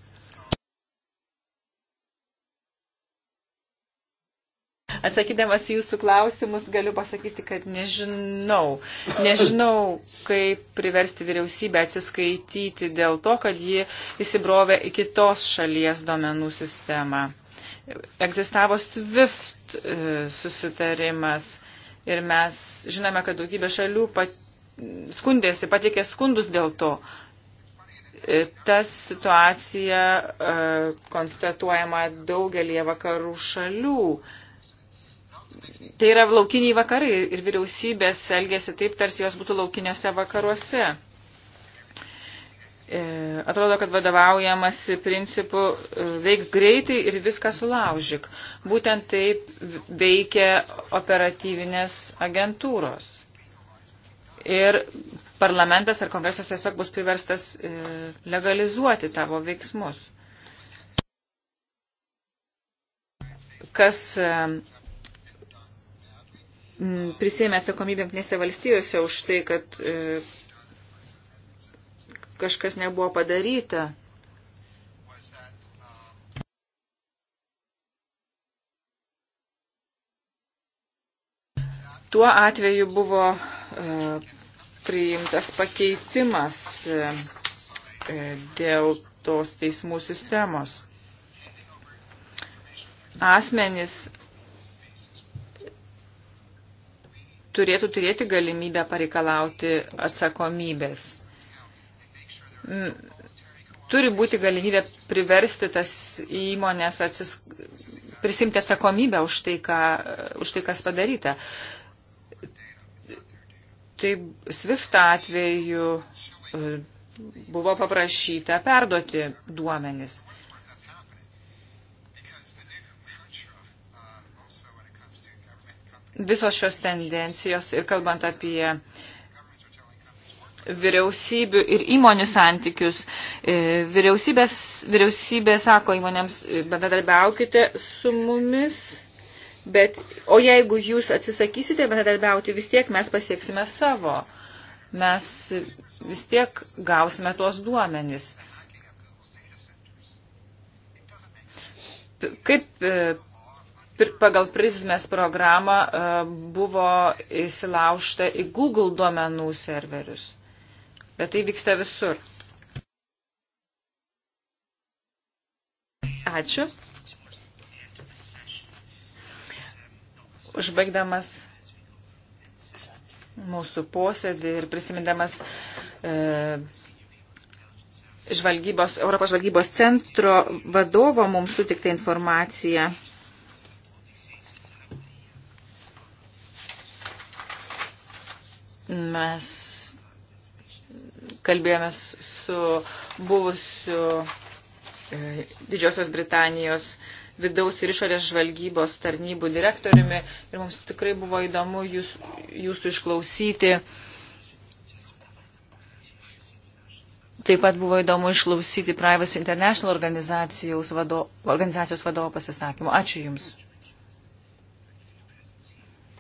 Atsakydamas į jūsų klausimus, galiu pasakyti, kad nežinau. Nežinau, kaip priversti vyriausybę atsiskaityti dėl to, kad ji įsibrovė į kitos šalies domenų sistemą. Egzistavo SWIFT e, susitarimas ir mes žinome, kad daugybė šalių pat, skundėsi, patikė skundus dėl to. E, ta situacija e, konstatuojama daugelie vakarų šalių. Tai yra laukiniai vakarai ir vyriausybės elgėsi taip, tarsi jos būtų laukiniuose vakaruose. E, atrodo, kad vadovaujamasi principu veik greitai ir viską sulaužyk. Būtent taip veikia operatyvinės agentūros. Ir parlamentas ar kongresas tiesiog bus priverstas e, legalizuoti tavo veiksmus. Kas e, prisėmė atsakomybę jungtinėse valstijose už tai, kad e, kažkas nebuvo padaryta. Tuo atveju buvo priimtas pakeitimas e, e, dėl tos teismų sistemos. Asmenys turėtų turėti galimybę pareikalauti atsakomybės. Turi būti galimybė priversti tas įmonės atsis... prisimti atsakomybę už tai, ką, už tai kas padaryta tai SWIFT atveju e, buvo paprašyta perduoti duomenis. Visos šios tendencijos ir kalbant apie vyriausybių ir įmonių santykius. E, vyriausybės, vyriausybė sako įmonėms, e, bendradarbiaukite su mumis Bet, o jeigu jūs atsisakysite bendradarbiauti, vis tiek mes pasieksime savo. Mes vis tiek gausime tuos duomenis. Kaip e, pagal prizmės programą e, buvo įsilaužta į Google duomenų serverius. Bet tai vyksta visur. Ačiū. Užbaigdamas mūsų posėdį ir prisimindamas e, žvalgybos, Europos žvalgybos centro vadovo mums sutikta informacija. Mes kalbėjome su buvusiu e, Didžiosios Britanijos vidaus ir išorės žvalgybos tarnybų direktoriumi ir mums tikrai buvo įdomu jūs, jūsų išklausyti. Taip pat buvo įdomu išklausyti Privacy International organizacijos vadovo, organizacijos vadovo pasisakymą. Ačiū Jums.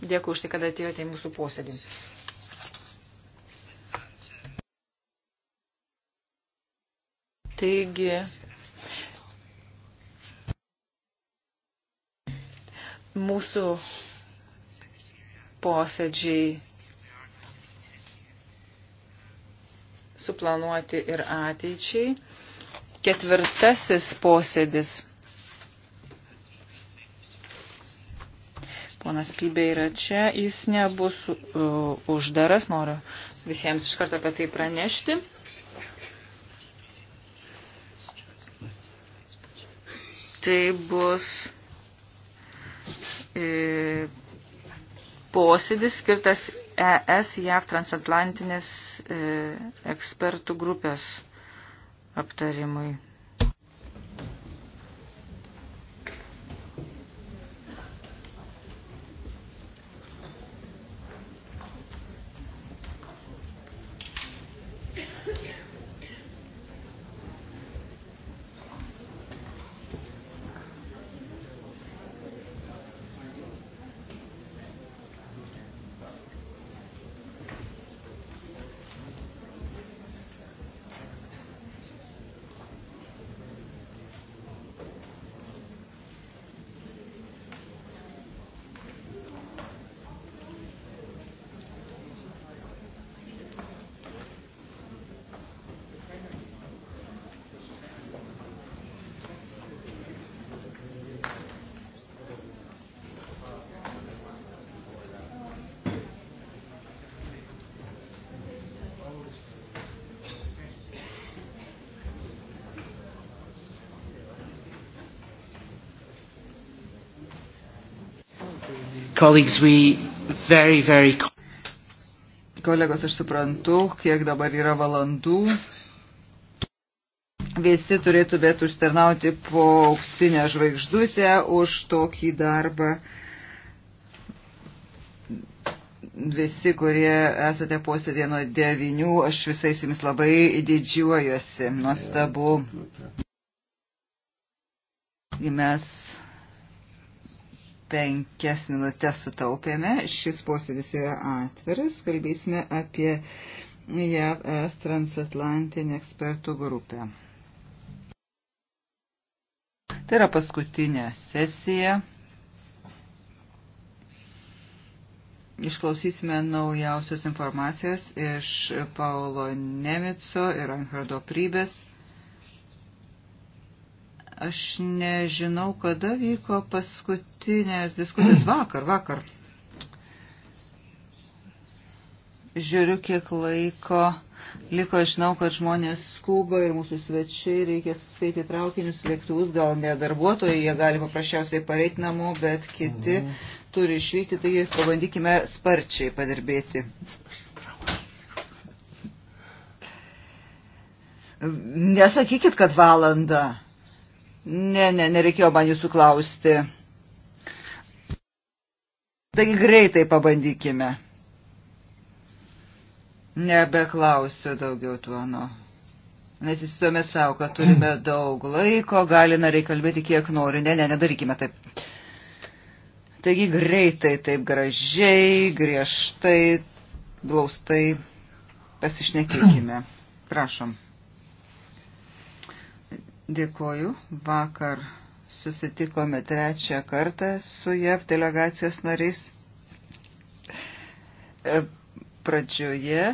Dėkui už tai, kad atėjote į mūsų posėdį. Taigi, mūsų posėdžiai suplanuoti ir ateičiai. Ketvirtasis posėdis. Ponas Pybė yra čia, jis nebus uh, uždaras, noriu visiems iš karto apie tai pranešti. Tai bus posėdis skirtas ES JAV transatlantinės e, ekspertų grupės aptarimui. Colleagues, we very, very... Kolegos, aš suprantu, kiek dabar yra valandų. Visi turėtų bet užtarnauti po auksinę žvaigždutę už tokį darbą. Visi, kurie esate posėdė nuo devinių, aš visais jums labai didžiuojuosi. Nuostabu. Mes penkias minutės sutaupėme. Šis posėdis yra atviras. Kalbėsime apie JAV ES transatlantinį ekspertų grupę. Tai yra paskutinė sesija. Išklausysime naujausios informacijos iš Paulo Nemico ir Anhardo Prybės. Aš nežinau, kada vyko paskutinės diskusijos vakar, vakar. Žiūriu, kiek laiko liko, žinau, kad žmonės skuba ir mūsų svečiai reikia suspėti traukinius, lėktuvus, gal ne darbuotojai, jie gali paprasčiausiai pareiti namo, bet kiti mhm. turi išvykti, taigi pabandykime sparčiai padirbėti. Nesakykit, kad valanda. Ne, ne, nereikėjo man jūsų klausti. Taigi greitai pabandykime. Nebeklausiu daugiau tuono. Nu. Nes jis tuomet savo, kad turime daug laiko, gali nariai kalbėti kiek nori. Ne, ne, nedarykime taip. Taigi greitai, taip gražiai, griežtai, glaustai pasišnekėkime. Prašom. Dėkoju. Vakar susitikome trečią kartą su JAV delegacijos nariais. E, pradžioje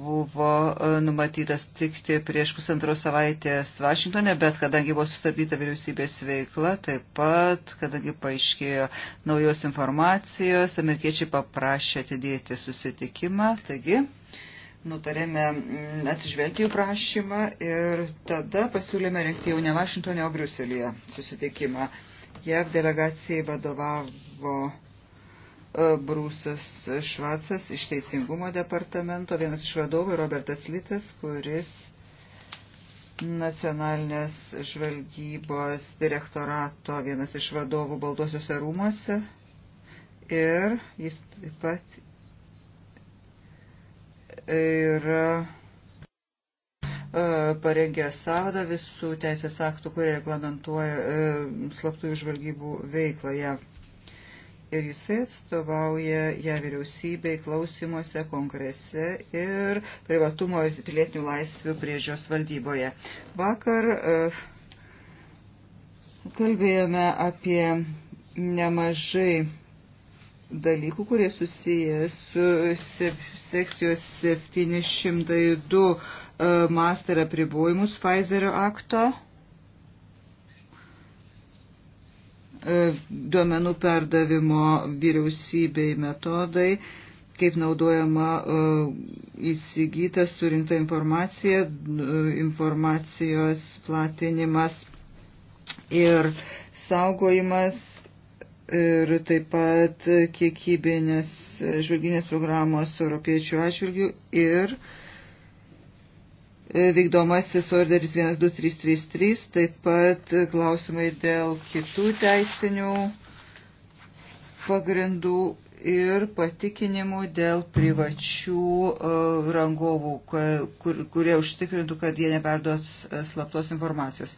buvo e, numatytas tikti prieš pusantros savaitės Vašingtonė, bet kadangi buvo sustabdyta vyriausybės veikla, taip pat, kadangi paaiškėjo naujos informacijos, amerikiečiai paprašė atidėti susitikimą. Taigi, nutarėme mm, atsižvelgti jų prašymą ir tada pasiūlėme renkti jau ne Vašingtonė, o Briuselėje susitikimą. JAV delegacijai vadovavo e, Brūsas Švacas iš Teisingumo departamento, vienas iš vadovų Robertas Litas, kuris nacionalinės žvalgybos direktorato vienas iš vadovų Baltuosiuose rūmuose ir jis taip pat yra e, parengė sąvadą visų teisės aktų, kurie reglamentuoja e, slaptųjų žvalgybų veiklą JAV. Ir jisai atstovauja ją vyriausybei klausimuose, kongrese ir privatumo ir pilietinių laisvių priežios valdyboje. Vakar e, kalbėjome apie nemažai dalykų, kurie susiję su sekcijos 702 e, master apribojimus Pfizerio akto. E, duomenų perdavimo vyriausybei metodai, kaip naudojama e, įsigyta surinkta informacija, informacijos platinimas ir saugojimas ir taip pat kiekybinės žvalginės programos europiečių atžvilgių ir vykdomasis orderis 12333, taip pat klausimai dėl kitų teisinių pagrindų ir patikinimų dėl privačių e, rangovų, kur, kurie užtikrintų, kad jie neperduos e, slaptos informacijos.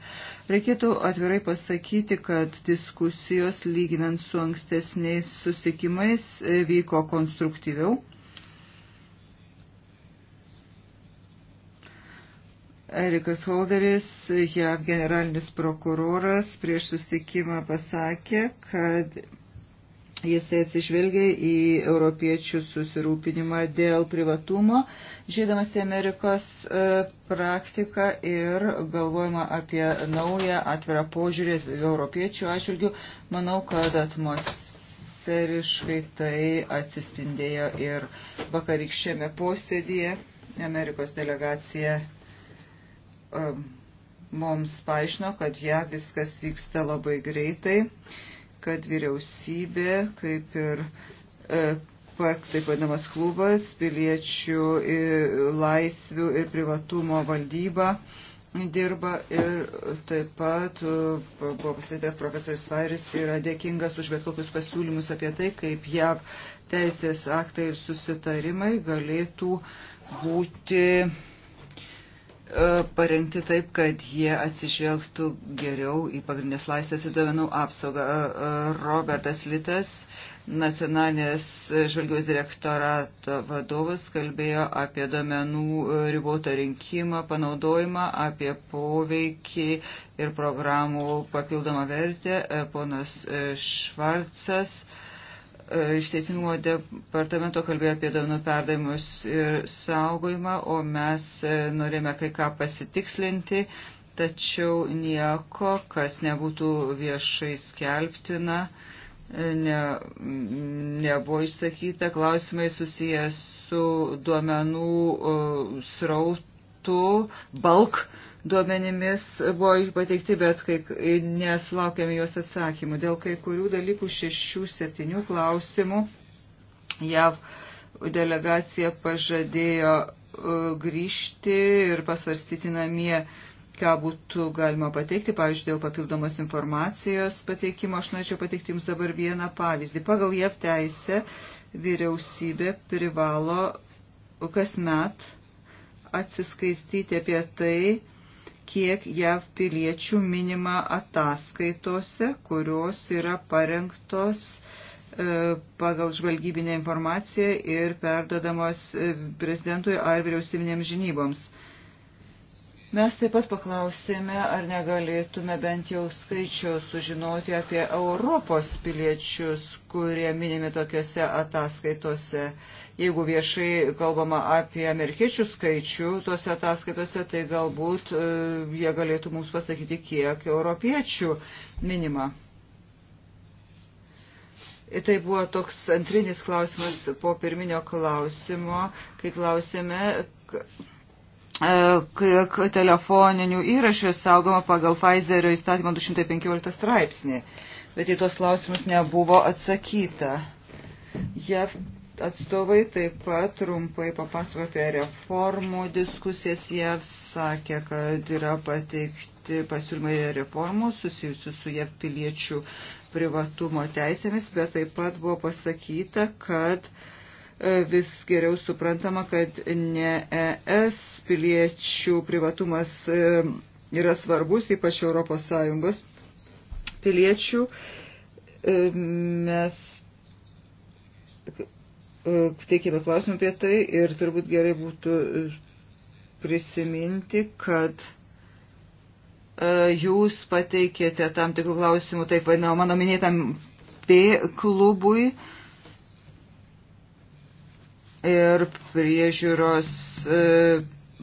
Reikėtų atvirai pasakyti, kad diskusijos lyginant su ankstesniais susitikimais e, vyko konstruktyviau. Erikas Holderis, JAV generalinis prokuroras, prieš susitikimą pasakė, kad Jisai atsižvelgia į europiečių susirūpinimą dėl privatumo, žydamas į Amerikos e, praktiką ir galvojama apie naują atvirą požiūrį europiečių atžvilgių. Manau, kad atmosferiškai tai atsispindėjo ir vakarykščiame posėdėje. Amerikos delegacija e, mums paaiškino, kad ją ja, viskas vyksta labai greitai kad vyriausybė, kaip ir e, PAK, taip vadinamas klubas, piliečių laisvių ir privatumo valdyba dirba ir taip pat buvo e, pasitėt profesorius Vairis yra dėkingas už bet kokius pasiūlymus apie tai, kaip jav teisės aktai ir susitarimai galėtų būti E, parengti taip, kad jie atsižvelgtų geriau į pagrindinės laisvės ir duomenų apsaugą. E, e, Robertas Litas, nacionalinės žvalgybos direktorato vadovas, kalbėjo apie duomenų ribotą rinkimą, panaudojimą, apie poveikį ir programų papildomą vertę. Ponas Švarcas iš Teisingumo departamento kalbėjo apie duomenų perdavimus ir saugojimą, o mes e, norėjome kai ką pasitikslinti, tačiau nieko, kas nebūtų viešai skelbtina, e, ne, nebuvo išsakyta. Klausimai susijęs su duomenų e, srautu, balk duomenimis buvo pateikti, bet kai nesulaukėme jos atsakymų. Dėl kai kurių dalykų šešių, septynių klausimų JAV delegacija pažadėjo e, grįžti ir pasvarstyti namie, ką būtų galima pateikti. Pavyzdžiui, dėl papildomos informacijos pateikimo aš norėčiau pateikti Jums dabar vieną pavyzdį. Pagal JAV teisę vyriausybė privalo kasmet atsiskaistyti apie tai, kiek JAV piliečių minima ataskaitose, kurios yra parengtos e, pagal žvalgybinę informaciją ir perdodamos e, prezidentui ar vyriausybinėms žinyboms. Mes taip pat paklausėme, ar negalėtume bent jau skaičių sužinoti apie Europos piliečius, kurie minimi tokiuose ataskaitose. Jeigu viešai kalbama apie amerikiečių skaičių tose ataskaitose, tai galbūt e, jie galėtų mums pasakyti, kiek europiečių minima. Tai buvo toks antrinis klausimas po pirminio klausimo, kai klausėme E, telefoninių įrašų saugoma pagal Pfizerio įstatymą 215 straipsnį, bet į tuos klausimus nebuvo atsakyta. JAV atstovai taip pat trumpai papasako apie reformų diskusijas. JAV sakė, kad yra pateikti pasiūlymai reformų susijusių su JAV piliečių privatumo teisėmis, bet taip pat buvo pasakyta, kad uh, E, vis geriau suprantama, kad ne ES piliečių privatumas e, yra svarbus, ypač ES piliečių. E, mes teikėme klausimą apie tai ir turbūt gerai būtų prisiminti, kad jūs pateikėte tam tikrų klausimų, taip vadinamo, mano minėtam P klubui, uh, ir priežiūros e,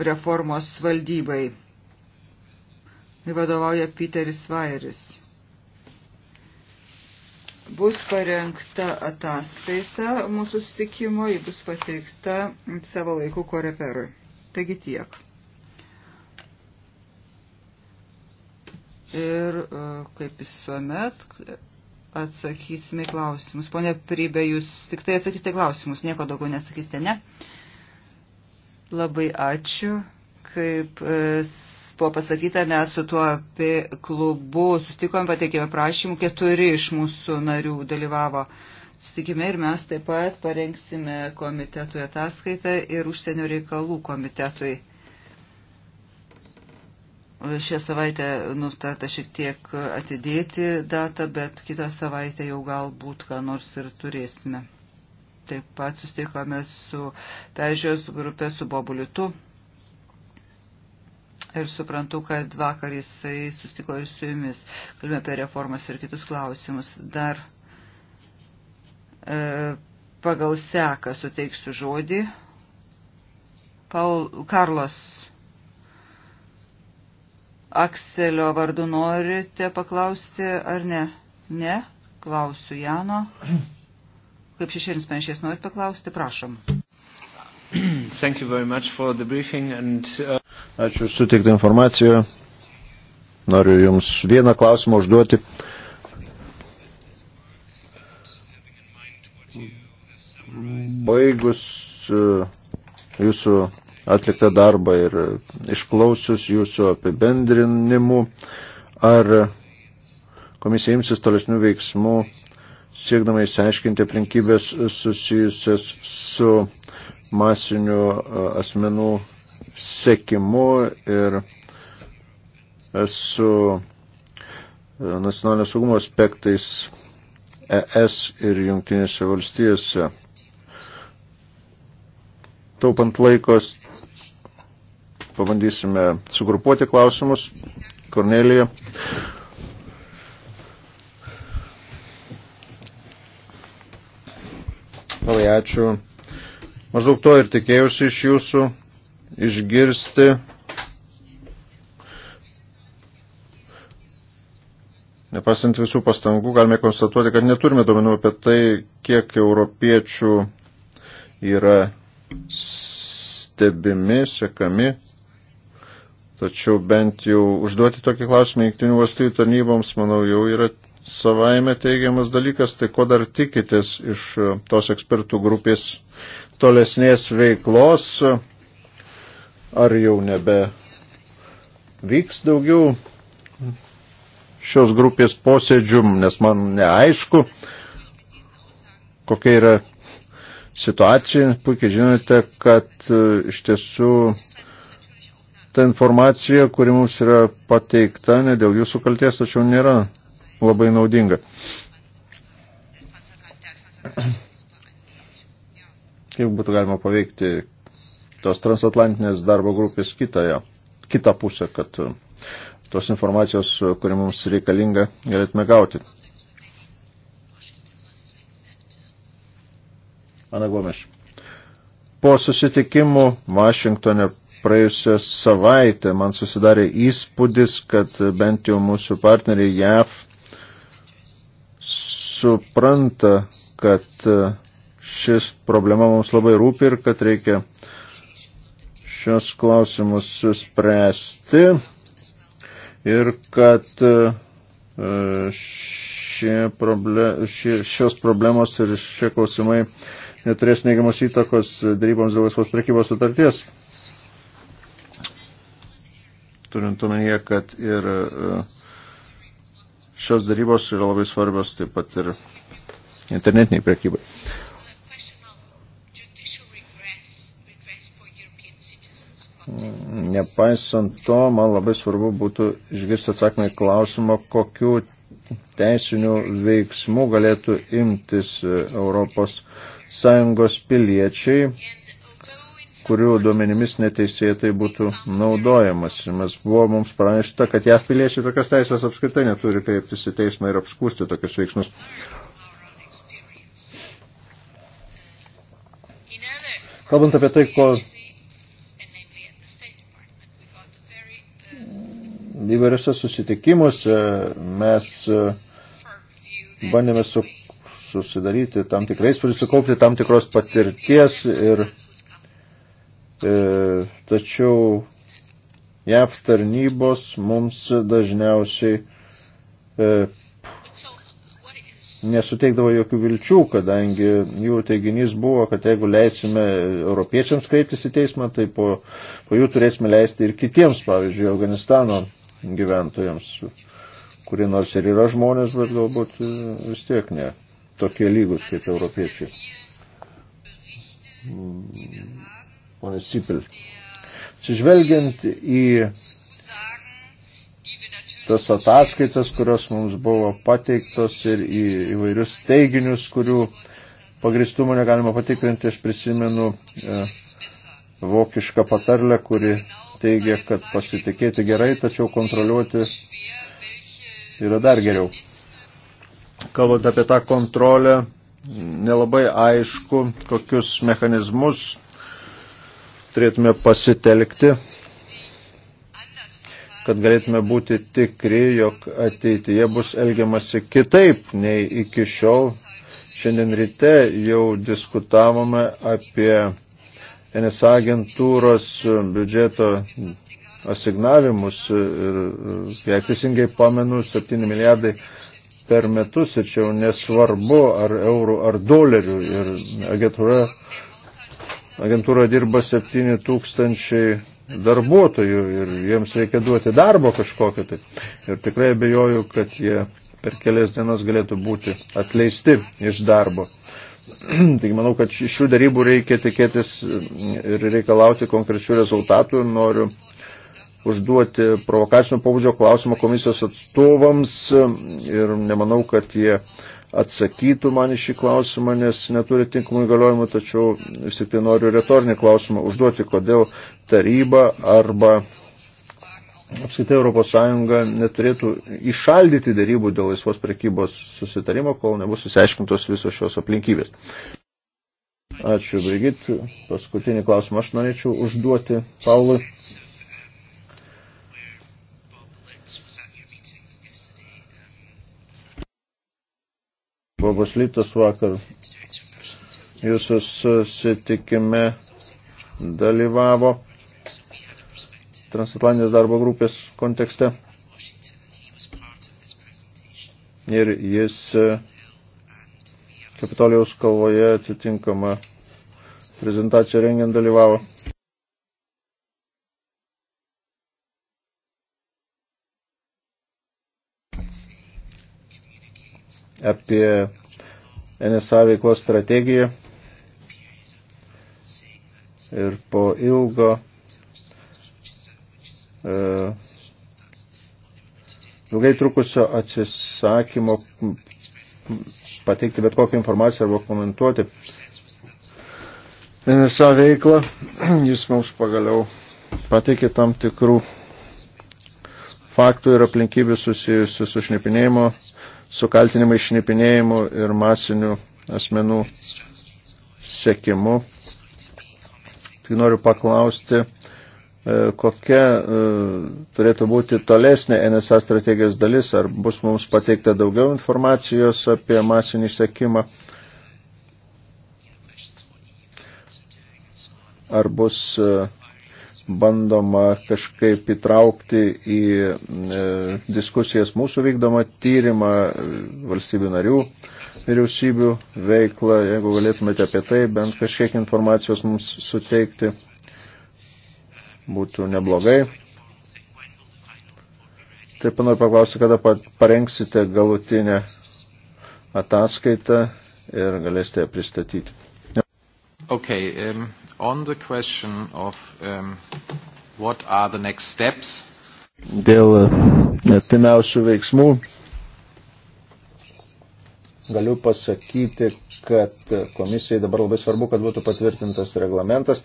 reformos valdybai. Vadovauja Peteris Vairis. Bus parengta ataskaita mūsų sutikimo, ji bus pateikta savo laiku koreperui. Taigi tiek. Ir e, kaip visuomet, atsakysime klausimus. Pone Prybė, jūs tik tai atsakysite klausimus, nieko daugiau nesakysite, ne? Labai ačiū. Kaip e, buvo pasakyta, mes su tuo apie klubu sustikom, pateikėme prašymų, keturi iš mūsų narių dalyvavo sustikime ir mes taip pat parengsime komitetui ataskaitą ir užsienio reikalų komitetui. Šią savaitę nutarta šiek tiek atidėti datą, bet kitą savaitę jau galbūt ką nors ir turėsime. Taip pat sustikome su peržiūros grupė su Bobulitu. Ir suprantu, kad vakar jisai sustiko ir su jumis. Kalbėjome apie reformas ir kitus klausimus. Dar e, pagal seką suteiksiu žodį. Paul, Karlos Akselio vardu norite paklausti ar ne? Ne? Klausiu Jano. Kaip šešėlis panašiais norit paklausti, prašom. Thank you very much for the briefing and... Uh... Ačiū suteiktą informaciją. Noriu Jums vieną klausimą užduoti. Baigus uh, Jūsų atliktą darbą ir išklausius jūsų apibendrinimų, ar komisija imsis tolesnių veiksmų, siekdama įsiaiškinti aplinkybės susijusias su masiniu asmenų sekimu ir su nacionalinio saugumo aspektais ES ir jungtinėse valstijose. Taupant laikos Pabandysime sugrupuoti klausimus. Kornelija. Labai ačiū. Maždaug to ir tikėjausi iš jūsų išgirsti. Nepasant visų pastangų, galime konstatuoti, kad neturime duomenų apie tai, kiek europiečių yra stebimi, sekami Tačiau bent jau užduoti tokį klausimą jungtinių valstybių tarnyboms, manau, jau yra savaime teigiamas dalykas, tai ko dar tikitės iš e, tos ekspertų grupės tolesnės veiklos, ar jau nebe vyks daugiau šios grupės posėdžių, nes man neaišku, kokia yra situacija. Puikiai žinote, kad e, iš tiesų ta informacija, kuri mums yra pateikta, ne dėl jūsų kalties, tačiau nėra labai naudinga. Kaip būtų galima paveikti tos transatlantinės darbo grupės kitą, ja, kitą pusę, kad uh, tos informacijos, uh, kuri mums reikalinga, galėtume gauti. Ana Gomeš. Po susitikimų Vašingtone praėjusią savaitę man susidarė įspūdis, kad bent jau mūsų partneriai JAV supranta, kad e, šis problema mums labai rūpi ir kad reikia šios klausimus spręsti ir kad e, e, problem, šie, šios problemos ir šie klausimai neturės neigiamos įtakos darybams dėl laisvos prekybos sutarties turint omenyje, kad ir e, šios darybos yra labai svarbios taip pat ir internetiniai prekybai. Nepaisant to, man labai svarbu būtų išgirsti atsakymą į klausimą, kokiu teisinių veiksmų galėtų imtis e, Europos Sąjungos piliečiai kurių duomenimis neteisėtai būtų naudojamas. Mes buvo mums pranešta, kad JAV piliečiai tokias teisės apskritai neturi kreiptis į teismą ir apskūsti tokius veiksmus. Kalbant apie tai, ko įvairiose susitikimuose mes e, bandėme su, susidaryti tam tikrais, susikaupti tam tikros patirties ir E, tačiau JAV tarnybos mums dažniausiai e, nesuteikdavo jokių vilčių, kadangi jų teiginys buvo, kad jeigu leisime europiečiams kreiptis į teismą, tai po, po jų turėsime leisti ir kitiems, pavyzdžiui, Afganistano gyventojams, kurie nors ir yra žmonės, bet galbūt e, vis tiek ne tokie lygus kaip europiečiai. Mm ponė Sipil. Atsižvelgiant į tas ataskaitas, kurios mums buvo pateiktos ir į įvairius teiginius, kurių pagristumo negalima patikrinti, aš prisimenu e, vokišką patarlę, kuri teigia, kad pasitikėti gerai, tačiau kontroliuoti yra dar geriau. Kalbant apie tą kontrolę, nelabai aišku, kokius mechanizmus turėtume pasitelkti, kad galėtume būti tikri, jog ateityje bus elgiamasi kitaip nei iki šiol. Šiandien ryte jau diskutavome apie NSA agentūros biudžeto asignavimus ir, kiek teisingai pamenu, 7 milijardai per metus ir čia jau nesvarbu ar eurų ar dolerių ir agentūra agentūra dirba 7 tūkstančiai darbuotojų ir jiems reikia duoti darbo kažkokį. Tai. Ir tikrai abejoju, kad jie per kelias dienas galėtų būti atleisti iš darbo. Taigi manau, kad šių darybų reikia tikėtis ir reikalauti konkrečių rezultatų. Noriu užduoti provokacinio pobūdžio klausimą komisijos atstovams ir nemanau, kad jie atsakytų man į šį klausimą, nes neturi tinkamų įgaliojimų, tačiau vis tik tai noriu retorinį klausimą užduoti, kodėl taryba arba apskaitai Europos Sąjunga neturėtų išaldyti darybų dėl laisvos prekybos susitarimo, kol nebus įsiaiškintos visos šios aplinkybės. Ačiū, Brigit. Paskutinį klausimą aš norėčiau užduoti Paului. Labas lytas vakar. Jūsų susitikime dalyvavo transatlantinės darbo grupės kontekste. Ir jis e, Kapitolijos kalvoje atitinkamą prezentaciją rengiant dalyvavo. apie NSA veiklos strategiją ir po ilgo e, ilgai trukusio atsisakymo pateikti bet kokią informaciją arba komentuoti NSA veiklą, jis mums pagaliau pateikė tam tikrų faktų ir aplinkybių susijusių su šnipinėjimo su kaltinimai šnipinėjimu ir masiniu asmenų sekimu. Tik noriu paklausti, e, kokia e, turėtų būti tolesnė NSA strategijos dalis, ar bus mums pateikta daugiau informacijos apie masinį sekimą, ar bus uh, bandoma kažkaip įtraukti į e, diskusijas mūsų vykdomą tyrimą valstybių narių vyriausybių veiklą, jeigu galėtumėte apie tai bent kažkiek informacijos mums suteikti, būtų neblogai. Taip noriu paklausti, kada parengsite galutinę ataskaitą ir galėsite pristatyti. Okay, um... On the question of um, what are the next steps. Dėl uh, artimiausių veiksmų galiu pasakyti, kad uh, komisijai dabar labai svarbu, kad būtų patvirtintas reglamentas,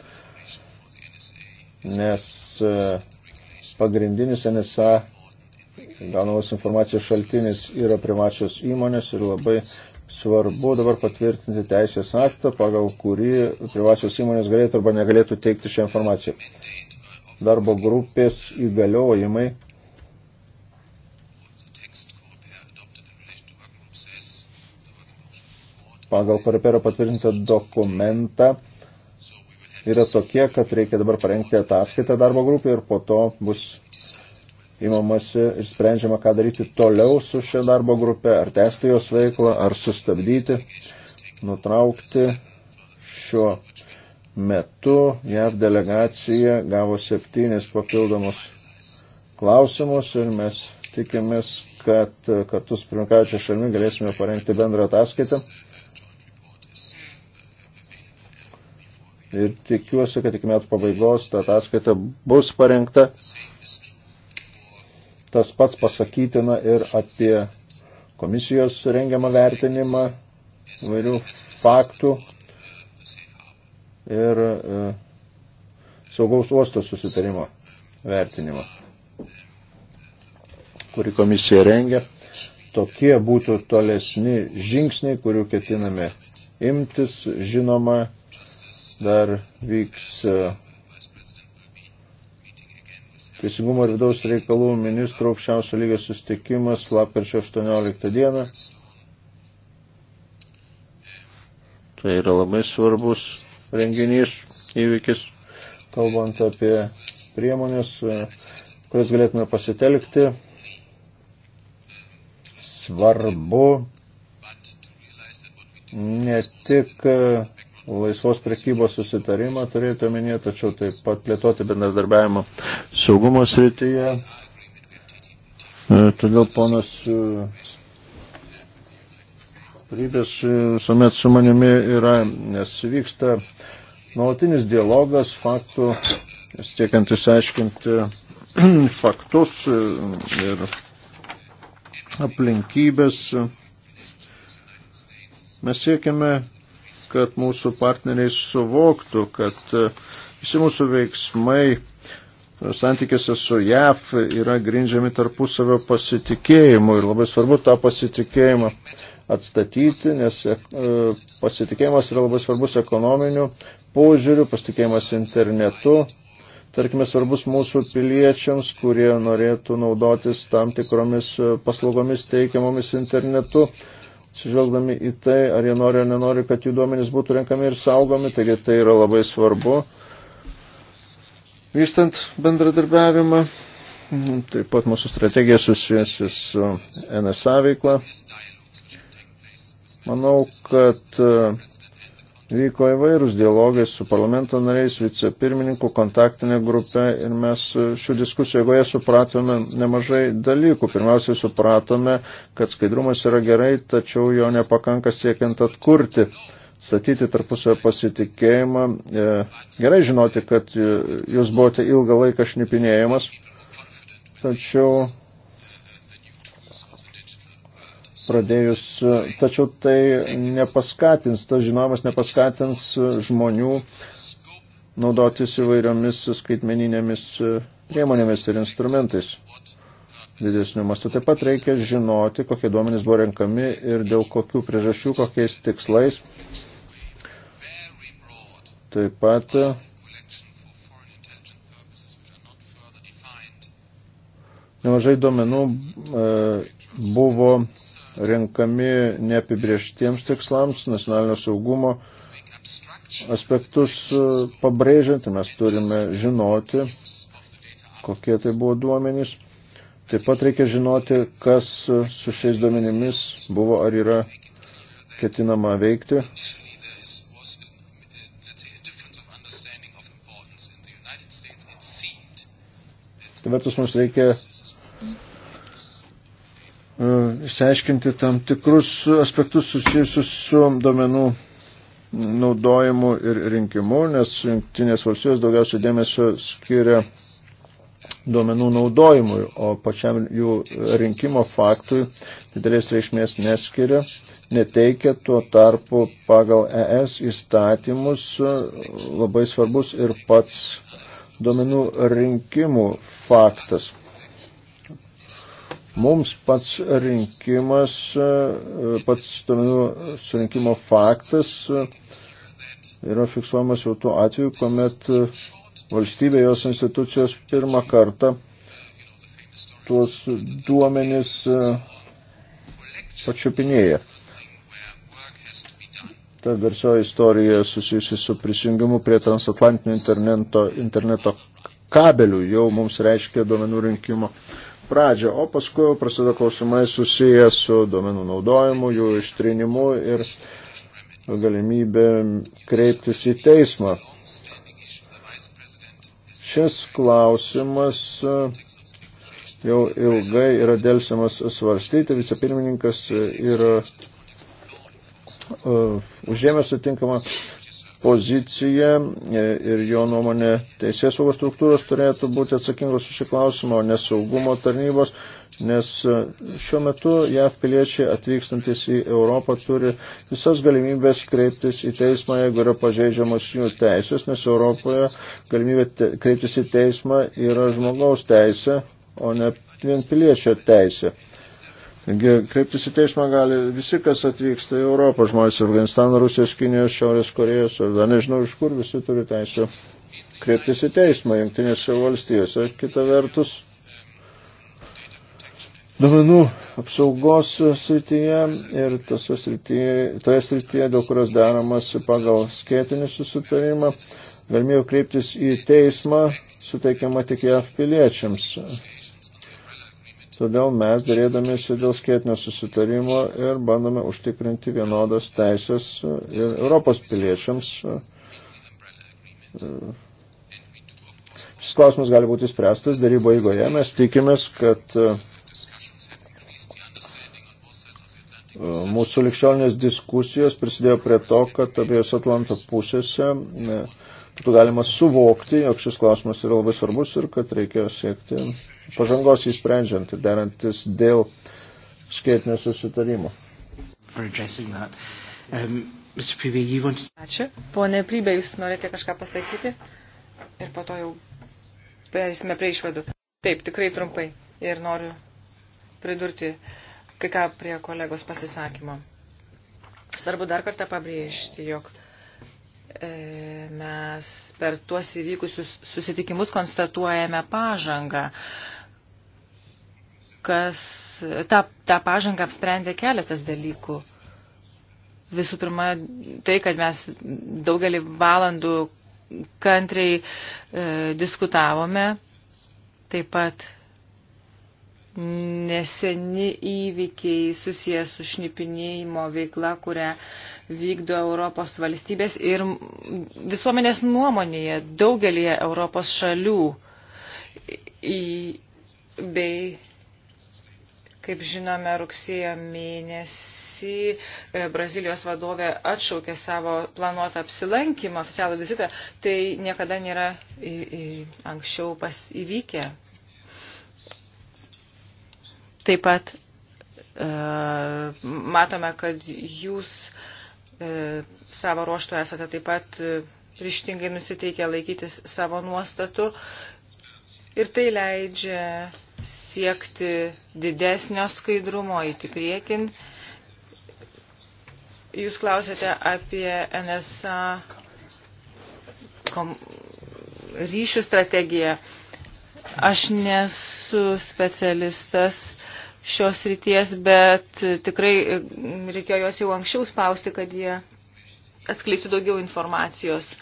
nes uh, pagrindinis NSA gaunamos informacijos šaltinis yra privačios įmonės ir labai svarbu dabar patvirtinti teisės aktą, pagal kurį privačios įmonės galėtų arba negalėtų teikti šią informaciją. Darbo grupės įgaliojimai pagal Korepero patvirtintą dokumentą yra tokie, kad reikia dabar parengti ataskaitą darbo grupį ir po to bus imamasi ir sprendžiama, ką daryti toliau su šia darbo grupė, ar tęsti jos veiklą, ar sustabdyti, nutraukti šiuo metu JAV delegacija gavo septynis papildomus klausimus ir mes tikimės, kad kartu su pirmkaičio šalmi galėsime parengti bendrą ataskaitą. Ir tikiuosi, kad iki metų pabaigos ta ataskaita bus parengta. Tas pats pasakytina ir apie komisijos rengiamą vertinimą vairių faktų ir e, saugaus uosto susitarimo vertinimą, kurį komisija rengia. Tokie būtų tolesni žingsniai, kurių ketiname imtis. Žinoma, dar vyks e, Teisingumo ir vidaus reikalų ministrų aukščiausio lygio sustikimas lapkričio 18 dieną. Tai yra labai svarbus renginys, įvykis, kalbant apie priemonės, kurias galėtume pasitelkti. Svarbu ne tik laisvos prekybos susitarimą turėti omenyje, tačiau taip pat plėtoti bendradarbiavimo saugumo srityje. E, todėl ponas e, Rybės e, visuomet su manimi yra, nes vyksta nuolatinis dialogas faktų, siekiant išsiaiškinti faktus ir aplinkybės. Mes siekime, kad mūsų partneriai suvoktų, kad visi mūsų veiksmai santykiuose su JAF yra grindžiami tarpusavio pasitikėjimu ir labai svarbu tą pasitikėjimą atstatyti, nes e, pasitikėjimas yra labai svarbus ekonominių požiūrių, pasitikėjimas internetu, tarkime, svarbus mūsų piliečiams, kurie norėtų naudotis tam tikromis e, paslaugomis teikiamomis internetu, sižvelgdami į tai, ar jie nori ar nenori, kad jų duomenys būtų renkami ir saugomi, taigi tai yra labai svarbu vystant bendradarbiavimą. Taip pat mūsų strategija susijusi su NSA veikla. Manau, kad e, vyko įvairūs dialogai su parlamento nariais, vicepirmininku, kontaktinė grupė ir mes e, šių diskusijų eigoje supratome nemažai dalykų. Pirmiausiai supratome, kad skaidrumas yra gerai, tačiau jo nepakanka siekiant atkurti statyti tarpusavio pasitikėjimą, e, gerai žinoti, kad e, jūs buvote ilgą laiką šnipinėjimas, tačiau pradėjus, e, tačiau tai nepaskatins, tas žinomas nepaskatins žmonių naudotis įvairiomis skaitmeninėmis priemonėmis ir instrumentais didesnių mastų. Taip pat reikia žinoti, kokie duomenys buvo renkami ir dėl kokių priežasčių, kokiais tikslais Taip pat nemažai duomenų e, buvo renkami neapibrieštiems tikslams, nacionalinio saugumo aspektus e, pabrėžiant, tai mes turime žinoti, kokie tai buvo duomenys. Taip pat reikia žinoti, kas su šiais duomenimis buvo ar yra ketinama veikti. Kita vertus, mums reikia e, išsiaiškinti tam tikrus aspektus susijusius su domenų naudojimu ir rinkimu, nes Junktinės valstijos daugiausiai dėmesio skiria duomenų naudojimui, o pačiam jų rinkimo faktui didelės reikšmės neskiria, neteikia tuo tarpu pagal ES įstatymus labai svarbus ir pats duomenų rinkimų faktas. Mums pats rinkimas, e, pats duomenų surinkimo faktas e, yra fiksuojamas jau tuo atveju, kuomet e, valstybė jos institucijos pirmą kartą tuos duomenis pačiupinėja ta garsioji istorija susijusi su prisijungimu prie transatlantinio interneto, interneto kabelių jau mums reiškia duomenų rinkimo pradžią, o paskui prasideda klausimai susiję su duomenų naudojimu, jų ištrinimu ir galimybė kreiptis į teismą. Šis klausimas e, jau ilgai yra dėlsiamas svarstyti, vicepirmininkas yra E, užėmė sutinkamą poziciją e, ir jo nuomonė teisės saugos struktūros turėtų būti atsakingos už šį klausimą, o nesaugumo tarnybos, nes e, šiuo metu JAV piliečiai atvykstantis į Europą turi visas galimybės kreiptis į teismą, jeigu yra pažeidžiamos jų teisės, nes Europoje galimybė kreiptis į teismą yra žmogaus teisė, o ne vien piliečio teisė. Taigi kreiptis į teismą gali visi, kas atvyksta į Europą, žmonės Afganistano, Rusijos, Kinijos, Šiaurės Korejos, ar dar nežinau, iš kur visi turi teisę kreiptis į teismą jungtinėse valstijose. Kita vertus, duomenų apsaugos srityje ir srityje, toje srityje, dėl kurios deramas pagal skėtinį susitarimą, galimybė kreiptis į teismą suteikiama tik JAV piliečiams. Todėl mes dėrėdamiesi dėl skėtinio susitarimo ir bandome užtikrinti vienodas teisės ir Europos piliečiams. Šis klausimas gali būti spręstas darybo eigoje. Mes tikimės, kad mūsų likščiolinės diskusijos prisidėjo prie to, kad abiejose Atlanto pusėse būtų galima suvokti, jog šis klausimas yra labai svarbus ir kad reikia siekti pažangos įsprendžiant ir derantis dėl skėtinio susitarimo. Um, Ačiū. Pone Prybė, jūs norite kažką pasakyti ir po to jau perėsime prie išvadų. Taip, tikrai trumpai ir noriu pridurti kai ką prie kolegos pasisakymo. Svarbu dar kartą pabrėžti, jog E, mes per tuos įvykusius susitikimus konstatuojame pažangą kas tą, tą pažangą apsprendė keletas dalykų. Visų pirma, tai, kad mes daugelį valandų kantriai e, diskutavome, taip pat neseni įvykiai susijęs su šnipinėjimo veikla, kurią e, vykdo Europos valstybės ir visuomenės nuomonėje daugelį Europos šalių į, bei Kaip žinome, rugsėjo mėnesį e, Brazilijos vadovė atšaukė savo planuotą apsilankymą, oficialų vizitą. Tai niekada nėra į, į, anksčiau pas įvykę. Taip pat e, matome, kad jūs e, e, savo ruoštų esate taip pat e, ryštingai nusiteikę laikytis savo nuostatų ir tai leidžia siekti didesnio skaidrumo įti priekin. Jūs klausėte apie NSA kom, ryšių strategiją. Aš nesu specialistas šios ryties, bet tikrai reikėjo jos jau anksčiau spausti, kad jie atskleistų daugiau informacijos.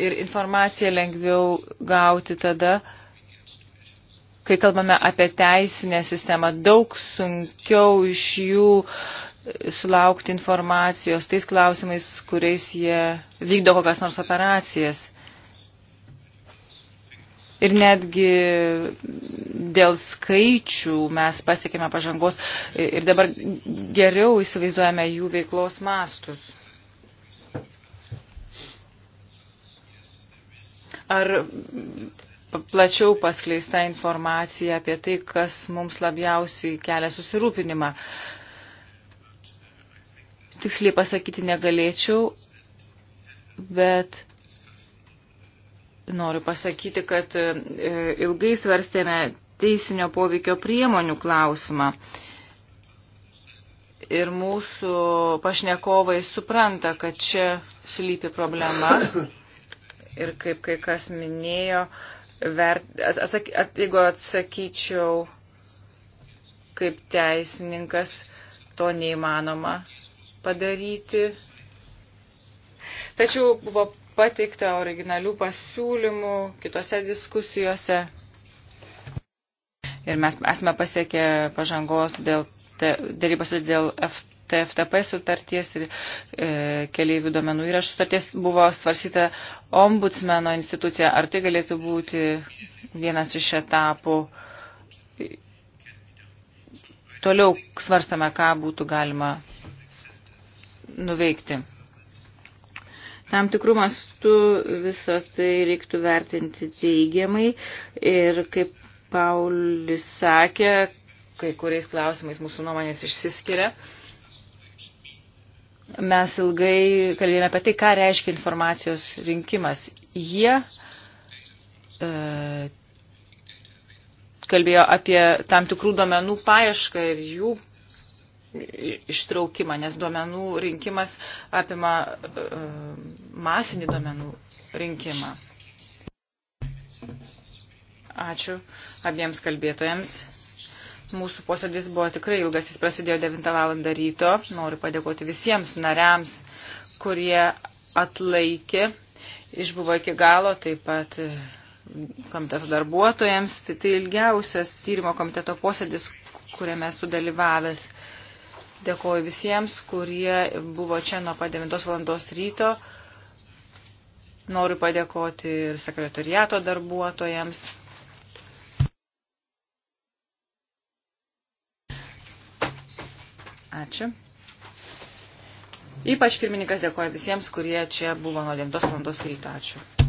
Ir informaciją lengviau gauti tada, kai kalbame apie teisinę sistemą. Daug sunkiau iš jų sulaukti informacijos tais klausimais, kuriais jie vykdo kokias nors operacijas. Ir netgi dėl skaičių mes pasiekėme pažangos ir dabar geriau įsivaizduojame jų veiklos mastus. Ar plačiau paskleista informacija apie tai, kas mums labiausiai kelia susirūpinimą? Tiksliai pasakyti negalėčiau, bet noriu pasakyti, kad e, ilgai svarstėme teisinio poveikio priemonių klausimą. Ir mūsų pašnekovai supranta, kad čia slypi problema. Ir kaip kai kas minėjo, vert, atsak, at, jeigu atsakyčiau kaip teisininkas, to neįmanoma padaryti. Tačiau buvo pateikta originalių pasiūlymų kitose diskusijose. Ir mes esame pasiekę pažangos dėl dėrybose dėl TFTP sutarties ir e, keliaivių duomenų įrašų sutarties buvo svarsyta ombudsmeno institucija. Ar tai galėtų būti vienas iš etapų? Toliau svarstame, ką būtų galima nuveikti. Tam tikrų mastų visą tai reiktų vertinti teigiamai ir kaip Paulis sakė, kai kuriais klausimais mūsų nuomonės išsiskiria. Mes ilgai kalbėjome apie tai, ką reiškia informacijos rinkimas. Jie e, kalbėjo apie tam tikrų domenų paiešką ir jų ištraukimą, nes duomenų rinkimas apima e, e, masinį duomenų rinkimą. Ačiū abiems kalbėtojams. Mūsų posėdis buvo tikrai ilgas, jis prasidėjo 9 val. ryto. Noriu padėkoti visiems nariams, kurie atlaikė, išbuvo iki galo, taip pat e, komiteto darbuotojams. Tai, tai ilgiausias tyrimo komiteto posėdis, kuriame esu dalyvavęs. Dėkoju visiems, kurie buvo čia nuo pat 9 valandos ryto. Noriu padėkoti ir sekretoriato darbuotojams. Ačiū. Ypač pirmininkas dėkoja visiems, kurie čia buvo nuo 9 valandos ryto. Ačiū.